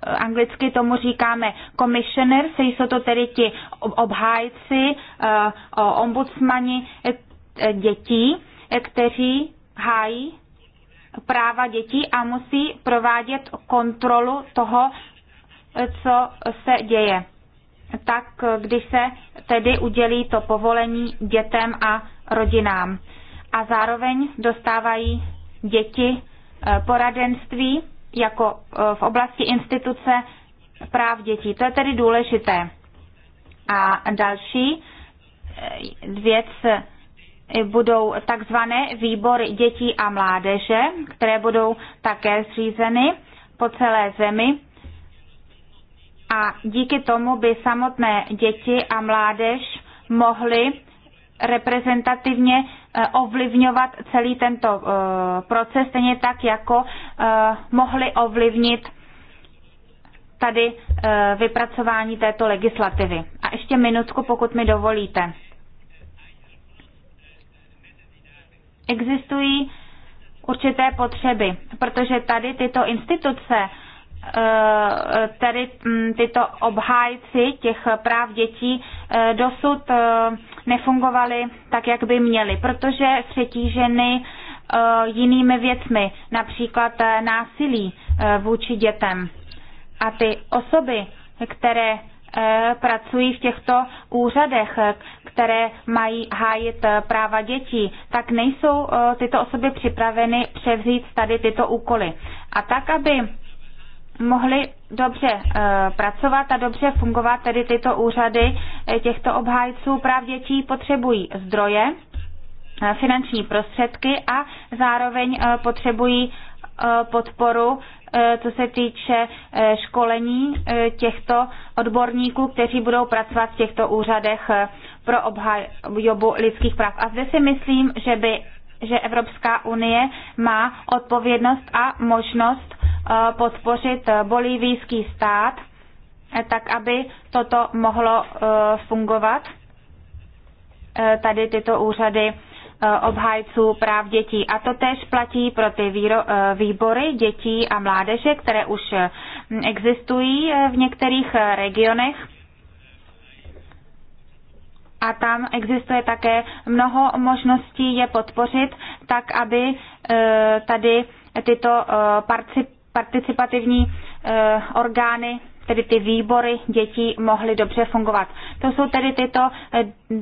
anglicky tomu říkáme commissioners, jsou to tedy ti obhájci, eh, ombudsmani eh, eh, dětí, kteří hájí práva dětí a musí provádět kontrolu toho, co se děje. Tak když se tedy udělí to povolení dětem a rodinám. A zároveň dostávají děti poradenství jako e, v oblasti instituce práv dětí. To je tedy důležité. A další e, věc e, budou takzvané výbory dětí a mládeže, které budou také zřízeny po celé zemi. A díky tomu by samotné děti a mládež mohly reprezentativně eh, ovlivňovat celý tento eh, proces, stejně tak, jako eh, mohli ovlivnit tady vypracování této legislativy. A ještě minutku, pokud mi dovolíte. Existují určité potřeby, protože tady tyto instituce Eh, tedy mm, tyto obhájci těch práv dětí eh, dosud eh, nefungovaly tak, jak by měly, protože přetíženy jinými věcmi, například násilí vůči dětem. A ty osoby, které pracují v těchto úřadech, které mají hájit práva dětí, tak nejsou tyto osoby připraveny převzít tady tyto úkoly. A tak, aby mohly dobře eh, pracovat a dobře fungovat, tedy tyto úřady eh, těchto obhájců práv dětí potřebují zdroje, eh, finanční prostředky a zároveň potřebují podporu, co se týče školení těchto odborníků, kteří budou pracovat v těchto úřadech pro obhajobu lidských práv. A zde si myslím, že by že Evropská unie má odpovědnost a možnost eh, podpořit bolivijský stát, eh, tak aby toto mohlo eh, fungovat. Tady tyto úřady obhájců práv dětí. A to tež platí pro ty výro, výbory dětí a mládeže, které už existují v některých regionech a tam existuje také mnoho možností je podpořit, tak aby e, tady tyto e, participativní e, orgány tedy ty výbory dětí mohly dobře fungovat. To jsou tedy tyto,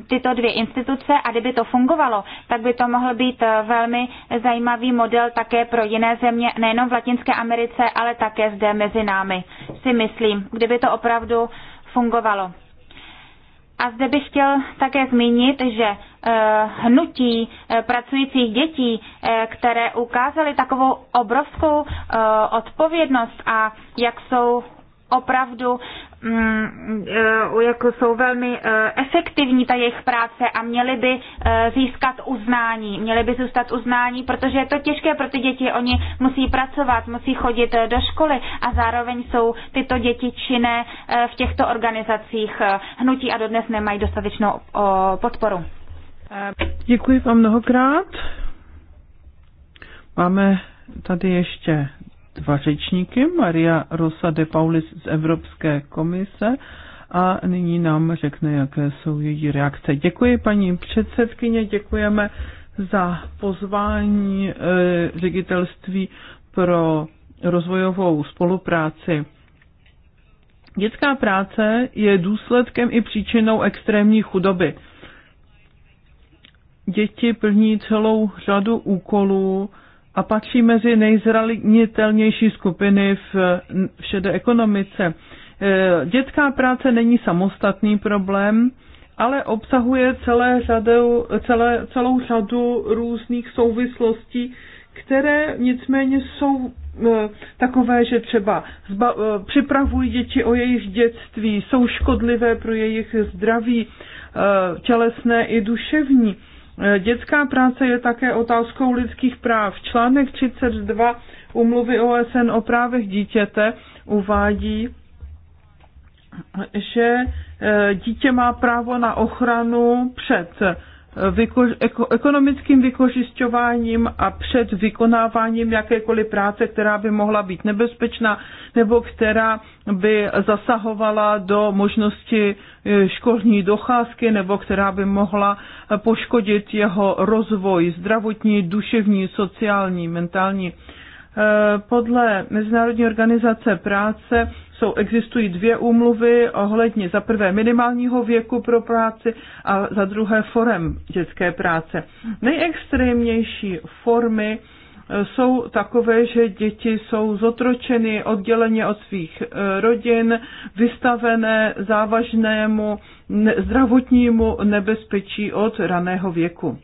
tyto dvě instituce a kdyby to fungovalo, tak by to mohl být velmi zajímavý model také pro jiné země, nejenom v Latinské Americe, ale také zde mezi námi, si myslím, kdyby to opravdu fungovalo. A zde bych chtěl také zmínit, že eh, hnutí eh, pracujících dětí, eh, které ukázaly takovou obrovskou odpovědnost a jak jsou opravdu mm, eh, jako jsou velmi eh, efektivní ta jejich práce a měli by eh, získat uznání, měli by zůstat uznání, protože je to těžké pro ty děti, oni musí pracovat, musí chodit do školy a zároveň jsou tyto děti činné v těchto organizacích hnutí a dodnes nemají dostatečnou podporu. Děkuji vám mnohokrát. Máme tady ještě dva řečníky, Maria Rosa de Paulis z Evropské komise a nyní nám řekne, jaké jsou její reakce. Děkuji paní předsedkyně, děkujeme za pozvání e, ředitelství pro rozvojovou spolupráci. Dětská práce je důsledkem i příčinou extrémní chudoby. Děti plní celou řadu úkolů, a patří mezi nejzranitelnější skupiny v, v šedé ekonomice. E, dětská práce není samostatný problém, ale obsahuje celé řadu, celé, celou řadu různých souvislostí, které nicméně jsou e, takové, že třeba zba, e, připravují děti o jejich dětství, jsou škodlivé pro jejich zdraví, tělesné i duševní. Dětská práce je také otázkou lidských práv. Článek 32 umluvy OSN o právech dítěte uvádí, že eh, dítě má právo na ochranu před ekonomickým vykořišťováním a před vykonáváním jakékoliv práce, která by mohla být nebezpečná nebo která by zasahovala do možnosti e, školní docházky nebo která by mohla e, poškodit jeho rozvoj zdravotní, duševní, sociální, mentální. E, podle Mezinárodní organizace práce jsou, existují dvě úmluvy ohledně za prvé minimálního věku pro práci a za druhé forem dětské práce. Nejextrémnější formy e, jsou takové, že děti jsou zotročeny, odděleně od svých e, rodin, vystavené závažnému zdravotnímu nebezpečí od raného věku.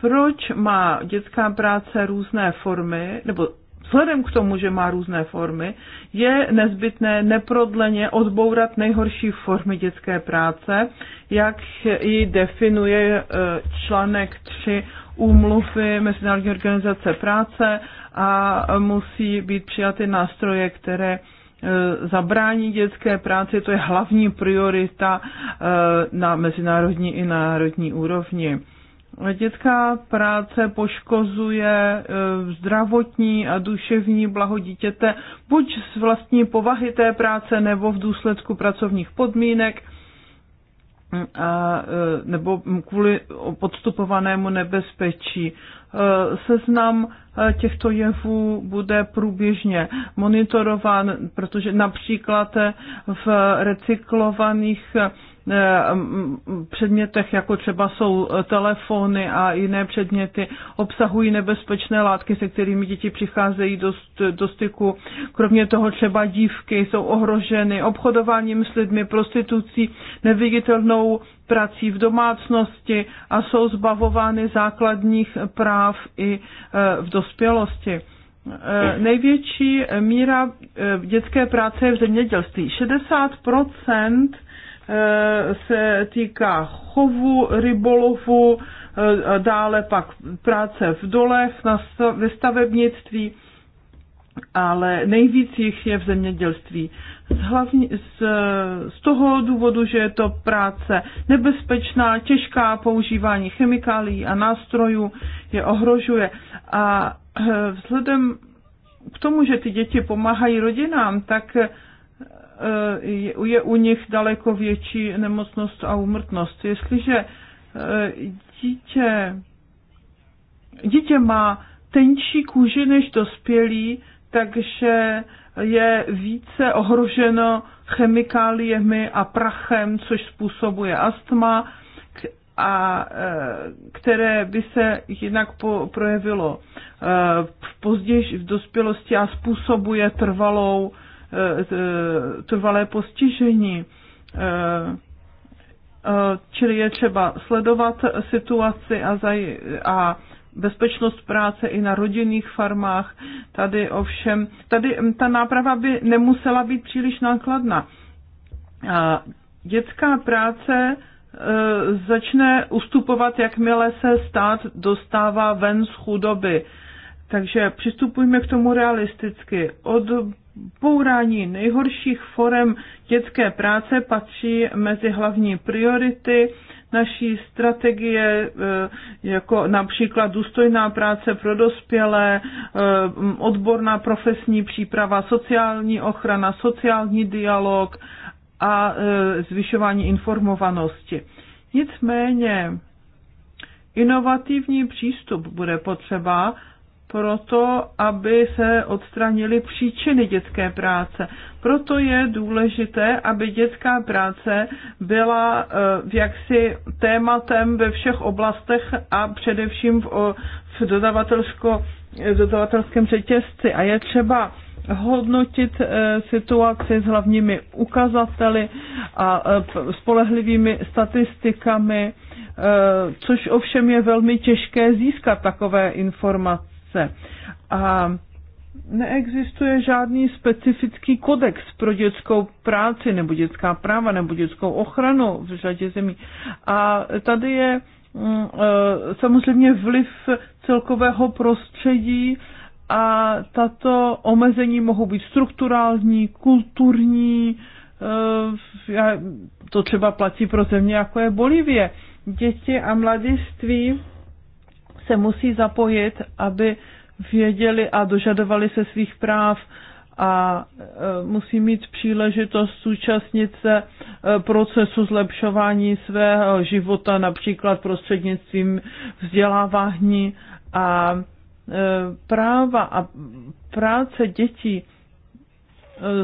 Proč má dětská práce různé formy, nebo vzhledem k tomu, že má různé formy, je nezbytné neprodleně odbourat nejhorší formy dětské práce, jak ji definuje e, článek 3 úmluvy Mezinárodní organizace práce a musí být přijaty nástroje, které e, zabrání dětské práci, to je hlavní priorita e, na mezinárodní i národní úrovni. Dětská práce poškozuje eh, zdravotní a duševní blaho dítěte buď z vlastní povahy té práce nebo v důsledku pracovních podmínek a, eh, eh, nebo kvůli podstupovanému nebezpečí. Seznam těchto jevů bude průběžně monitorován, protože například v recyklovaných Eh, předmětech, jako třeba jsou eh, telefony a jiné předměty, obsahují nebezpečné látky, se kterými děti přicházejí do, do styku. Kromě toho třeba dívky jsou ohroženy obchodováním s lidmi, prostitucí, neviditelnou prací v domácnosti a jsou zbavovány základních práv i eh, v dospělosti. Největší míra dětské práce je v zemědělství. 60 Eh, se týká chovu, rybolovu, eh, dále pak práce v dolech, na ve stavebnictví, ale nejvíc jich je v zemědělství. Z, hlavní, z, z toho důvodu, že je to práce nebezpečná, těžká, používání chemikálií a nástrojů je ohrožuje. A eh, vzhledem k tomu, že ty děti pomáhají rodinám, tak Eh, je u nich daleko větší nemocnost a úmrtnost. Jestliže eh, dítě, dítě má tenčí kůži než dospělý, takže je více ohroženo chemikáliemi a prachem, což způsobuje astma, a eh, které by se jinak po, projevilo v později v dospělosti a způsobuje trvalou E, trvalé postižení. E, e, čili je třeba sledovat situaci a, zaj- a bezpečnost práce i na rodinných farmách. Tady ovšem, tady ta náprava by nemusela být příliš nákladná. A dětská práce začne ustupovat, jakmile se stát dostává ven z chudoby. Takže přistupujme k tomu realisticky. Od bourání nejhorších forem dětské práce patří mezi hlavní priority naší strategie, e, jako například důstojná práce pro dospělé, e, odborná profesní příprava, sociální ochrana, sociální dialog a e, zvyšování informovanosti. Nicméně inovativní přístup bude potřeba, proto, aby se odstranily příčiny dětské práce. Proto je důležité, aby dětská práce byla v eh, jaksi tématem ve všech oblastech a především v, v, dodavatelsko, v eh, dodavatelském řetězci. A je třeba hodnotit eh, situaci s hlavními ukazateli a spolehlivými statistikami, což ovšem je velmi těžké získat takové informace se. A neexistuje žádný specifický kodex pro dětskou práci nebo dětská práva nebo dětskou ochranu v řadě zemí. A tady je mm, e, samozřejmě vliv celkového prostředí a tato omezení mohou být strukturální, kulturní, e, to třeba platí pro země, jako je Bolivie. Děti a mladiství se musí zapojit, aby věděli a dožadovali se svých práv a e, musí mít příležitost zúčastnit se e, procesu zlepšování svého života, například prostřednictvím vzdělávání a e, práva a práce dětí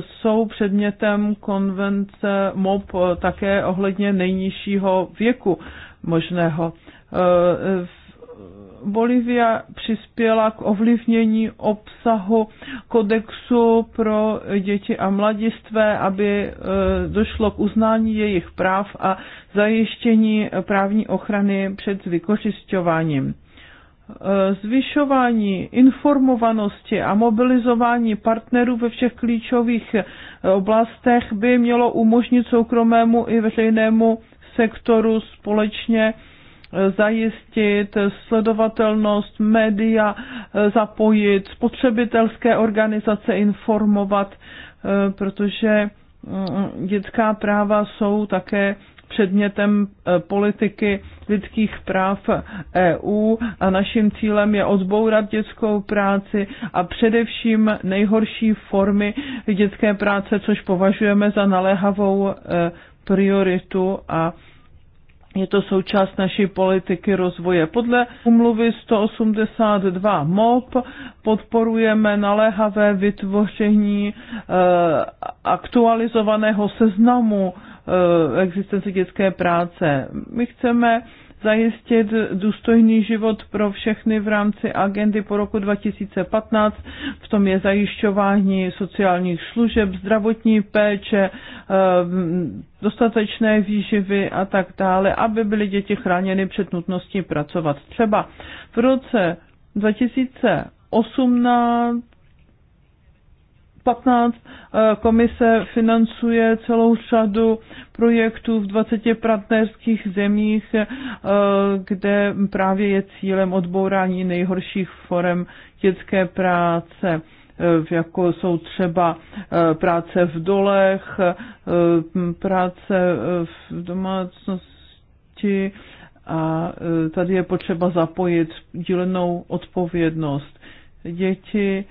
jsou předmětem konvence MOP také ohledně nejnižšího věku možného. Bolivia přispěla k ovlivnění obsahu kodexu pro děti a mladistvé, aby e, došlo k uznání jejich práv a zajištění právní ochrany před vykořišťováním e, zvyšování informovanosti a mobilizování partnerů ve všech klíčových e, oblastech by mělo umožnit soukromému i veřejnému sektoru společně zajistit sledovatelnost, média eh, zapojit, spotřebitelské organizace informovat, eh, protože mm, dětská práva jsou také předmětem eh, politiky lidských práv EU a naším cílem je odbourat dětskou práci a především nejhorší formy dětské práce, což považujeme za naléhavou prioritu a je to součást naší politiky rozvoje. Podle umluvy 182 MOP podporujeme naléhavé vytvoření eh, aktualizovaného seznamu eh, existence dětské práce. My chceme zajistit důstojný život pro všechny v rámci agendy po roku 2015. V tom je zajišťování sociálních služeb, zdravotní péče, eh, dostatečné výživy a tak dále, aby byly děti chráněny před nutností pracovat. Třeba v roce 2018 15. Eh, komise financuje celou řadu projektů v 20 partnerských zemích, eh, kde právě je cílem odbourání nejhorších forem dětské práce eh, jako jsou třeba práce v dolech, práce v domácnosti a tady je potřeba zapojit dílenou odpovědnost. Děti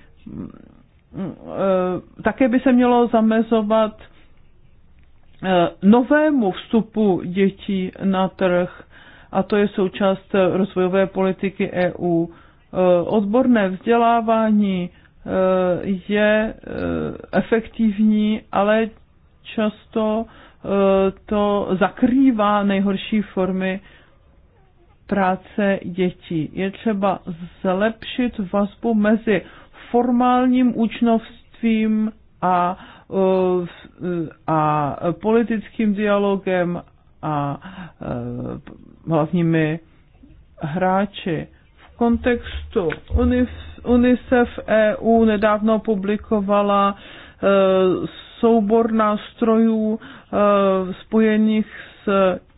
Eh, také by se mělo zamezovat eh, novému vstupu dětí na trh, a to je součást rozvojové politiky EU. Eh, odborné vzdělávání je efektivní, ale často to zakrývá nejhorší formy práce dětí. Je třeba zlepšit vazbu mezi formálním účnovstvím a, e, a politickým dialogem a e, hlavními hráči. V kontextu UNICEF EU nedávno publikovala e, soubor nástrojů spojených s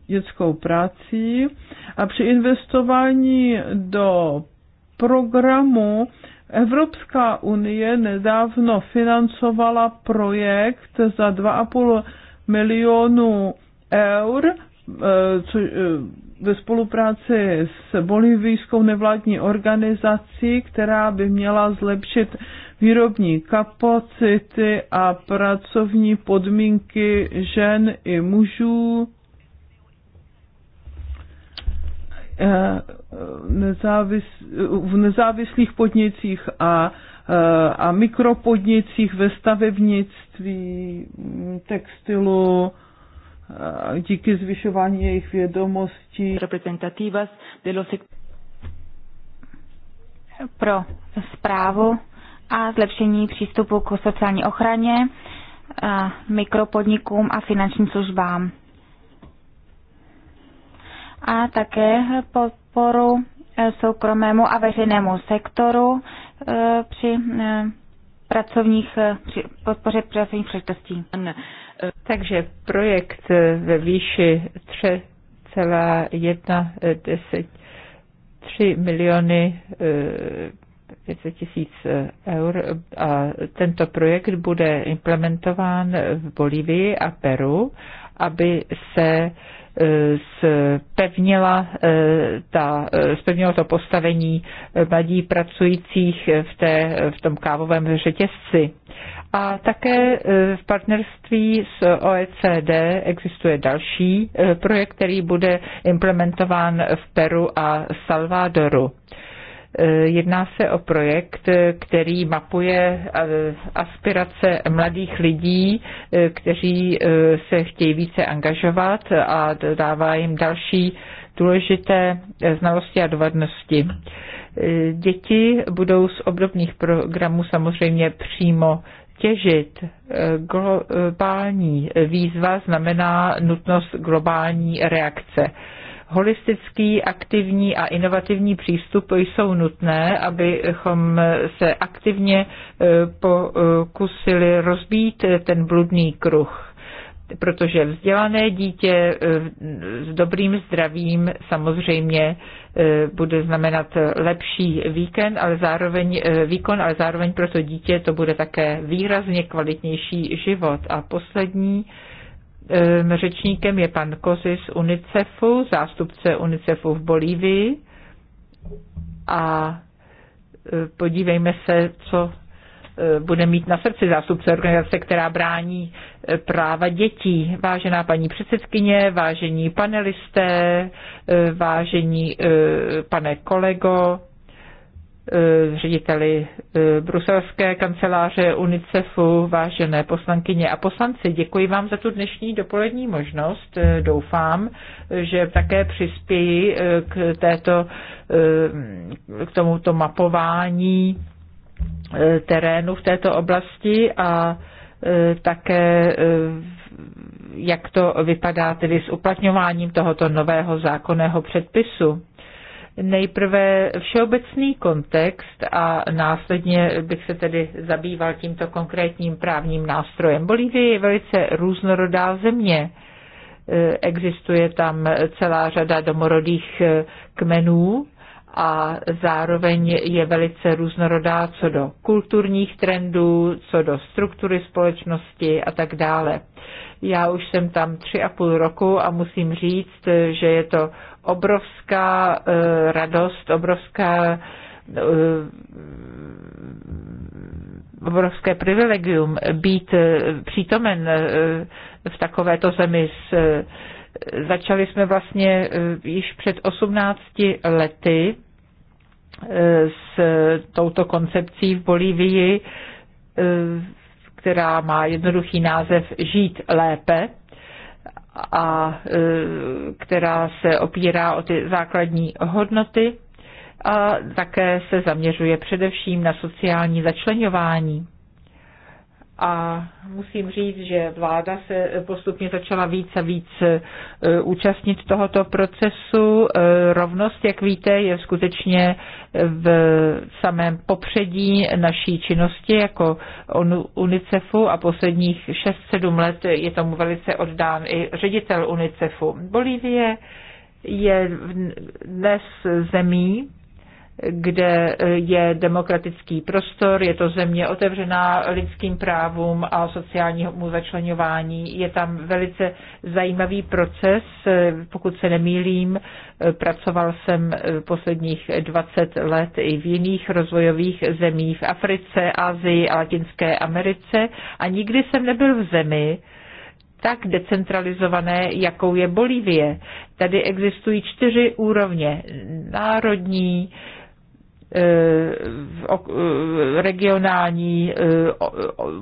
dětskou prací a při investování do programu Evropská unie nedávno financovala projekt za 2,5 milionu eur e, co, e, ve spolupráci s bolivijskou nevládní organizací, která by měla zlepšit výrobní kapacity a pracovní podmínky žen i mužů Eh, nezávis, v nezávislých podnicích a, eh, a mikropodnicích ve stavebnictví, mm, textilu, eh, díky zvyšování jejich vědomostí. Reprezentativas de los pro zprávu a zlepšení přístupu k sociální ochraně, mikropodnikům a finančním službám a také podporu eh, soukromému a veřejnému sektoru eh, při eh, pracovních, při podpoře pracovních příležitostí. Takže projekt ve výši 3,1 miliony 500 tisíc eur a tento projekt bude implementován v Bolívii a Peru, aby se spevnila e, e, ta, spevnilo e, to postavení mladí pracujících v, té, v tom kávovém řetězci. A také v partnerství s OECD existuje další projekt, který bude implementován v Peru a Salvadoru. Eh, jedná se o projekt, eh, který mapuje eh, aspirace mladých lidí, kteří se chtějí více angažovat a dává jim další důležité znalosti a dovednosti. Děti budou z obdobných programů samozřejmě přímo těžit. Globální výzva znamená nutnost globální reakce holistický, aktivní a inovativní přístup jsou nutné, abychom se aktivně e, pokusili rozbít ten bludný kruh protože vzdělané dítě e, s dobrým zdravím samozřejmě e, bude znamenat lepší víkend, ale zároveň výkon, ale zároveň pro to dítě to bude také výrazně kvalitnější život. A poslední řečníkem je pan Kozy z UNICEFu, zástupce UNICEFu v Bolívii. A e, podívejme se, co e, bude mít na srdci zástupce organizace, která brání e, práva dětí. Vážená paní předsedkyně, vážení panelisté, vážení pane kolego, Eh, řediteli eh, bruselské kanceláře UNICEFu, vážené poslankyně a poslanci. Děkuji vám za tu dnešní dopolední možnost. Eh, doufám, že také přispěji k, této, k tomuto mapování terénu v této oblasti a také jak to vypadá tedy s uplatňováním tohoto nového zákonného předpisu Nejprve všeobecný kontext a následně bych se tedy zabýval tímto konkrétním právním nástrojem. Bolívie je velice různorodá země. E, existuje tam celá řada domorodých e, kmenů a zároveň je velice různorodá co do kulturních trendů, co do struktury společnosti a tak dále. Já už jsem tam tři a půl roku a musím říct, že je to obrovská eh, radost, obrovská eh, obrovské privilegium být eh, přítomen v takovéto zemi. Začali jsme vlastně již před 18 lety s touto koncepcí v Bolívii, která má jednoduchý název Žít lépe a e, která se opírá o ty základní hodnoty a také se zaměřuje především na sociální začlenování a musím říct, že vláda se postupně začala víc a víc e, účastnit tohoto procesu. E, rovnost, jak víte, je skutečně v samém popředí naší činnosti jako UNICEFu a posledních 6-7 let je tomu velice oddán i ředitel UNICEFu. Bolívie je dnes zemí, kde eh, je demokratický prostor, je to země otevřená lidským právům a sociálnímu začlenování. Je tam velice zajímavý proces, eh, pokud se nemýlím, eh, pracoval jsem posledních 20 let i v jiných rozvojových zemích v Africe, Asii a Latinské Americe a nikdy jsem nebyl v zemi, tak decentralizované, jakou je Bolívie. Tady existují čtyři úrovně. Národní, regionální, eh,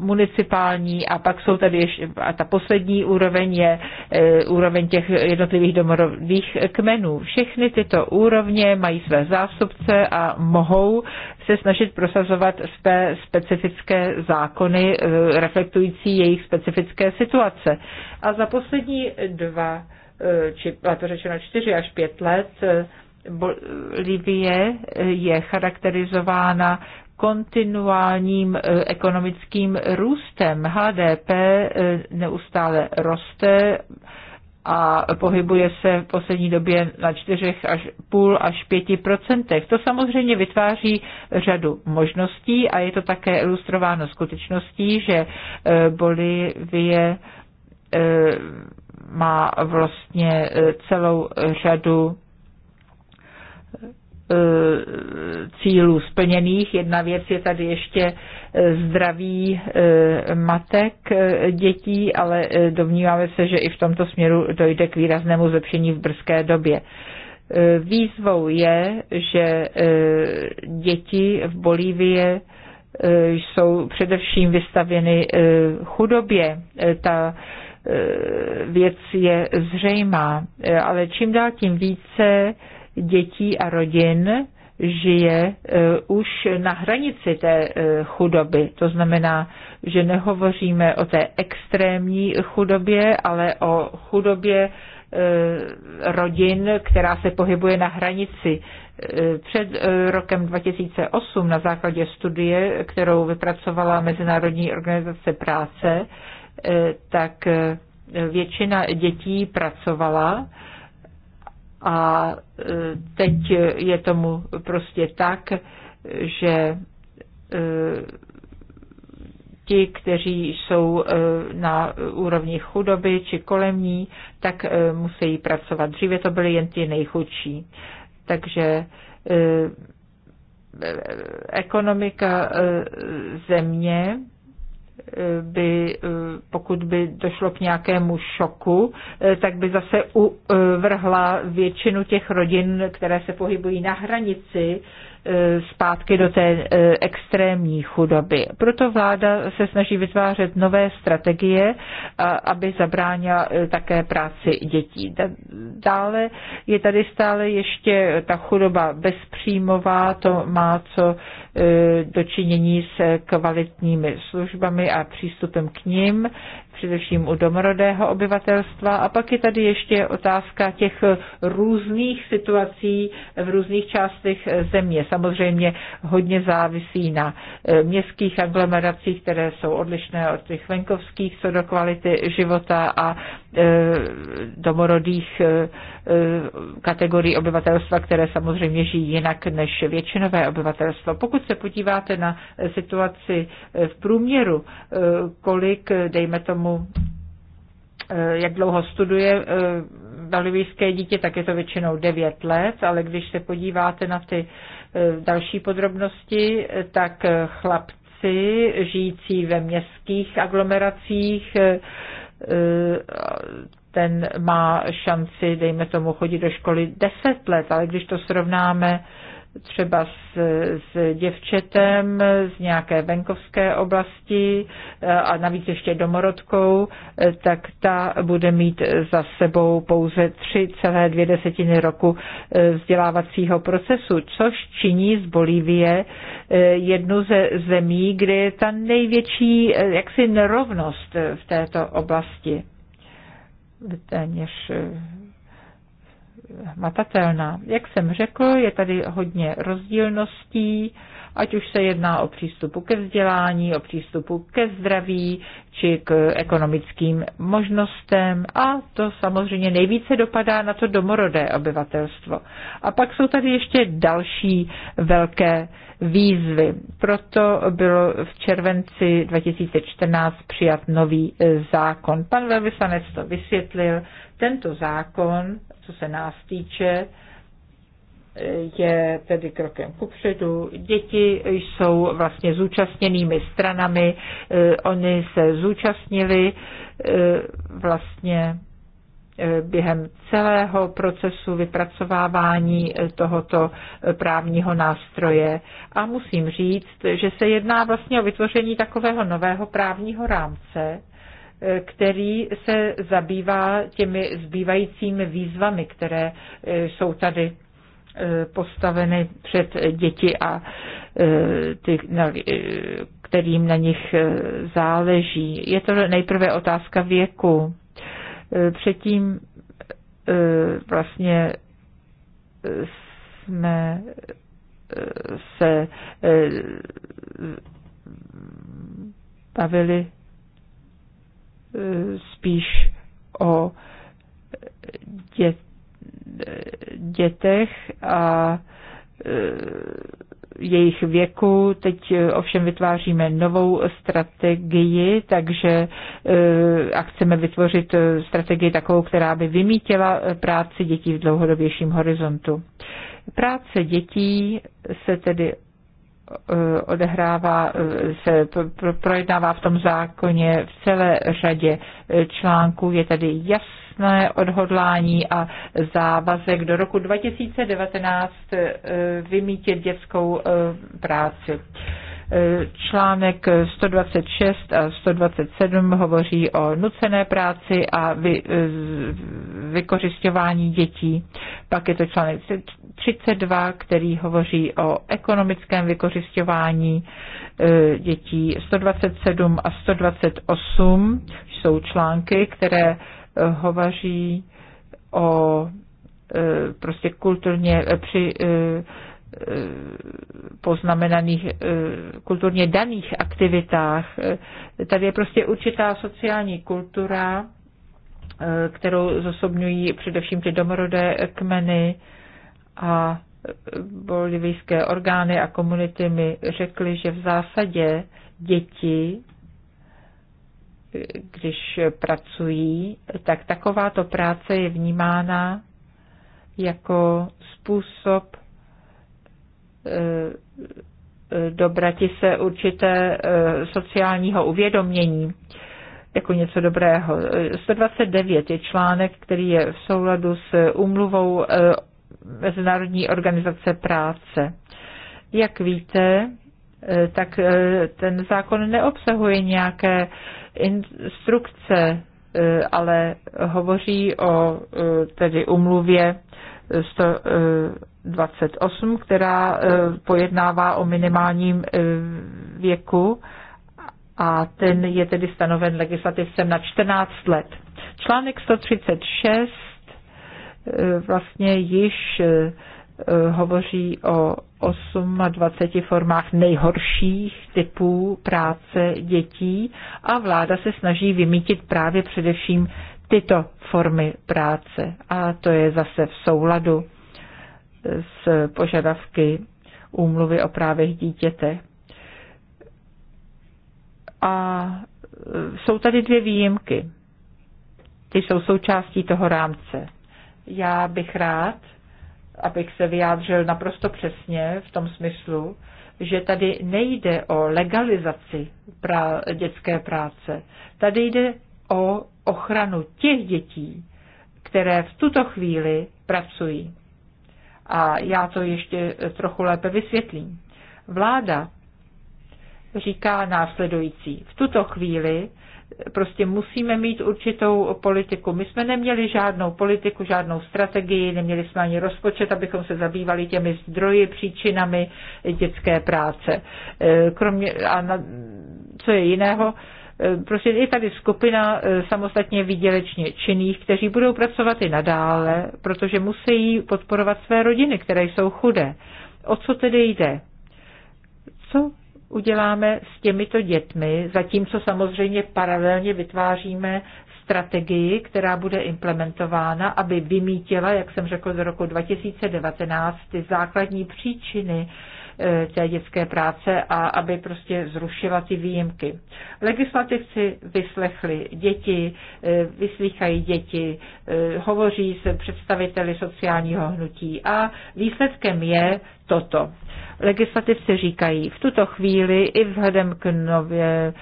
municipální a pak jsou tady ještě, a ta poslední úroveň je eh, úroveň těch jednotlivých domorových kmenů. Všechny tyto úrovně mají své zástupce a mohou se snažit prosazovat své specifické zákony eh, reflektující jejich specifické situace. A za poslední dva či to řečeno čtyři až pět let, Bolivie je charakterizována kontinuálním eh, ekonomickým růstem. HDP eh, neustále roste a pohybuje se v poslední době na 4 až půl až 5 procentech. To samozřejmě vytváří řadu možností a je to také ilustrováno skutečností, že eh, Bolivie má vlastně celou řadu E, cílů splněných. Jedna věc je tady ještě e, zdraví e, matek dětí, ale domníváme se, že i v tomto směru dojde k výraznému zlepšení v brzké době. Výzvou je, že děti v Bolívii jsou především vystavěny chudobě. Ta věc je zřejmá, ale čím dál tím více dětí a rodin žije e, už na hranici té e, chudoby. To znamená, že nehovoříme o té extrémní chudobě, ale o chudobě e, rodin, která se pohybuje na hranici. Před rokem 2008 na základě studie, kterou vypracovala Mezinárodní organizace práce, tak většina dětí pracovala a e, teď je tomu prostě tak, že e, ti, kteří jsou e, na úrovni chudoby či kolem ní, tak musí pracovat. Dříve to byly jen ti nejchudší. Takže ekonomika země by, pokud by došlo k nějakému šoku, tak by zase uvrhla většinu těch rodin, které se pohybují na hranici E, zpátky do té e, extrémní chudoby. Proto vláda se snaží vytvářet nové strategie, aby zabránila e, také práci dětí. Dále je tady stále ještě ta chudoba bezpříjmová, to má co dočinění s kvalitními službami a přístupem k ním především u domorodého obyvatelstva. A pak je tady ještě otázka těch různých situací v různých částech země. Samozřejmě hodně závisí na eh, městských aglomeracích, které jsou odlišné od těch venkovských co do kvality života a eh, domorodých eh, kategorií obyvatelstva, které samozřejmě žijí jinak než většinové obyvatelstvo. Pokud se podíváte na situaci v průměru, kolik, dejme tomu, tomu, eh, jak dlouho studuje dalivijské eh, dítě, tak je to většinou 9 let, ale když se podíváte na ty eh, další podrobnosti, tak chlapci žijící ve městských aglomeracích ten má šanci, dejme tomu, chodit do školy 10 let, ale když to srovnáme třeba s, s děvčetem z nějaké venkovské oblasti eh, a navíc ještě domorodkou, eh, tak ta bude mít za sebou pouze 3,2 desetiny roku eh, vzdělávacího procesu, což činí z Bolívie jednu ze zemí, kde je ta největší jaksi nerovnost v této oblasti. Téměř matatelná. Jak jsem řekl, je tady hodně rozdílností, ať už se jedná o přístupu ke vzdělání, o přístupu ke zdraví či k ekonomickým možnostem a to samozřejmě nejvíce dopadá na to domorodé obyvatelstvo. A pak jsou tady ještě další velké výzvy. Proto byl v červenci 2014 přijat nový e, zákon. Pan velvyslanec to vysvětlil, tento zákon, co se nás týče, je tedy krokem kupředu. Děti jsou vlastně zúčastněnými stranami, oni se zúčastnili e, vlastně e, během celého procesu vypracovávání e, tohoto právního nástroje. A musím říct, že se jedná vlastně o vytvoření takového nového právního rámce, který se zabývá těmi zbývajícími výzvami, které eh, jsou tady eh, postaveny před děti a eh, ty, na, kterým na nich záleží. Je to nejprve otázka věku. Předtím vlastně jsme se bavili spíš o dě, dětech a e, jejich věku. Teď e, ovšem vytváříme novou strategii, takže e, a chceme vytvořit strategii takovou, která by vymítila práci dětí v dlouhodobějším horizontu. Práce dětí se tedy Eh, odehrává, eh, se projednává v tom zákoně v celé řadě eh, článků. Je tady jasné odhodlání a závazek do roku 2019 vymítit dětskou práci. Článek 126 a 127 hovoří o nucené práci a vy, e, vykořišťování dětí. Pak je to článek 32, který hovoří o ekonomickém vykořišťování e, dětí. 127 a 128 jsou články, které e, hovoří o prostě kulturně při Eh, poznamenaných eh, kulturně daných aktivitách. Eh, tady je prostě určitá sociální kultura, kterou zosobňují především ty domorodé kmeny a bolivijské orgány a komunity mi řekly, že v zásadě děti, když pracují, tak takováto práce je vnímána jako způsob Eh, dobrati se určité eh, sociálního uvědomění jako něco dobrého. 129 eh, je článek, který je v souladu s umluvou Mezinárodní organizace práce. Jak víte, tak ten zákon neobsahuje nějaké instrukce, ale hovoří o tedy umluvě 100, 28, která eh, pojednává o minimálním eh, věku a ten je tedy stanoven legislativcem na 14 let. Článek 136 eh, vlastně již hovoří o 28 formách nejhorších typů práce dětí a vláda se snaží vymítit právě především tyto formy práce. A to je zase v souladu s požadavky úmluvy o právech dítěte. A e, jsou tady dvě výjimky. Ty jsou součástí toho rámce. Já bych rád, abych se vyjádřil naprosto přesně v tom smyslu, že tady nejde o legalizaci prá- dětské práce. Tady jde o ochranu těch dětí, které v tuto chvíli pracují. A já to ještě trochu lépe vysvětlím. Vláda říká následující. V tuto chvíli prostě musíme mít určitou politiku. My jsme neměli žádnou politiku, žádnou strategii, neměli jsme ani rozpočet, abychom se zabývali těmi zdroji, příčinami dětské práce. E, kromě, a na, co je jiného, Prostě je tady skupina eh, samostatně výdělečně činných, kteří budou pracovat i nadále, protože musí podporovat své rodiny, které jsou chudé. O co tedy jde? Co uděláme s těmito dětmi, zatímco samozřejmě paralelně vytváříme strategii, která bude implementována, aby vymítila, jak jsem řekl, z roku 2019 ty základní příčiny Eh, té dětské práce a aby prostě zrušila ty výjimky. Legislativci vyslechli děti, eh, vyslýchají děti, eh, hovoří se představiteli sociálního hnutí a výsledkem je toto. Legislativci říkají, v tuto chvíli i vzhledem k nově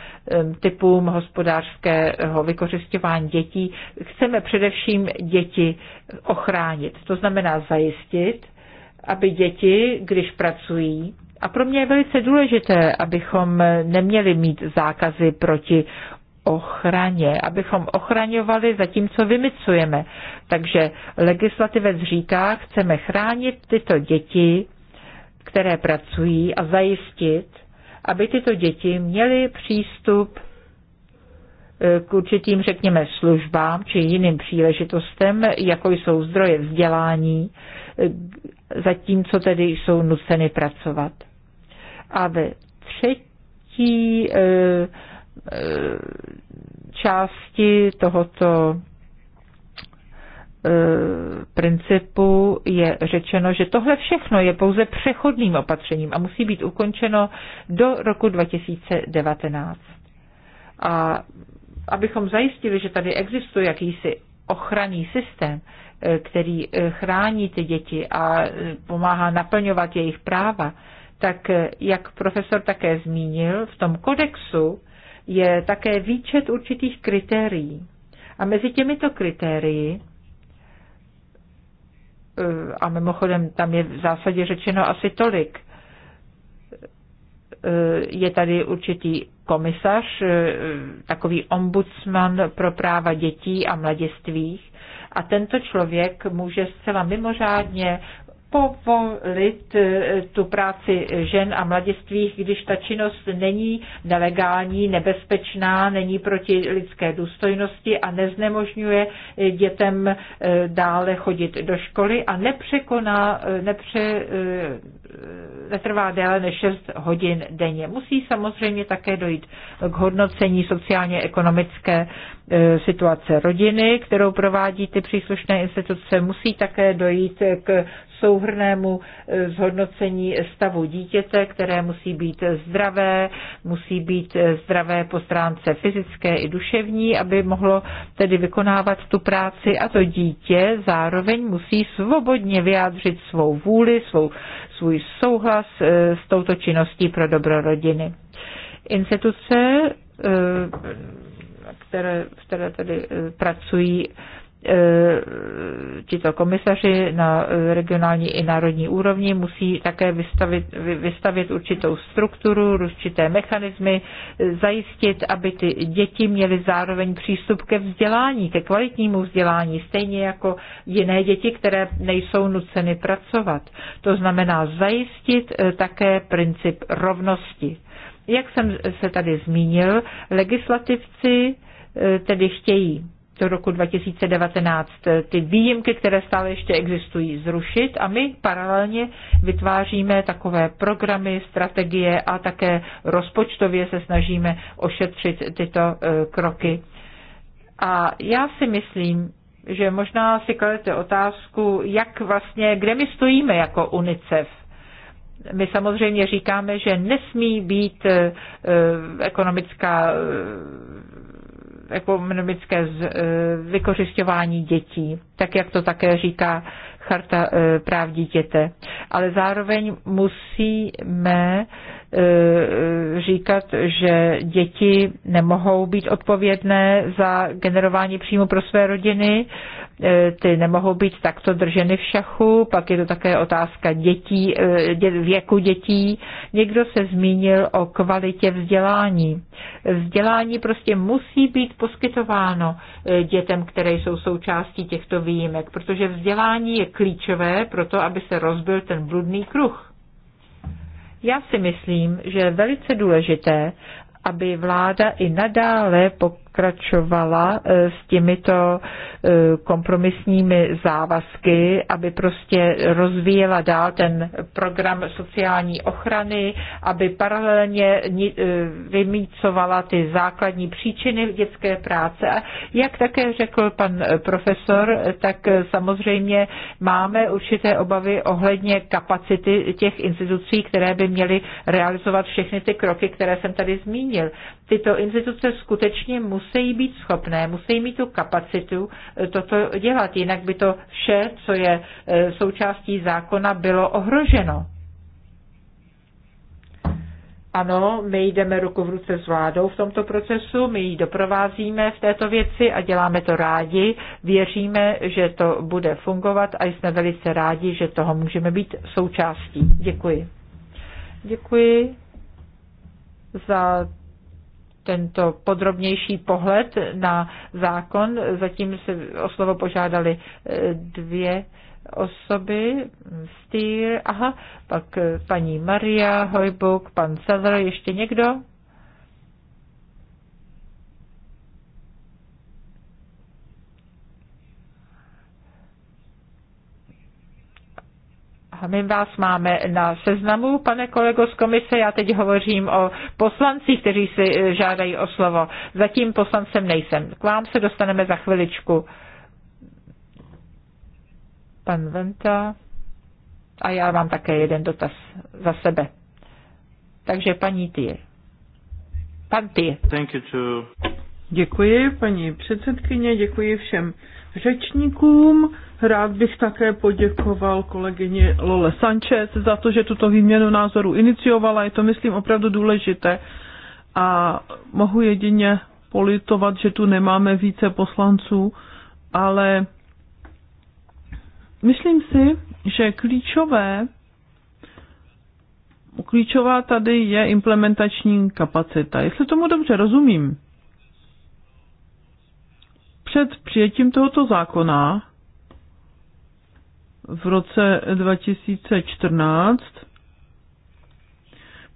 typům hospodářského vykořišťování dětí chceme především děti ochránit. To znamená zajistit, aby děti, když pracují, a pro mě je velice důležité, abychom neměli mít zákazy proti ochraně, abychom ochraňovali zatímco vymycujeme. Takže legislativec říká, chceme chránit tyto děti, které pracují a zajistit, aby tyto děti měly přístup k určitým, řekněme, službám či jiným příležitostem, jako jsou zdroje vzdělání, zatímco tedy jsou nuceny pracovat. A ve třetí e, e, části tohoto e, principu je řečeno, že tohle všechno je pouze přechodným opatřením a musí být ukončeno do roku 2019. A abychom zajistili, že tady existuje jakýsi ochranný systém, e, který e, chrání ty děti a e, pomáhá naplňovat jejich práva, tak jak profesor také zmínil, v tom kodexu je také výčet určitých kritérií. A mezi těmito kritérii, a mimochodem tam je v zásadě řečeno asi tolik, je tady určitý komisař, eh, takový ombudsman pro práva dětí a mladistvých. A tento člověk může zcela mimořádně povolit eh, tu práci žen a mladistvých, když ta činnost není nelegální, nebezpečná, není proti lidské důstojnosti a neznemožňuje dětem eh, dále chodit do školy a nepřekoná, nepře, netrvá eh, déle než 6 hodin denně. Musí samozřejmě také dojít k hodnocení sociálně-ekonomické eh, situace rodiny, kterou provádí ty příslušné instituce. Musí také dojít k souhrnému eh, zhodnocení stavu dítěte, které musí být zdravé, musí být zdravé po stránce fyzické i duševní, aby mohlo tedy vykonávat tu práci a to dítě zároveň musí svobodně vyjádřit svou vůli, svou svůj souhlas eh, s touto činností pro dobro rodiny. Instituce, eh, které, které tady eh, pracují, E, tito komisaři na regionální i národní úrovni musí také vystavit, vystavit určitou strukturu, určité mechanismy, zajistit, aby ty děti měly zároveň přístup ke vzdělání, ke kvalitnímu vzdělání, stejně jako jiné děti, které nejsou nuceny pracovat. To znamená zajistit e, také princip rovnosti. Jak jsem se tady zmínil, legislativci e, tedy chtějí do roku 2019 ty výjimky, které stále ještě existují, zrušit a my paralelně vytváříme takové programy, strategie a také rozpočtově se snažíme ošetřit tyto eh, kroky. A já si myslím, že možná si kladete otázku, jak vlastně, kde my stojíme jako UNICEF. My samozřejmě říkáme, že nesmí být eh, eh, ekonomická ekonomické e, vykořišťování dětí, tak jak to také říká charta e, práv dítěte. Ale zároveň musíme E, říkat, že děti nemohou být odpovědné za generování příjmu pro své rodiny, e, ty nemohou být takto drženy v šachu, pak je to také otázka dětí, e, věku dětí. Někdo se zmínil o kvalitě vzdělání. Vzdělání prostě musí být poskytováno dětem, které jsou součástí těchto výjimek, protože vzdělání je klíčové pro to, aby se rozbil ten bludný kruh já si myslím, že je velice důležité, aby vláda i nadále pokračovala pokračovala eh, s těmito eh, kompromisními závazky, aby prostě rozvíjela dál ten program sociální ochrany, aby paralelně eh, vymícovala ty základní příčiny dětské práce. A jak také řekl pan profesor, tak samozřejmě máme určité obavy ohledně kapacity těch institucí, které by měly realizovat všechny ty kroky, které jsem tady zmínil tyto instituce skutečně musí být schopné, musí mít tu kapacitu eh, toto dělat, jinak by to vše, co je eh, součástí zákona, bylo ohroženo. Ano, my jdeme ruku v ruce s vládou v tomto procesu, my ji doprovázíme v této věci a děláme to rádi. Věříme, že to bude fungovat a jsme velice rádi, že toho můžeme být součástí. Děkuji. Děkuji za tento podrobnější pohled na zákon. Zatím se o slovo požádali eh, dvě osoby, Stýr, aha, pak eh, paní Maria, Hojbuk, pan Seller, ještě někdo? A my vás máme na seznamu, pane kolego z komise. Já teď hovořím o poslancích, kteří si eh, žádají o slovo. Zatím poslancem nejsem. K vám se dostaneme za chviličku. Pan Venta. A já mám také jeden dotaz za sebe. Takže paní Ty. Pan Ty. Děkuji, paní předsedkyně, děkuji všem řečníkům. Rád bych také poděkoval kolegyně Lole Sanchez za to, že tuto výměnu názorů iniciovala. Je to, myslím, opravdu důležité. A mohu jedině politovat, že tu nemáme více poslanců, ale myslím si, že klíčové, klíčová tady je implementační kapacita. Jestli tomu dobře rozumím, před přijetím tohoto zákona v roce 2014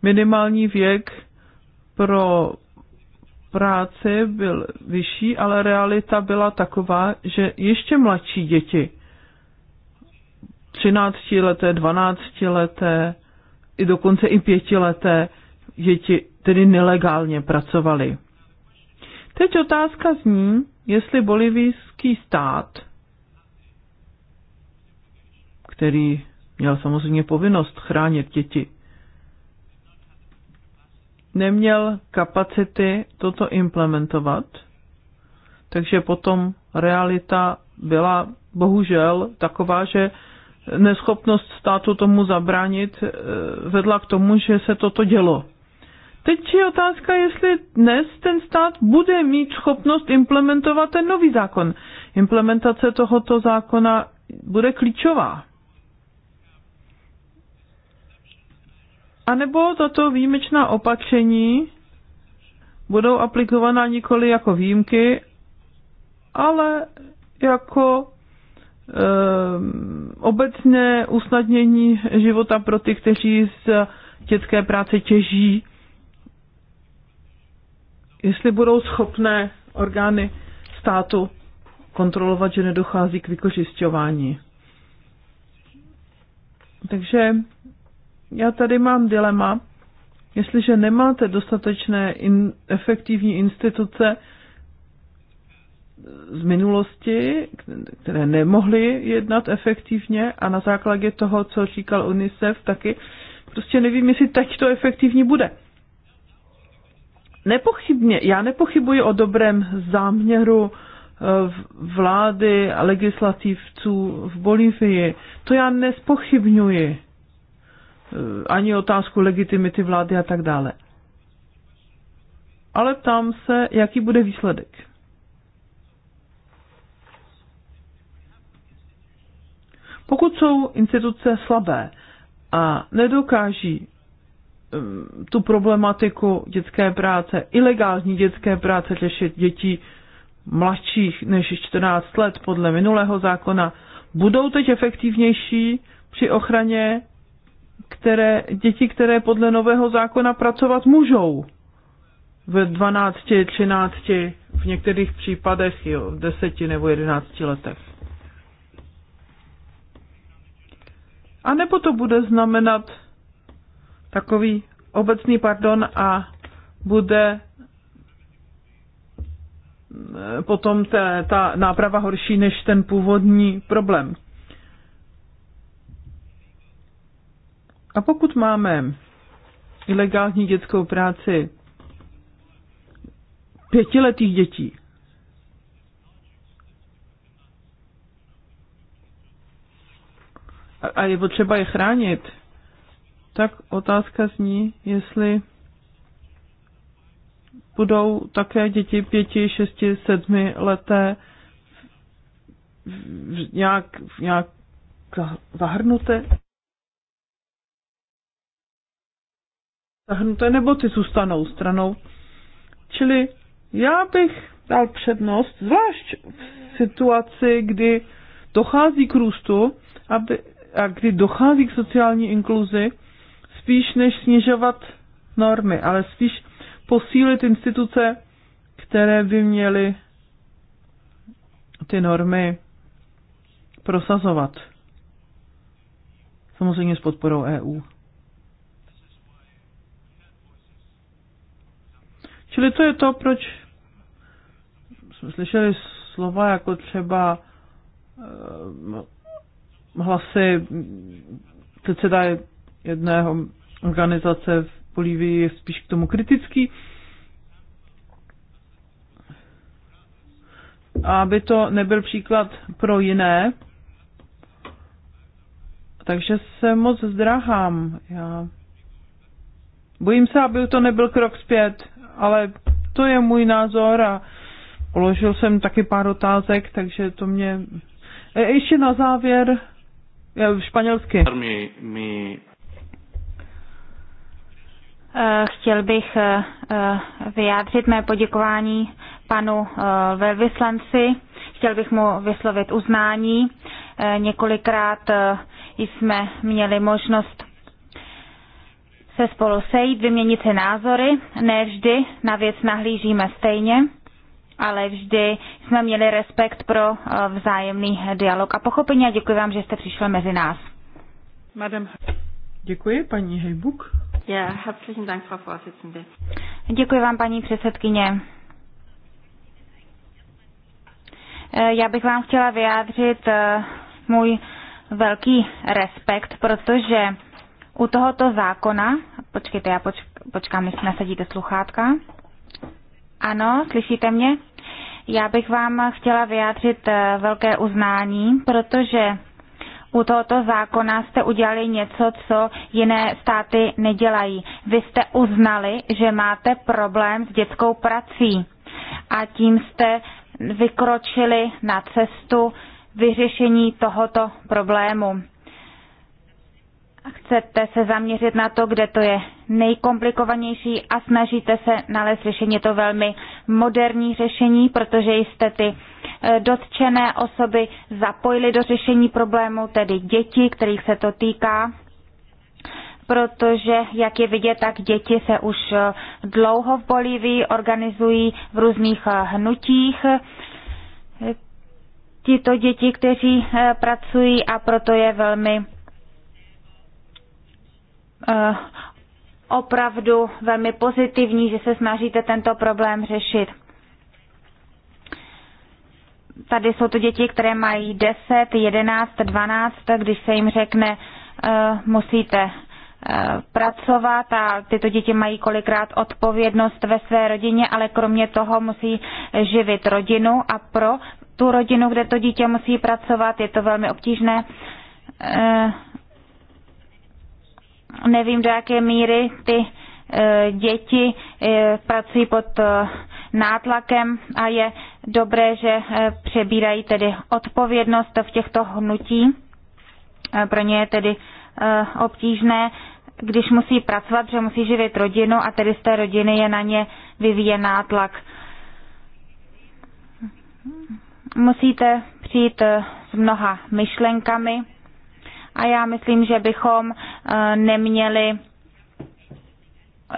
minimální věk pro práci byl vyšší, ale realita byla taková, že ještě mladší děti, 13 leté, 12 leté, i dokonce i pětileté děti tedy nelegálně pracovaly. Teď otázka zní, jestli bolivijský stát, který měl samozřejmě povinnost chránit děti, neměl kapacity toto implementovat, takže potom realita byla bohužel taková, že neschopnost státu tomu zabránit eh, vedla k tomu, že se toto dělo. Teď je otázka, jestli dnes ten stát bude mít schopnost implementovat ten nový zákon. Implementace tohoto zákona bude klíčová. A nebo tato výjimečná opatření budou aplikovaná nikoli jako výjimky, ale jako e, obecné usnadnění života pro ty, kteří z dětské práce těží jestli budou schopné orgány státu kontrolovat, že nedochází k vykořišťování. Takže já tady mám dilema, jestliže nemáte dostatečné in, efektivní instituce z minulosti, které nemohly jednat efektivně a na základě toho, co říkal UNICEF taky, prostě nevím, jestli teď to efektivní bude. Nepochybně, já nepochybuji o dobrém záměru eh, vlády a legislativců v Bolívii. To já nespochybňuji. Eh, ani otázku legitimity vlády a tak dále. Ale ptám se, jaký bude výsledek. Pokud jsou instituce slabé a nedokáží Eh, tu problematiku dětské práce, ilegální dětské práce, řešit dětí mladších než 14 let podle minulého zákona, budou teď efektivnější při ochraně které, děti, které podle nového zákona pracovat můžou. Ve 12, 13, v některých případech jo, v 10 nebo 11 letech. A nebo to bude znamenat takový obecný pardon a bude eh, potom ta, ta náprava horší než ten původní problém. A pokud máme ilegální dětskou práci pětiletých dětí, a je potřeba je chránit, tak otázka zní, jestli budou také děti pěti, šesti, sedmi leté nějak, nějak zahrnuté. Zahrnuté nebo ty zůstanou stranou. Čili já bych dal přednost, zvlášť v situaci, kdy dochází k růstu aby, a kdy dochází k sociální inkluzi, spíš než snižovat normy, ale spíš posílit instituce, které by měly ty normy prosazovat. Samozřejmě s podporou EU. Čili to je to, proč jsme slyšeli slova jako třeba eh, hlasy předseda jedné organizace v Bolívii je spíš k tomu kritický. Aby to nebyl příklad pro jiné, takže se moc zdráhám. Já bojím se, aby to nebyl krok zpět, ale to je můj názor a položil jsem taky pár otázek, takže to mě... E, ještě na závěr, e, španělsky. Mi, mi Eh, chtěl bych eh, eh, vyjádřit mé poděkování panu velvyslanci. Chtěl bych mu vyslovit uznání. Několikrát jsme měli možnost se spolu sejít, vyměnit si názory. Ne vždy na věc nahlížíme stejně, ale vždy jsme měli respekt pro vzájemný dialog a pochopení a děkuji vám, že jste přišli mezi nás. Madam. Děkuji, paní Hejbuk. Ja, herzlichen Dank, Frau Vorsitzende. Děkuji vám, paní předsedkyně. Eh, já bych vám chtěla vyjádřit eh, můj velký respekt, protože u tohoto zákona, počkejte, já poč, počkám, jestli nasadíte sluchátka. Ano, slyšíte mě? Já bych vám chtěla vyjádřit eh, velké uznání, protože u tohoto zákona jste udělali něco, co jiné státy nedělají. Vy jste uznali, že máte problém s dětskou prací a tím jste vykročili na cestu vyřešení tohoto problému. Chcete se zaměřit na to, kde to je nejkomplikovanější a snažíte se nalézt řešení. Je to velmi moderní řešení, protože jste ty eh, dotčené osoby zapojili do řešení problému, tedy děti, kterých se to týká protože, jak je vidět, tak děti se už eh, dlouho v Bolívii organizují v různých eh, hnutích. Tito děti, kteří pracují a proto je velmi opravdu velmi pozitivní, že se snažíte tento problém řešit. Tady jsou to děti, které mají 10, 11, 12, když se jim řekne, eh, musíte eh, pracovat a tyto děti mají kolikrát odpovědnost ve své rodině, ale kromě toho musí živit rodinu a pro tu rodinu, kde to dítě musí pracovat, je to velmi obtížné eh, nevím, do jaké míry ty e, děti e, pracují pod e, nátlakem a je dobré, že přebírají tedy odpovědnost v těchto hnutí. Pro ně je tedy obtížné, když musí pracovat, že musí živit rodinu a tedy z té rodiny je na ně vyvíjen nátlak. Musíte přijít s mnoha myšlenkami a já myslím, že bychom eh, neměli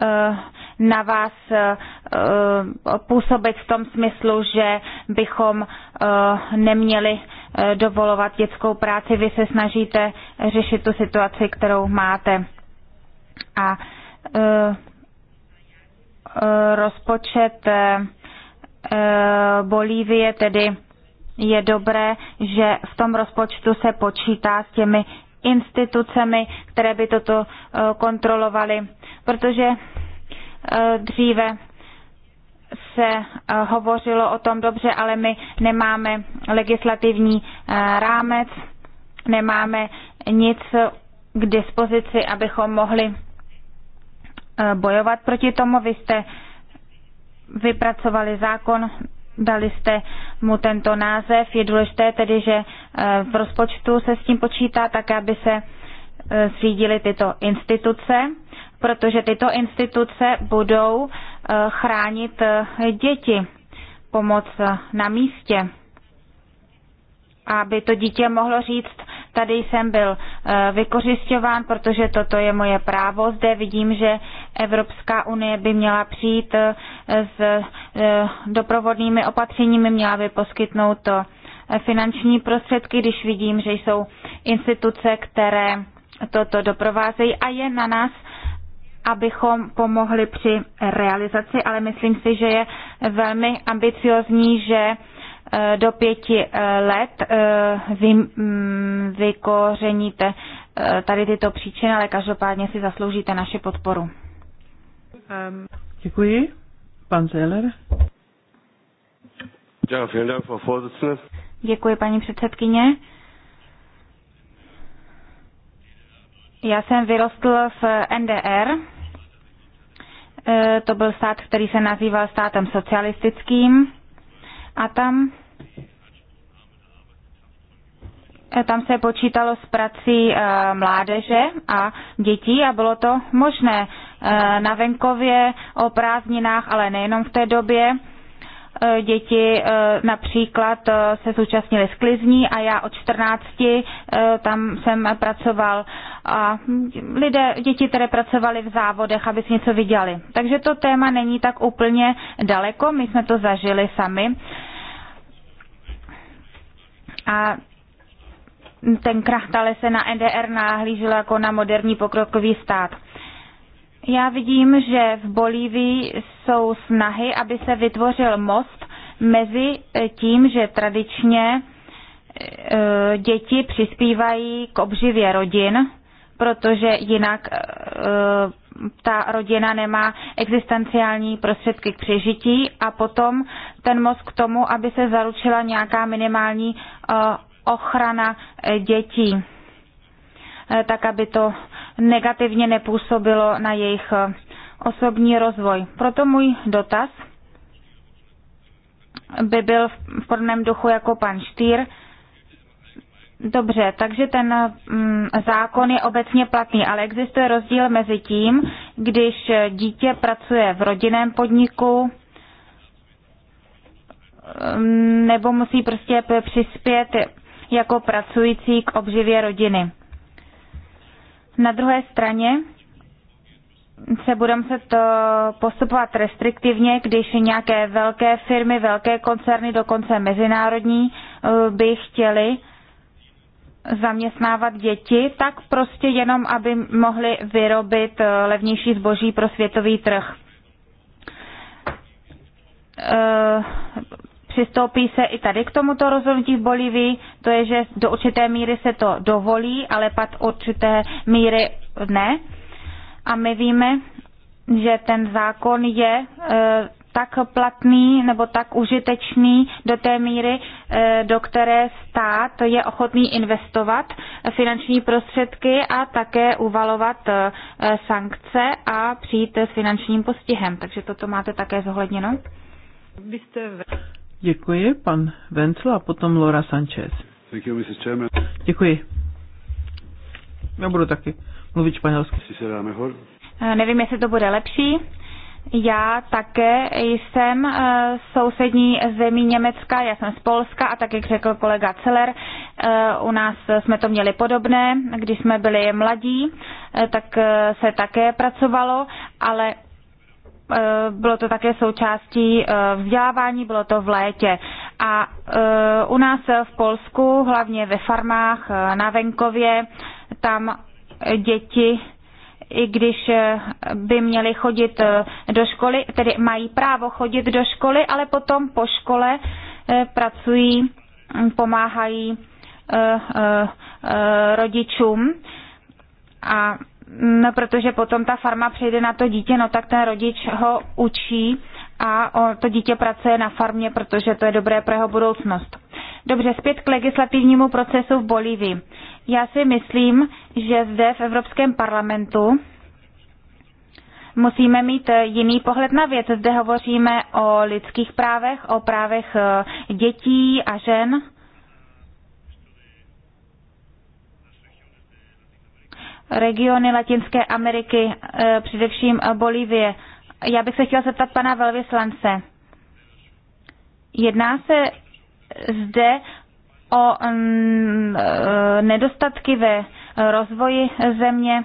eh, na vás eh, působit v tom smyslu, že bychom neměli dovolovat dětskou práci. Vy se snažíte řešit tu situaci, kterou máte. A rozpočet Bolívie tedy je dobré, že v tom rozpočtu se počítá s těmi institucemi, které by toto eh, kontrolovaly, protože eh, dříve se eh, hovořilo o tom dobře, ale my nemáme legislativní rámec, nemáme nic k dispozici, abychom mohli bojovat proti tomu. Vy jste vypracovali zákon Dali jste mu tento název. Je důležité tedy, že eh, v rozpočtu se s tím počítá tak, aby se eh, zřídily tyto instituce, protože tyto instituce budou eh, chránit děti, pomoc na místě, aby to dítě mohlo říct, Tady jsem byl eh, vykořišťován, protože toto je moje právo. Zde vidím, že Evropská unie by měla přijít eh, s eh, doprovodnými opatřeními, měla by poskytnout to finanční prostředky, když vidím, že jsou instituce, které toto doprovázejí a je na nás, abychom pomohli při realizaci, ale myslím si, že je velmi ambiciozní, že Eh, do pěti eh, let eh, vy, mm, vykořeníte tady tyto příčiny, ale každopádně si zasloužíte naši podporu. Ehm. Děkuji. Pan Zeller. Děkuji, paní předsedkyně. Já jsem vyrostl v NDR. To byl stát, který se nazýval státem socialistickým a tam eh, tam se počítalo s prací eh, mládeže a dětí a bylo to možné eh, na venkově o prázdninách, ale nejenom v té době. Děti například se zúčastnili sklizní a já od 14 tam jsem pracoval a lidé, děti které pracovali v závodech, aby si něco viděli. Takže to téma není tak úplně daleko, my jsme to zažili sami a ten krachtale se na NDR nahlížel jako na moderní pokrokový stát. Já vidím, že v Bolívii jsou snahy, aby se vytvořil most mezi eh, tím, že tradičně eh, eh, děti přispívají k obživě rodin protože jinak eh, ta rodina nemá existenciální prostředky k přežití a potom ten mozk k tomu, aby se zaručila nějaká minimální eh, ochrana eh, dětí, tak aby to negativně nepůsobilo na jejich osobní rozvoj. Proto můj dotaz by byl v podobném duchu jako pan Štýr Dobře, takže ten mm, zákon je obecně platný, ale existuje rozdíl mezi tím, když dítě pracuje v rodinném podniku mm, nebo musí prostě přispět jako pracující k obživě rodiny. Na druhé straně se budeme se to postupovat restriktivně, když nějaké velké firmy, velké koncerny, dokonce mezinárodní, eh, by chtěly zaměstnávat děti, tak prostě jenom, aby mohli vyrobit eh, levnější zboží pro světový trh. Eh, přistoupí se i tady k tomuto rozhodnutí v Bolívii, to je, že do určité míry se to dovolí, ale pak určité míry ne. A my víme, že ten zákon je eh, tak platný nebo tak užitečný do té míry, eh, do které stát je ochotný investovat finanční prostředky a také uvalovat eh, sankce a přijít s finančním postihem. Takže toto máte také zohledněno. Děkuji, pan Vencel a potom Laura Sanchez. Děkuji. Já budu taky mluvit španělsky. Eh, nevím, jestli to bude lepší. Já také jsem eh, sousední zemí Německa, já jsem z Polska a tak, jak řekl kolega Celer, eh, u nás jsme to měli podobné, když jsme byli mladí, eh, tak se také pracovalo, ale bylo to také součástí vzdělávání, bylo to v létě. A u nás v Polsku, hlavně ve farmách, na venkově, tam děti i když eh, by měli chodit eh, do školy, tedy mají právo chodit do školy, ale potom po škole eh, pracují, hm, pomáhají rodičům a no, protože potom ta farma přejde na to dítě, no tak ten rodič ho učí a to dítě pracuje na farmě, protože to je dobré pro jeho budoucnost. Dobře, zpět k legislativnímu procesu v Bolívii. Já si myslím, že zde v Evropském parlamentu musíme mít jiný pohled na věc. Zde hovoříme o lidských právech, o právech eh, dětí a žen. Regiony Latinské Ameriky, eh, především Bolívie. Já bych se chtěla zeptat pana velvyslance. Jedná se zde o mm, e, nedostatky ve rozvoji země,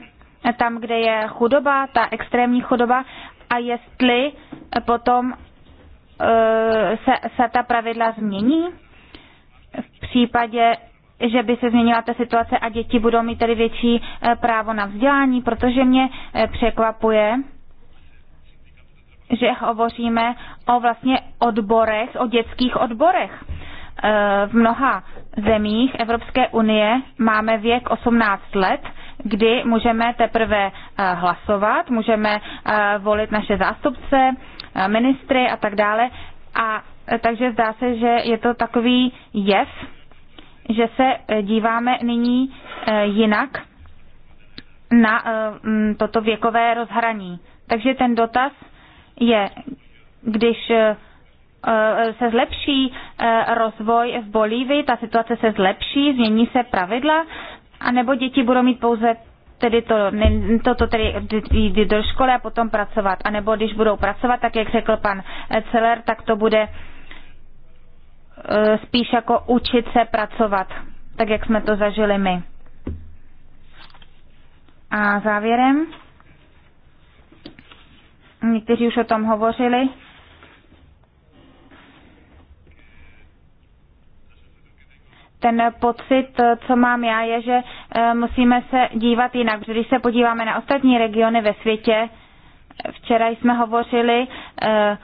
tam, kde je chudoba, ta extrémní chudoba, a jestli potom e, se, se ta pravidla změní v případě, že by se změnila ta situace a děti budou mít tedy větší e, právo na vzdělání, protože mě překvapuje, že hovoříme o vlastně odborech, o dětských odborech Eh, v mnoha zemích Evropské unie máme věk 18 let, kdy můžeme teprve eh, hlasovat, můžeme eh, volit naše zástupce, ministry a tak dále. A takže zdá se, že je to takový jev, že se díváme nyní jinak na toto věkové rozhraní. Takže ten dotaz je, když Eh, se zlepší eh, rozvoj v Bolívii, ta situace se zlepší, změní se pravidla, anebo děti budou mít pouze tedy to, toto to tedy jít do školy a potom pracovat. A nebo když budou pracovat, tak jak řekl pan Celer, tak to bude eh, spíš jako učit se pracovat, tak jak jsme to zažili my. A závěrem, někteří už o tom hovořili, ten pocit, co mám já, je, že eh, musíme se dívat jinak. Když se podíváme na ostatní regiony ve světě, včera jsme hovořili eh,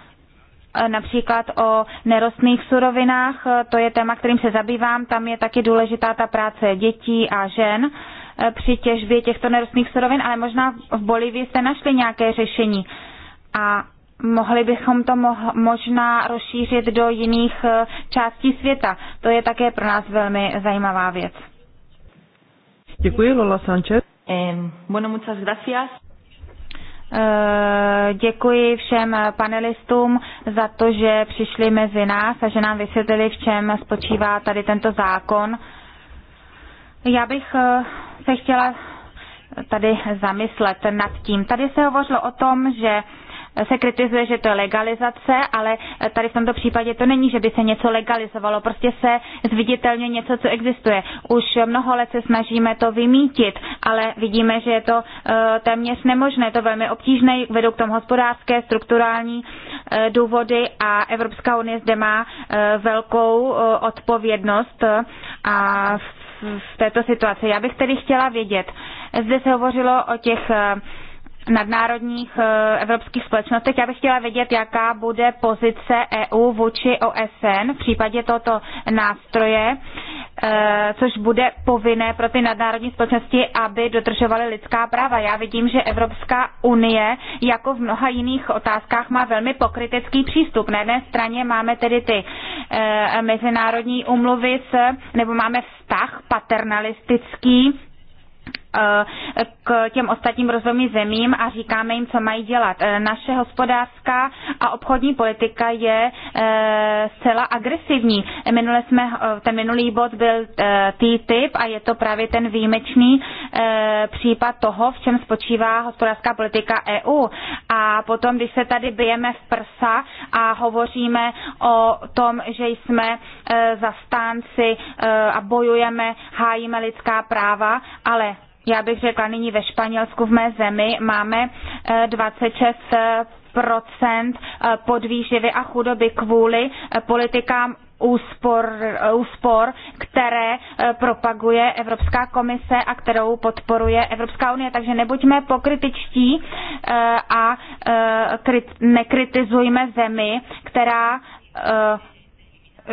například o nerostných surovinách, eh, to je téma, kterým se zabývám, tam je taky důležitá ta práce dětí a žen při těžbě těchto nerostných surovin, ale možná v Bolivii jste našli nějaké řešení. A mohli bychom to možná rozšířit do jiných eh, částí světa. To je také pro nás velmi zajímavá věc. Děkuji, Lola Sanchez. Eh, bueno, muchas gracias. Eh, děkuji všem panelistům za to, že přišli mezi nás a že nám vysvětlili, v čem spočívá tady tento zákon. Já bych eh, se chtěla tady zamyslet nad tím. Tady se hovořilo o tom, že se kritizuje, že to je legalizace, ale tady v tomto případě to není, že by se něco legalizovalo, prostě se zviditelně něco, co existuje. Už mnoho let se snažíme to vymítit, ale vidíme, že je to eh, téměř nemožné, to velmi obtížné, vedou k tomu hospodářské, strukturální eh, důvody a Evropská unie zde má eh, velkou odpovědnost a v této situaci. Já bych tedy chtěla vědět, zde se hovořilo o těch nadnárodních eh, evropských společnostech. Já bych chtěla vědět, jaká bude pozice EU vůči OSN v případě tohoto nástroje, eh, což bude povinné pro ty nadnárodní společnosti, aby dodržovaly lidská práva. Já vidím, že Evropská unie, jako v mnoha jiných otázkách, má velmi pokrytecký přístup. Na jedné straně máme tedy ty eh, mezinárodní umluvy, nebo máme vztah paternalistický Eh, k těm ostatním rozvojovým zemím a říkáme jim, co mají dělat. Eh, naše hospodářská a obchodní politika je eh, zcela agresivní. Minule jsme, ten minulý bod byl TTIP a je to právě ten výjimečný případ toho, v čem spočívá hospodářská politika EU. A potom, když se tady bijeme v prsa a hovoříme o tom, že jsme zastánci a bojujeme, hájíme lidská práva, ale já bych řekla, nyní ve Španělsku v mé zemi máme 26 eh, eh, procent eh, podvýživy a chudoby kvůli politikám úspor, úspor, které propaguje Evropská komise a kterou podporuje Evropská unie. Takže nebuďme pokrytičtí a nekritizujme zemi, která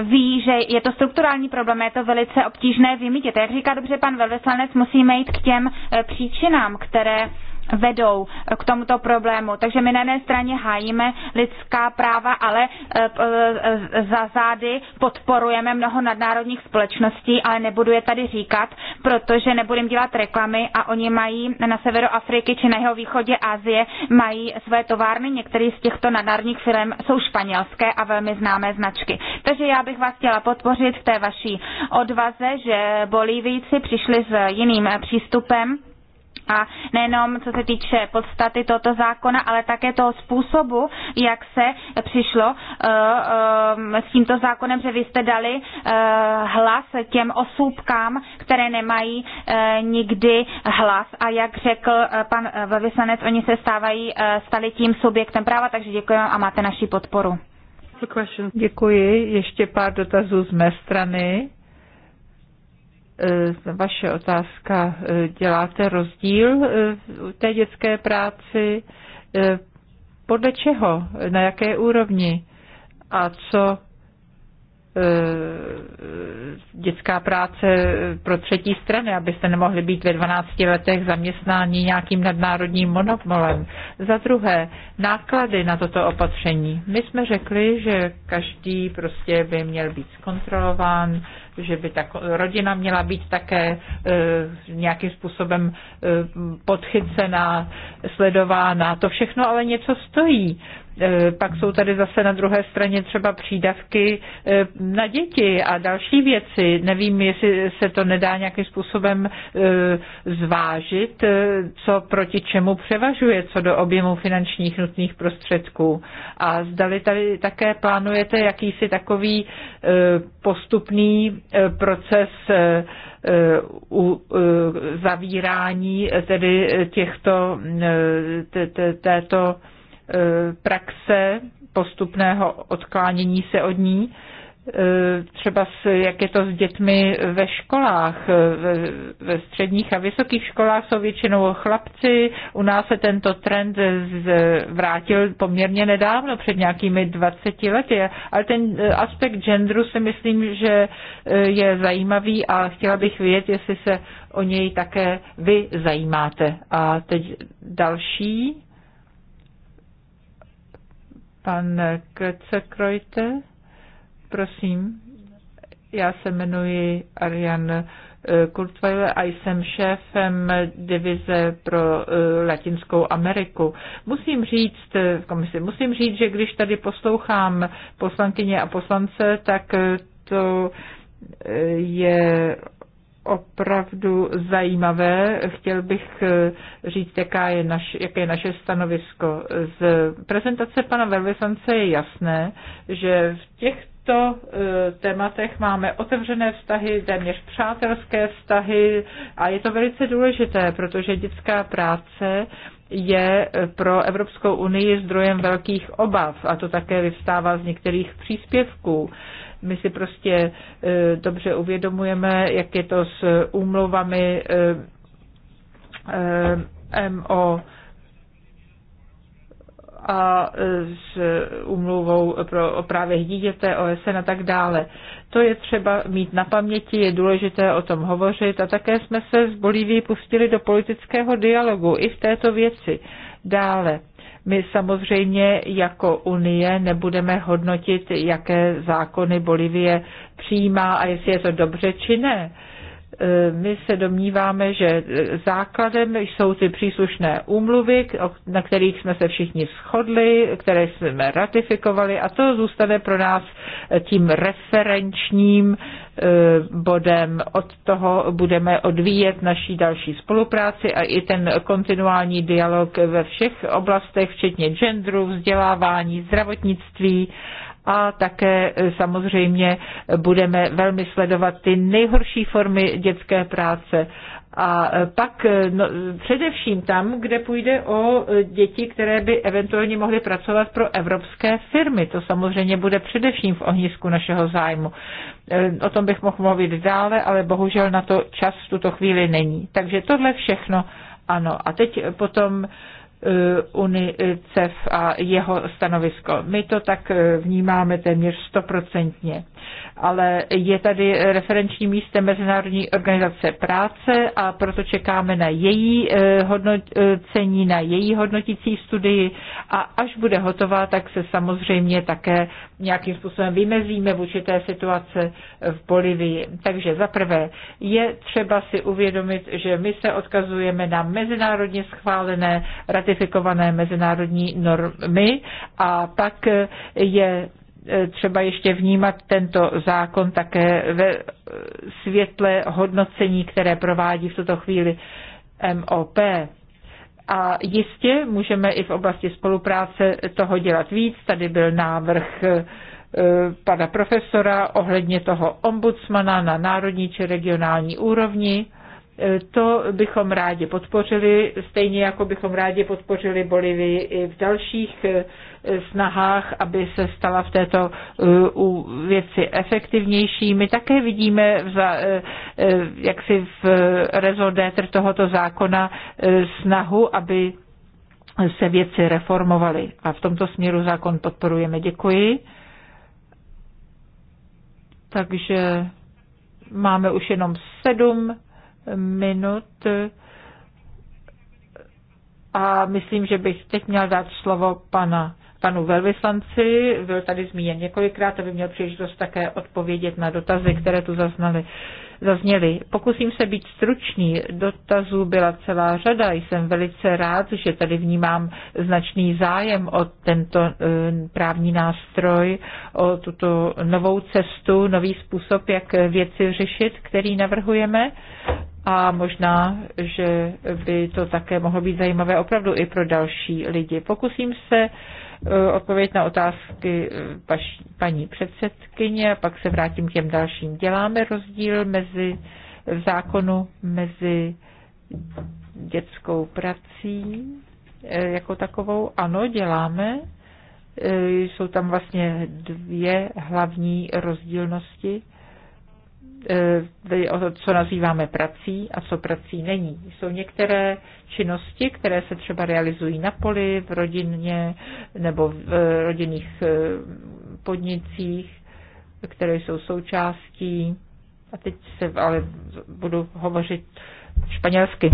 ví, že je to strukturální problém, je to velice obtížné vymítit. Jak říká dobře pan velvyslanec, musíme jít k těm eh, příčinám, které vedou k tomuto problému. Takže my na jedné straně hájíme lidská práva, ale e, e, e, za zády podporujeme mnoho nadnárodních společností, ale nebudu je tady říkat, protože nebudem dělat reklamy a oni mají na severu Afriky či na jeho východě Asie mají své továrny. Některé z těchto nadnárodních firm jsou španělské a velmi známé značky. Takže já bych vás chtěla podpořit v té vaší odvaze, že Bolívíci přišli s jiným přístupem a nejenom co se týče podstaty tohoto zákona, ale také toho způsobu, jak se přišlo eh, eh, s tímto zákonem, že vy jste dali eh, hlas těm osůbkám, které nemají nikdy hlas a jak řekl pan velvyslanec, oni se stávají, stali tím subjektem práva, takže děkuji a máte naši podporu. Děkuji. Ještě pár dotazů z mé strany. Eh, vaše otázka, eh, děláte rozdíl v eh, té dětské práci? Podle čeho? Na jaké úrovni? A co dětská práce pro třetí strany, abyste nemohli být ve 12 letech zaměstnání nějakým nadnárodním monopolem. Za druhé, náklady na toto opatření. My jsme řekli, že každý prostě by měl být zkontrolován, že by tak rodina měla být také e, nějakým způsobem e, podchycená, sledována. To všechno ale něco stojí. E, pak jsou tady zase na druhé straně třeba přídavky na děti a další věci. Nevím, jestli se to nedá nějakým způsobem zvážit, co proti čemu převažuje, co do objemu finančních nutných prostředků. A zdali tady také plánujete jakýsi takový postupný proces zavírání tedy těchto, této praxe postupného odklánění se od ní E, třeba s, jak je to s dětmi ve školách, e, ve, ve středních a vysokých školách jsou většinou chlapci. U nás se tento trend z, vrátil poměrně nedávno, před nějakými 20 lety. Ale ten e, aspekt genderu si myslím, že je zajímavý a chtěla bych vědět, jestli se o něj také vy zajímáte. A teď další. Pan Kecekrojte. Prosím, já se jmenuji Arian eh, Kurtweiler a jsem šéfem divize pro eh, Latinskou Ameriku. Musím říct, eh, komisi, musím říct, že když tady poslouchám poslankyně a poslance, tak to je opravdu zajímavé. Chtěl bych říct, jaká je naš, jaké je naše stanovisko. Z prezentace pana velvyslance je jasné, že v těch těchto eh, tématech máme otevřené vztahy, téměř přátelské vztahy a je to velice důležité, protože dětská práce je eh, pro Evropskou unii zdrojem velkých obav a to také vyvstává z některých příspěvků. My si prostě eh, dobře uvědomujeme, jak je to s úmluvami MO a s umluvou pro, právě dítěte, OSN a tak dále. To je třeba mít na paměti, je důležité o tom hovořit a také jsme se z Bolívií pustili do politického dialogu i v této věci. Dále. My samozřejmě jako Unie nebudeme hodnotit, jaké zákony Bolivie přijímá a jestli je to dobře či ne. E, my se domníváme, že e, základem jsou ty příslušné úmluvy, na kterých jsme se všichni shodli, které jsme ratifikovali a to zůstane pro nás e, tím referenčním bodem. Od toho budeme odvíjet naší další spolupráci a i ten kontinuální dialog ve všech oblastech, včetně genderu, vzdělávání, zdravotnictví a také e, samozřejmě budeme velmi sledovat ty nejhorší formy dětské práce. A e, pak e, no, především tam, kde půjde o děti, které by eventuálně mohly pracovat pro evropské firmy. To samozřejmě bude především v ohnisku našeho zájmu. O tom bych mohl mluvit dále, ale bohužel na to čas v tuto chvíli není. Takže tohle všechno ano. A teď potom Eh, UNICEF a jeho stanovisko. My to tak eh, vnímáme téměř stoprocentně ale je tady referenční místo Mezinárodní organizace práce a proto čekáme na její eh, hodnocení, na její hodnotící studii a až bude hotová, tak se samozřejmě také nějakým způsobem vymezíme v určité situace v Bolivii. Takže za prvé je třeba si uvědomit, že my se odkazujeme na mezinárodně schválené, ratifikované mezinárodní normy a pak je E, třeba ještě vnímat tento zákon také ve e, světle hodnocení, které provádí v tuto chvíli MOP. A jistě můžeme i v oblasti spolupráce toho dělat víc. Tady byl návrh e, pana profesora ohledně toho ombudsmana na národní či regionální úrovni. To bychom rádi podpořili, stejně jako bychom rádi podpořili Bolivii i v dalších snahách, aby se stala v této uh, věci efektivnější. My také vidíme za, uh, uh, jaksi v rezort tohoto zákona snahu, aby se věci reformovaly. A v tomto směru zákon podporujeme. Děkuji. Takže máme už jenom sedm minut a myslím, že bych teď měl dát slovo pana panu velvyslanci. Byl tady zmíněn několikrát, aby měl příležitost také odpovědět na dotazy, které tu zaznaly, zazněly. Pokusím se být stručný. Dotazů byla celá řada. Jsem velice rád, že tady vnímám značný zájem o tento eh, právní nástroj, o tuto novou cestu, nový způsob, jak věci řešit, který navrhujeme a možná, že by to také mohlo být zajímavé opravdu i pro další lidi. Pokusím se Eh, odpověď na otázky eh, paní předsedkyně a pak se vrátím k těm dalším. Děláme rozdíl mezi v zákonu mezi dětskou prací eh, jako takovou. Ano, děláme. Jsou tam vlastně dvě hlavní rozdílnosti. E, co nazýváme prací a co prací není. Jsou některé činnosti, které se třeba realizují na poli, v rodině nebo v e, rodinných e, podnicích, které jsou součástí. A teď se ale budu hovořit španělsky,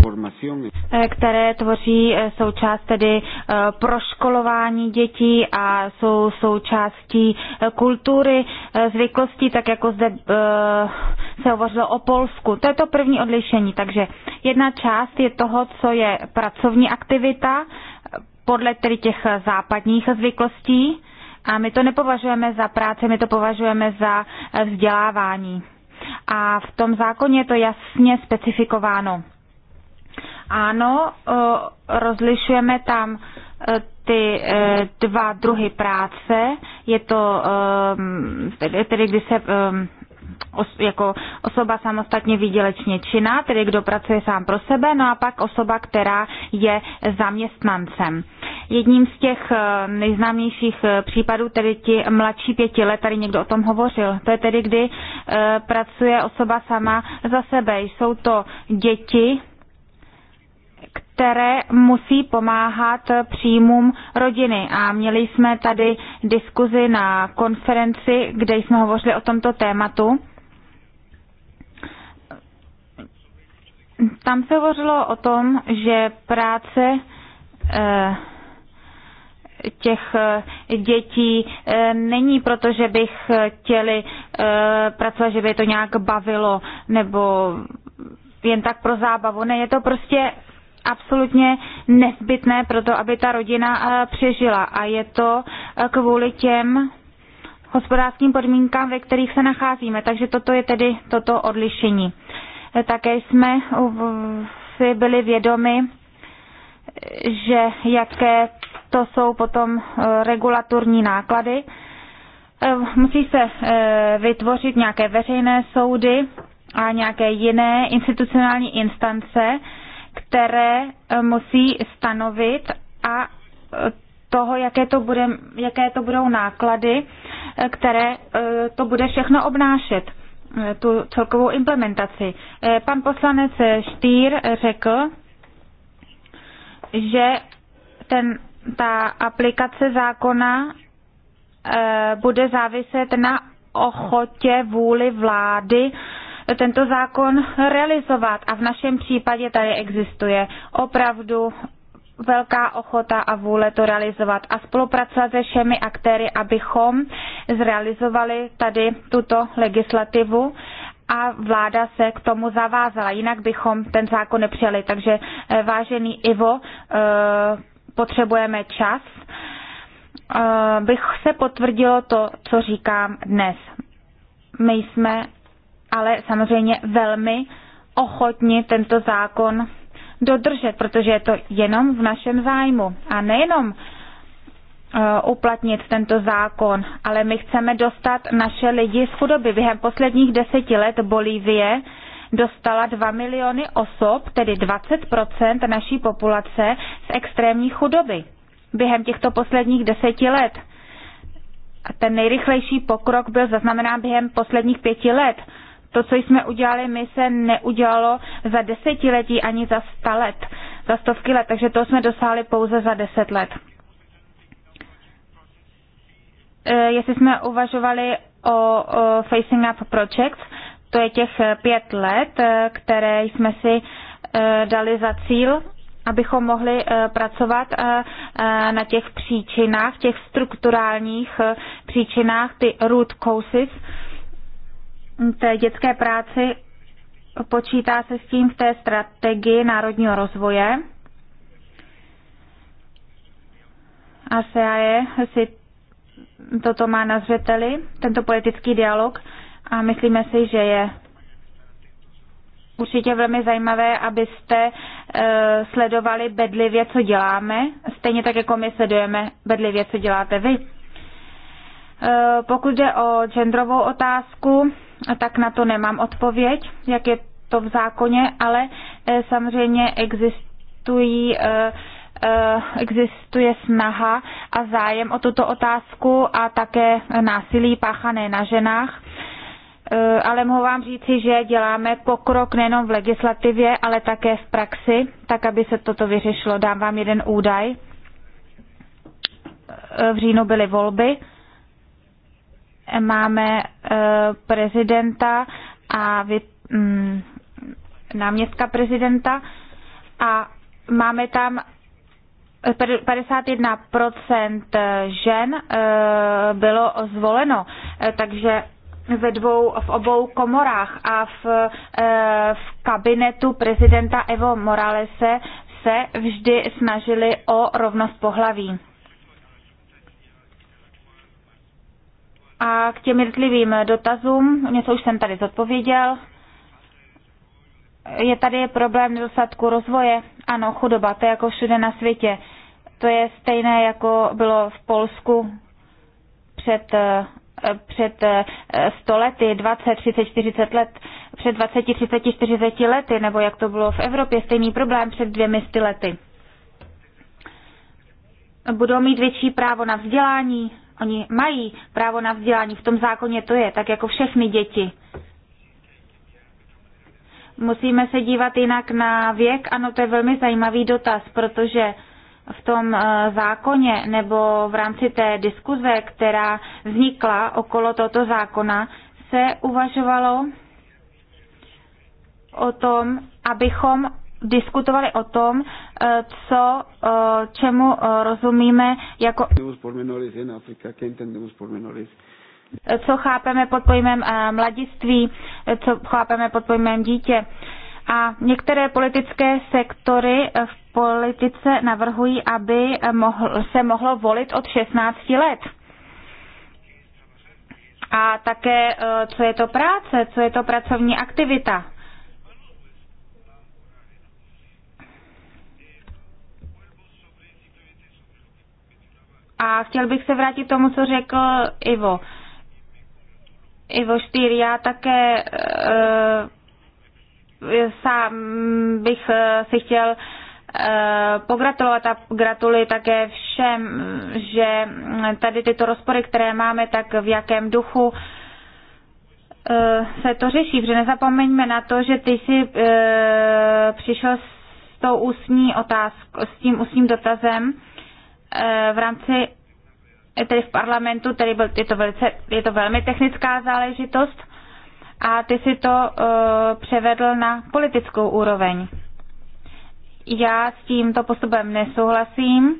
eh, které tvoří eh, součást tedy eh, proškolování dětí a jsou součástí kultury, zvyklostí, tak jako zde se hovořilo o Polsku. To je to první odlišení, takže jedna část je toho, co je pracovní aktivita podle tedy těch západních zvyklostí a my to nepovažujeme za práci, my to považujeme za vzdělávání a v tom zákoně je to jasně specifikováno. Ano, eh, rozlišujeme tam eh, ty eh, dva druhy práce. Je to tedy, kdy se jako osoba samostatně výdělečně činná, tedy kdo pracuje sám pro sebe, no a pak osoba, která je zaměstnancem. Jedním z těch eh, nejznámějších eh, případů, tedy ti mladší pěti let, tady někdo o tom hovořil, to je tedy, kdy eh, pracuje osoba sama za sebe. Jsou to děti, které musí pomáhat příjmům rodiny. A měli jsme tady diskuzi na konferenci, kde jsme hovořili o tomto tématu. Tam se hovořilo o tom, že práce eh, těch eh, dětí eh, není proto, že bych chtěli pracovat, že by to nějak bavilo nebo jen tak pro zábavu. Ne, je to prostě absolutně nezbytné pro to, aby ta rodina eh, přežila. A je to eh, kvůli těm hospodářským podmínkám, ve kterých se nacházíme. Takže toto je tedy toto odlišení. Eh, také jsme si byli vědomi, že jaké to jsou potom regulatorní náklady. Musí se vytvořit nějaké veřejné soudy a nějaké jiné institucionální instance, které eh, musí stanovit a eh, toho, jaké to, bude, jaké to budou náklady, eh, které to bude všechno obnášet tu celkovou implementaci. Pan poslanec Štýr řekl, že ten, ta aplikace zákona bude záviset na ochotě vůli vlády tento zákon realizovat. A v našem případě tady existuje opravdu velká ochota a vůle to realizovat a spolupracovat se všemi aktéry, abychom zrealizovali tady tuto legislativu a vláda se k tomu zavázala, jinak bychom ten zákon nepřijali. Takže eh, vážený Ivo, eh, potřebujeme čas, eh, bych se potvrdilo to, co říkám dnes. My jsme ale samozřejmě velmi ochotni tento zákon dodržet, protože je to jenom v našem zájmu. A nejenom eh, uplatnit tento zákon, ale my chceme dostat naše lidi z chudoby. Během posledních deseti let Bolívie dostala 2 miliony osob, tedy 20 naší populace, z extrémní chudoby během těchto posledních deseti let. A ten nejrychlejší pokrok byl zaznamenán během posledních pěti let to, co jsme udělali my, se neudělalo za desetiletí ani za sta let, za stovky let, takže to jsme dosáhli pouze za deset let. E, jestli jsme uvažovali o, o Facing Up Projects, to je těch pět let, e, které jsme si e, dali za cíl, abychom mohli pracovat na těch příčinách, těch strukturálních příčinách, ty root causes, té dětské práci počítá se s tím v té strategii národního rozvoje. A je, si toto má na zřeteli, tento politický dialog, a myslíme si, že je určitě velmi zajímavé, abyste e, sledovali bedlivě, co děláme, stejně tak jako my sledujeme bedlivě, co děláte vy. E, pokud jde o genderovou otázku, tak na to nemám odpověď, jak je to v zákoně, ale eh, samozřejmě existují eh, eh, existuje snaha a zájem o tuto otázku a také násilí páchané na ženách. Ale mohu vám říci, že děláme pokrok nejenom v legislativě, ale také v praxi, tak aby se toto vyřešilo. Dám vám jeden údaj. V říjnu byly volby máme eh, prezidenta a vy, mm, náměstka prezidenta a máme tam 51% žen eh, bylo zvoleno, eh, takže ve dvou, v obou komorách a v, v kabinetu prezidenta Evo Moralese se vždy snažili o rovnost pohlaví. A k těm jednotlivým dotazům, něco už jsem tady zodpověděl. Je tady problém nedostatku rozvoje? Ano, chudoba, to je jako všude na světě. To je stejné, jako bylo v Polsku před, před 100 eh, lety, 20, 30, 40 let, před 20, 30, 40 lety, nebo jak to bylo v Evropě, stejný problém před dvěmi sty lety. Budou mít větší právo na vzdělání, Oni mají právo na vzdělání, v tom zákoně to je, tak jako všechny děti. Musíme se dívat jinak na věk, ano, to je velmi zajímavý dotaz, protože v tom eh, zákoně nebo v rámci té diskuze, která vznikla okolo tohoto zákona, se uvažovalo o tom, abychom diskutovali o tom, eh, co, eh, čemu eh, rozumíme jako... Co chápeme pod pojmem mladiství, co chápeme pod pojmem dítě. A některé politické sektory v politice navrhují, aby mohl, se mohlo volit od 16 let. A také, co je to práce, co je to pracovní aktivita A chtěl bych se vrátit tomu, co řekl Ivo. Ivo Štýr, já také e, sám bych eh, si chtěl e, pogratulovat a gratuluji také všem, že tady tyto rozpory, které máme, tak v jakém duchu se to řeší, protože nezapomeňme na to, že ty jsi přišel s, tou ústní otázku, s tím ústním dotazem v rámci tedy v parlamentu, tedy byl, je, to velice, je to velmi technická záležitost a ty si to uh, převedl na politickou úroveň. Já s tímto postupem nesouhlasím.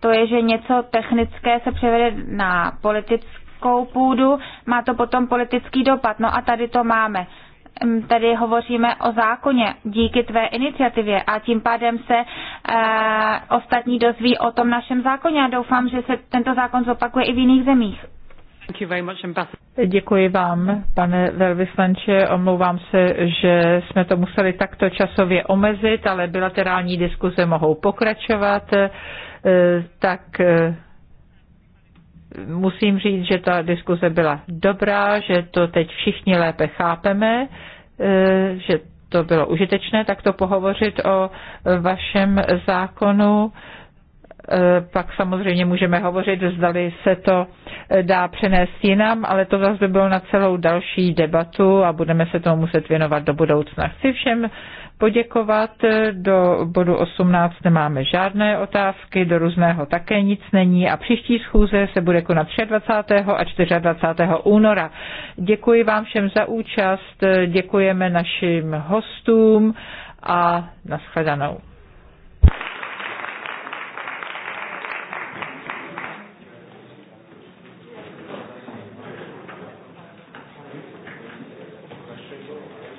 To je, že něco technické se převede na politickou půdu, má to potom politický dopad. No a tady to máme tady hovoříme o zákoně díky tvé iniciativě a tím pádem se e, ostatní dozví o tom našem zákoně a doufám, že se tento zákon zopakuje i v jiných zemích. Děkuji vám, pane velvyslanče. Omlouvám se, že jsme to museli takto časově omezit, ale bilaterální diskuze mohou pokračovat. Eh, tak eh, musím říct, že ta diskuze byla dobrá, že to teď všichni lépe chápeme, eh, že to bylo užitečné takto pohovořit o vašem zákonu. Eh, pak samozřejmě můžeme hovořit, zdali se to eh, dá přenést jinam, ale to zase by bylo na celou další debatu a budeme se tomu muset věnovat do budoucna. Chci všem poděkovat. Do bodu 18 nemáme žádné otázky, do různého také nic není a příští schůze se bude konat 23. a 24. února. Děkuji vám všem za účast, děkujeme našim hostům a nashledanou.